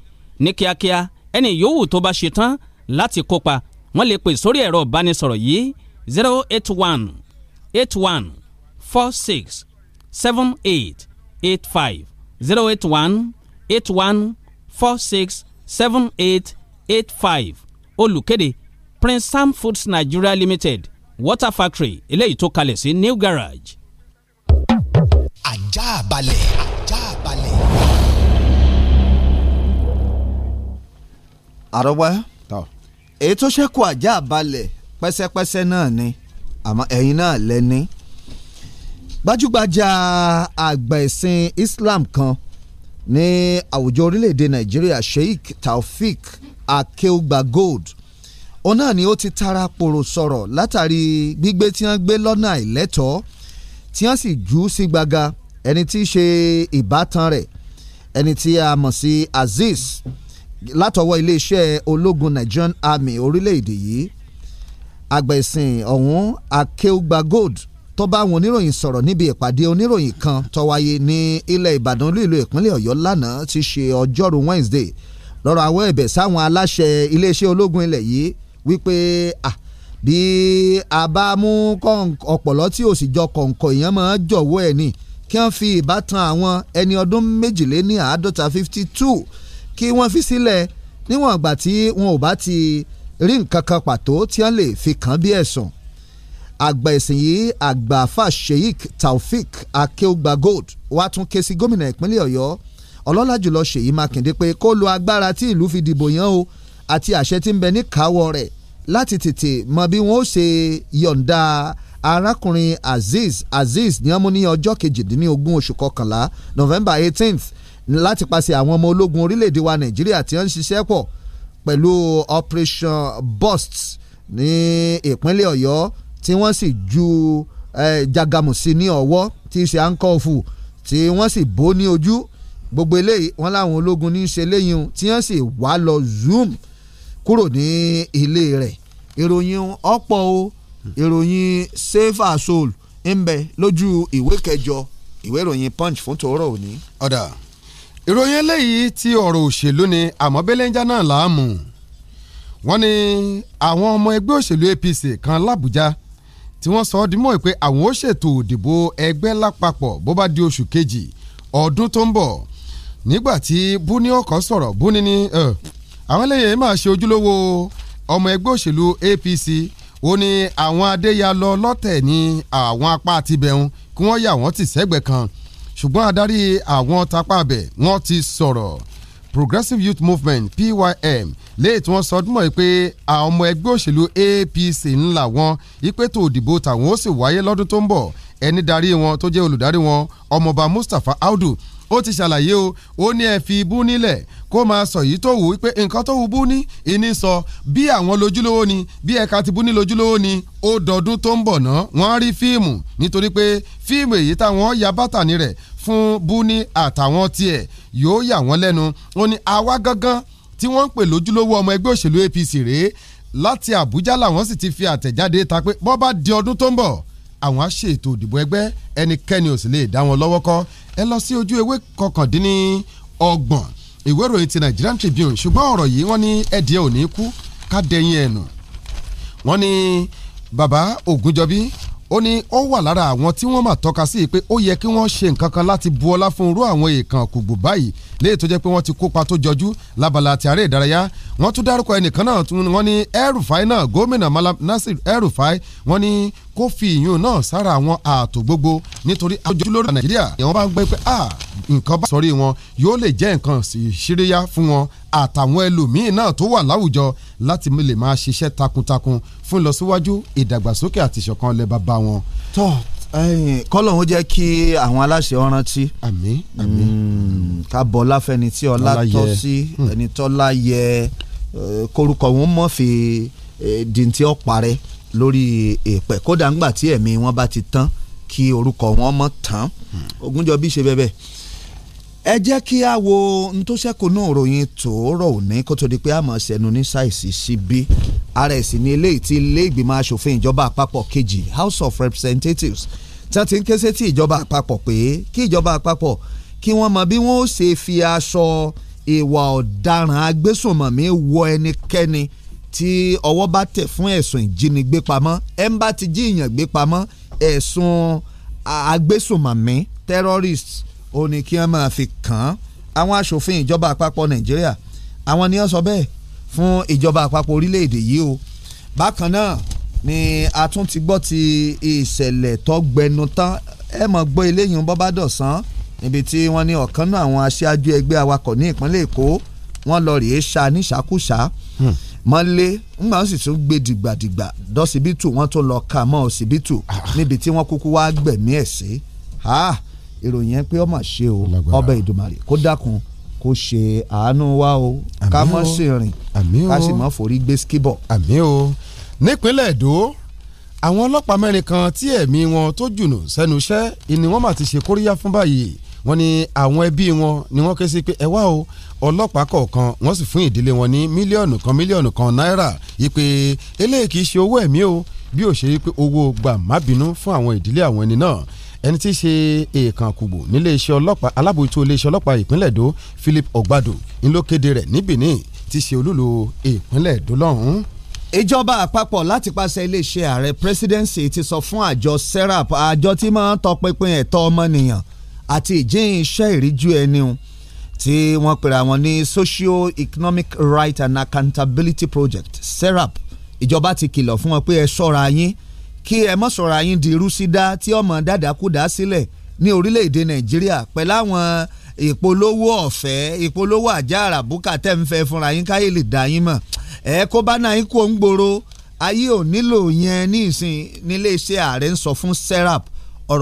ní kíákíá ẹni yòówù tó bá ṣe tán láti kópa wọ́n lè pè sórí ẹ̀rọ ìbánisọ̀rọ̀ yìí zero eight one eight one four six seven eight eight five zero eight one eight one four six seven eight eight five olùkéde Prince Sam Foods Nigeria Limited water factory eléyìí tó kalẹ̀ sí new garage. ajá balẹ̀ ajá balẹ̀. àrọ́wá èyí tó ṣẹ́kù ajá balẹ̀ pẹ́sẹ́pẹ́sẹ́ náà ni àmọ́ ẹ̀yin náà lẹ́ni gbajúgbajà àgbà ẹ̀sìn Islam kan ní àwùjọ orílẹ̀-èdè Nàìjíríà Sheikh Taofik akeugba gold òun náà ni ó ti tara pòrò sọ̀rọ̀ látàrí gbígbé tí wọ́n gbé lọ́nà àìlẹ́tọ̀ọ́ tí wọ́n sì jù ú sí gbaga ẹni tí í ṣe ìbátan rẹ̀ ẹni tí a mọ̀ sí Azeez látọwọ́ iléeṣẹ́ ológun Nigerian Army orílẹ̀-èdè yìí àgbẹ̀sìn ọ̀hún akeugba gold tó bá àwọn oníròyìn sọ̀rọ̀ níbi ìpàdé oníròyìn kan tó ní ilẹ̀ Ìbàdàn olú ìlú ìpínlẹ̀ Ọ̀yọ́ lánàá ti ṣe ọjọ́rú Wednesday lọ́rọ̀ àwọ̀ ẹ̀bẹ̀ sáwọn aláṣẹ iléeṣẹ́ ológun ilẹ̀ yìí wípé ah bí a bá mú ọ̀pọ̀lọ́ tí ò sì jọ kọ̀ǹkọ̀ èèyàn máa jọ̀wọ́ ẹ̀ ni kí wọ́n fi ìbátan àwọn ẹni ọdún méjìléní àádọ́ta fifty two kí wọ́n fi sílẹ̀ níwọ̀n ìgbà tí wọn ò bá ti rí nǹkan kan pàtó tí wọ́n lè fi kàn bí ẹ̀sùn àgbà ẹ̀sìn yìí àgbà afa sheik taofik akeugba gold wàá tún ké sí gómìnà ìpínlẹ̀ ọ̀yọ́ ọlọ́lá jùlọ Ṣèyí Mákindé pé kó lo agbára tí ìlú fi dìbò yan o àti àṣẹ tí ń bẹ ní káwọ́ rẹ̀ láti tètè mọ bí wọ́n ó ṣe yọ̀ǹda arákùnrin Azeez Azeez ní ọmú ní ọjọ́ kejìdínlógún oṣù kọkànlá November eighteenth láti paṣẹ àwọn ọmọ ológun orílẹ̀-èdè wa Nàìjíríà tí wọ́n ń ṣiṣẹ́ pọ̀ pẹ̀lú Operation Burst ní ìpínlẹ̀ Ọ̀yọ́ tí wọ́n sì ju jagamusi sí ní ọwọ́ tí í ṣe àǹkọ́ọ̀fù tí wọ́n sì bó ní ojú gbogbo eléyìí wọn láwọn ológun ní í ṣe léyìn tí wọ́n sì wá lọ zoom kúrò ní ilé rẹ̀ ìròyìn ọ̀pọ̀ o ìròyìn safer soul ń bẹ lójú ìwé kẹjọ ìwé ìròyìn punch fún tòórọ̀ òní. ọ̀dà ìròyìn eléyìí ti ọ̀rọ̀ òṣèlú ni àmọ́ bẹ́lẹ́njà náà láàmú wọ́n ní àwọn ọmọ ẹgbẹ́ òṣèlú APC kan làbújá tí wọ́n sọ ọ́ dìmọ̀ pé àwọn ó ṣètò òdìbò ẹgbẹ́ lápapọ̀ bó bá di oṣù kejì ọdún tó ń bọ̀ nígbà tí búni ọkọ̀ sọ̀rọ̀ búni ni àwọn eléyìí máa ṣe ojúlówó ọmọ ẹgbẹ́ òṣèlú APC ó ní àwọn adéyalọ lọ́tẹ̀ ní àwọn apá àtibẹ̀hún kí wọ́n yà wọ́n ti sẹ́gbẹ̀ẹ́ kan ṣùgbọ́n adarí àwọn tapá abẹ wọ́n ti sọ̀rọ̀ Progressive Youth Movement PYM léè tí wọ́n sọ ọdún mọ́ pé àwọn ọmọ ẹgbẹ́ òṣèlú APC ńlá wọn ìpètò òdìbò tàwọn ó sì wáyé lọ́dún tó ń bọ̀ ẹni darí wọn tó jẹ́ olùdarí wọn ọmọọba Mustapha Audu ó ti ṣàlàyé o ó ní ẹ fi bú nílẹ̀ kó máa sọ yìí tó wù ú pé nǹkan tó wù bú ní ìní sọ bí àwọn lójúlówó ni bí ẹ̀ka ti bú ní lójúlówó ni ó dọdún tó ń bọ̀ ná wọ́n rí fíìmù nítorí pé fíìmù èyí táwọn ya bàtà rẹ̀ fún búni àtàwọn tiẹ̀ yóò yà wọ́n lẹ́nu ó ní àwa gangan tí wọ́n ń pè lójúlówó ọmọ ẹgbẹ́ òṣèlú APC rèé láti Àbújá làwọn sì ti fi àtẹ̀jáde ta pé bọ́ bá di ọdún tó ń bọ̀ àwọn á ṣe ètò òdìbò ẹgbẹ́ ẹnikẹ́ni ò sì lè dá wọn lọ́wọ́ kọ́ ẹ lọ sí ojú ewé kọkàndínní ọgbọ̀n ìwé ìròyìn ti Nigerian Tribune ṣùgbọ́n ọ̀rọ̀ yìí wọ́n ní ẹ̀dìẹ ò ní kú ká dẹ̀yìn ẹ̀ nù wọ́n ní bàbá Ògúnjọbí ó ní ó wà lára àwọn tí wọ́n mà tọ́ka sí pé ó yẹ kí wọ́n ṣe nǹkan kan láti bu ọlá fún irú àwọn èèkàn kùgbù báyìí léyìí tó jẹ́ pé wọ́n ti kópa tó jọjú lábala àti àárẹ̀ ìdárayá wọ́n tún dárúkọ ẹnìkan náà wọ́n ní El-Rufai náà gómìnà Malam Nasir El-Rufai wọ́n ní kó fi ìyún náà sára àwọn ààtò gbogbo nítorí àjọjú lórí Nàìjíríà ìwọ́n bá ń gbé pé a nǹkan bá sọrí wọn yóò lè jẹ́ nǹkan ṣíríyá fún wọn àtàwọn ẹlòmíín náà tó wà láwùjọ láti lè máa ṣiṣẹ́ takuntakun fún ìlọsíwájú ìdàgbàsókè àti ìṣọ̀kan ilẹ̀ bàbá wọn. tó kọ́lọ́hún jẹ́ kí àwọn aláṣẹ ọ̀ràn tí àmín hmm, àmín ká bọ́lá fẹ́ni tí ọlá tọ́ sí hmm. ẹni tọ́lá yẹ korúkọ wọn mọ̀ fi dìntì ọ̀parẹ́ lórí èèpẹ̀ kódà ńgbà tí ẹ̀mí wọn bá ti tán kí orúkọ wọn mọ̀ tán Ògúnjọbí hmm. ṣe bẹ́ẹ̀ bẹ́ẹ̀ ẹ jẹ́ kí a wo n tó ṣẹ́kù náà ròyìn tòórọ̀ òní kó tó di pé a máa ṣẹnu ní ṣàìsí síbí ara ẹ̀ sì ni eléyìí tí ilé ìgbìmọ̀ asòfin ìjọba àpapọ̀ kejì House of Representatives tí wọ́n ti ń ké sí ti ìjọba àpapọ̀ pé kí ìjọba àpapọ̀ kí wọ́n mọ bí wọ́n ó ṣe fi aṣọ ìwà ọ̀daràn agbésùnmọ̀mí wọ ẹnikẹ́ni tí ọwọ́ bá tẹ̀ fún ẹ̀sùn ìjínigbé pamọ́ ẹ̀ ń bá ti jí ìyàn gbé pamọ́ ẹ̀sùn agbésùnmọ̀mí terrorists ó ní kí wọ́n máa fi kàn án àwọn aṣòfin ìjọba àpapọ̀ nàìjíríà àwọn ni wọ́n sọ bẹ́ẹ̀ fún ìjọba àpapọ̀ orílẹ̀-èdè yìí o bákan náà ni a tún ti gbọ́ ti ìṣẹ̀lẹ̀ tó gbẹnu tán ẹ mọ̀ gbọ́ eléyìí bọ́ bá dọ̀sán níbi tí wọ́n ní ọ̀kan náà àwọn aṣáájú ẹgbẹ́ awakọ̀ ní ìpínlẹ̀ èkó wọ́n lọ rèé ṣá níṣàkúṣà hmm. mọ́lé ńgbà wọ́n sì tún gbé dìgbàdìgbà dọ́sibítù wọ́n tún lọ kà mọ́ ọ̀sibítù ah. níbi tí wọ́n kúkú wá gbẹ̀mí ẹ̀ sí ìròyìn yẹn pé ọmọ ṣe o ọbẹ̀ ìdùmarè kó dákun kó ṣe àánú wa o ká mọ̀ sí rìn ká sì mọ̀ forí gbé skibọ̀. àmín o nípínlẹ̀ èdò àwọn ọlọ́pàá mẹ́rin kan tí ẹ̀mí wọn tó jùnù sẹ́nu iṣẹ́ ni wọ́n mà ti ṣe kóríyá fún báyìí wọ́n ní àwọn ẹbí wọn ni wọ́n ké sí pé ẹ wá o ọlọ́pàá kọ̀ọ̀kan wọ́n sì fún ìdílé wọn ní mílíọ̀nù kan mílíọ̀nù kan náírà yìí pé eléyìí kì í ṣe owó ẹ̀mí o bí ó ṣe yí pé owó gbà má bínú fún àwọn ìdílé àwọn ẹni náà ẹni tí í ṣe èèkàn àkùgbò níléeṣẹ́ ọlọ́pàá alábòjútó iléeṣẹ́ ọlọ́pàá ìpínlẹ̀ èdò Philip Ọ̀gbàdò ńlọ kéde rẹ̀ ní Benin tí í ṣe olúlo ìpínlẹ̀ èdò lọ́hùn-ún ìjọba àpapọ̀ láti pàṣẹ iléeṣẹ́ ààrẹ presidency ti sọ fún àjọ serap àjọ tí máa ń tọpinpin ẹ̀tọ́ ọmọnìyàn àti ìjíhìn iṣẹ́ ìríjú ẹni tí wọ́n pera wọn ní socio-economic right and accountability project serap ìjọba ti kìlọ̀ fún wọn pé ẹ ṣọ́ra yín kí ẹ mọ̀ sọ̀rọ̀ ayín di rúṣídá tí ọmọ dàdàkúdà sílẹ̀ ní orílẹ̀-èdè nàìjíríà pẹ̀lú àwọn ìpolówó ọ̀fẹ́ ìpolówó àjàrà bùkà tẹ̀ ń fẹ́ fúnra yín káyé lè dá yín mọ̀ ẹ kó bá náà yín kó ń gbòòrò ayé ò nílò yẹn ní ìsìn ààrẹ ń sọ fún serap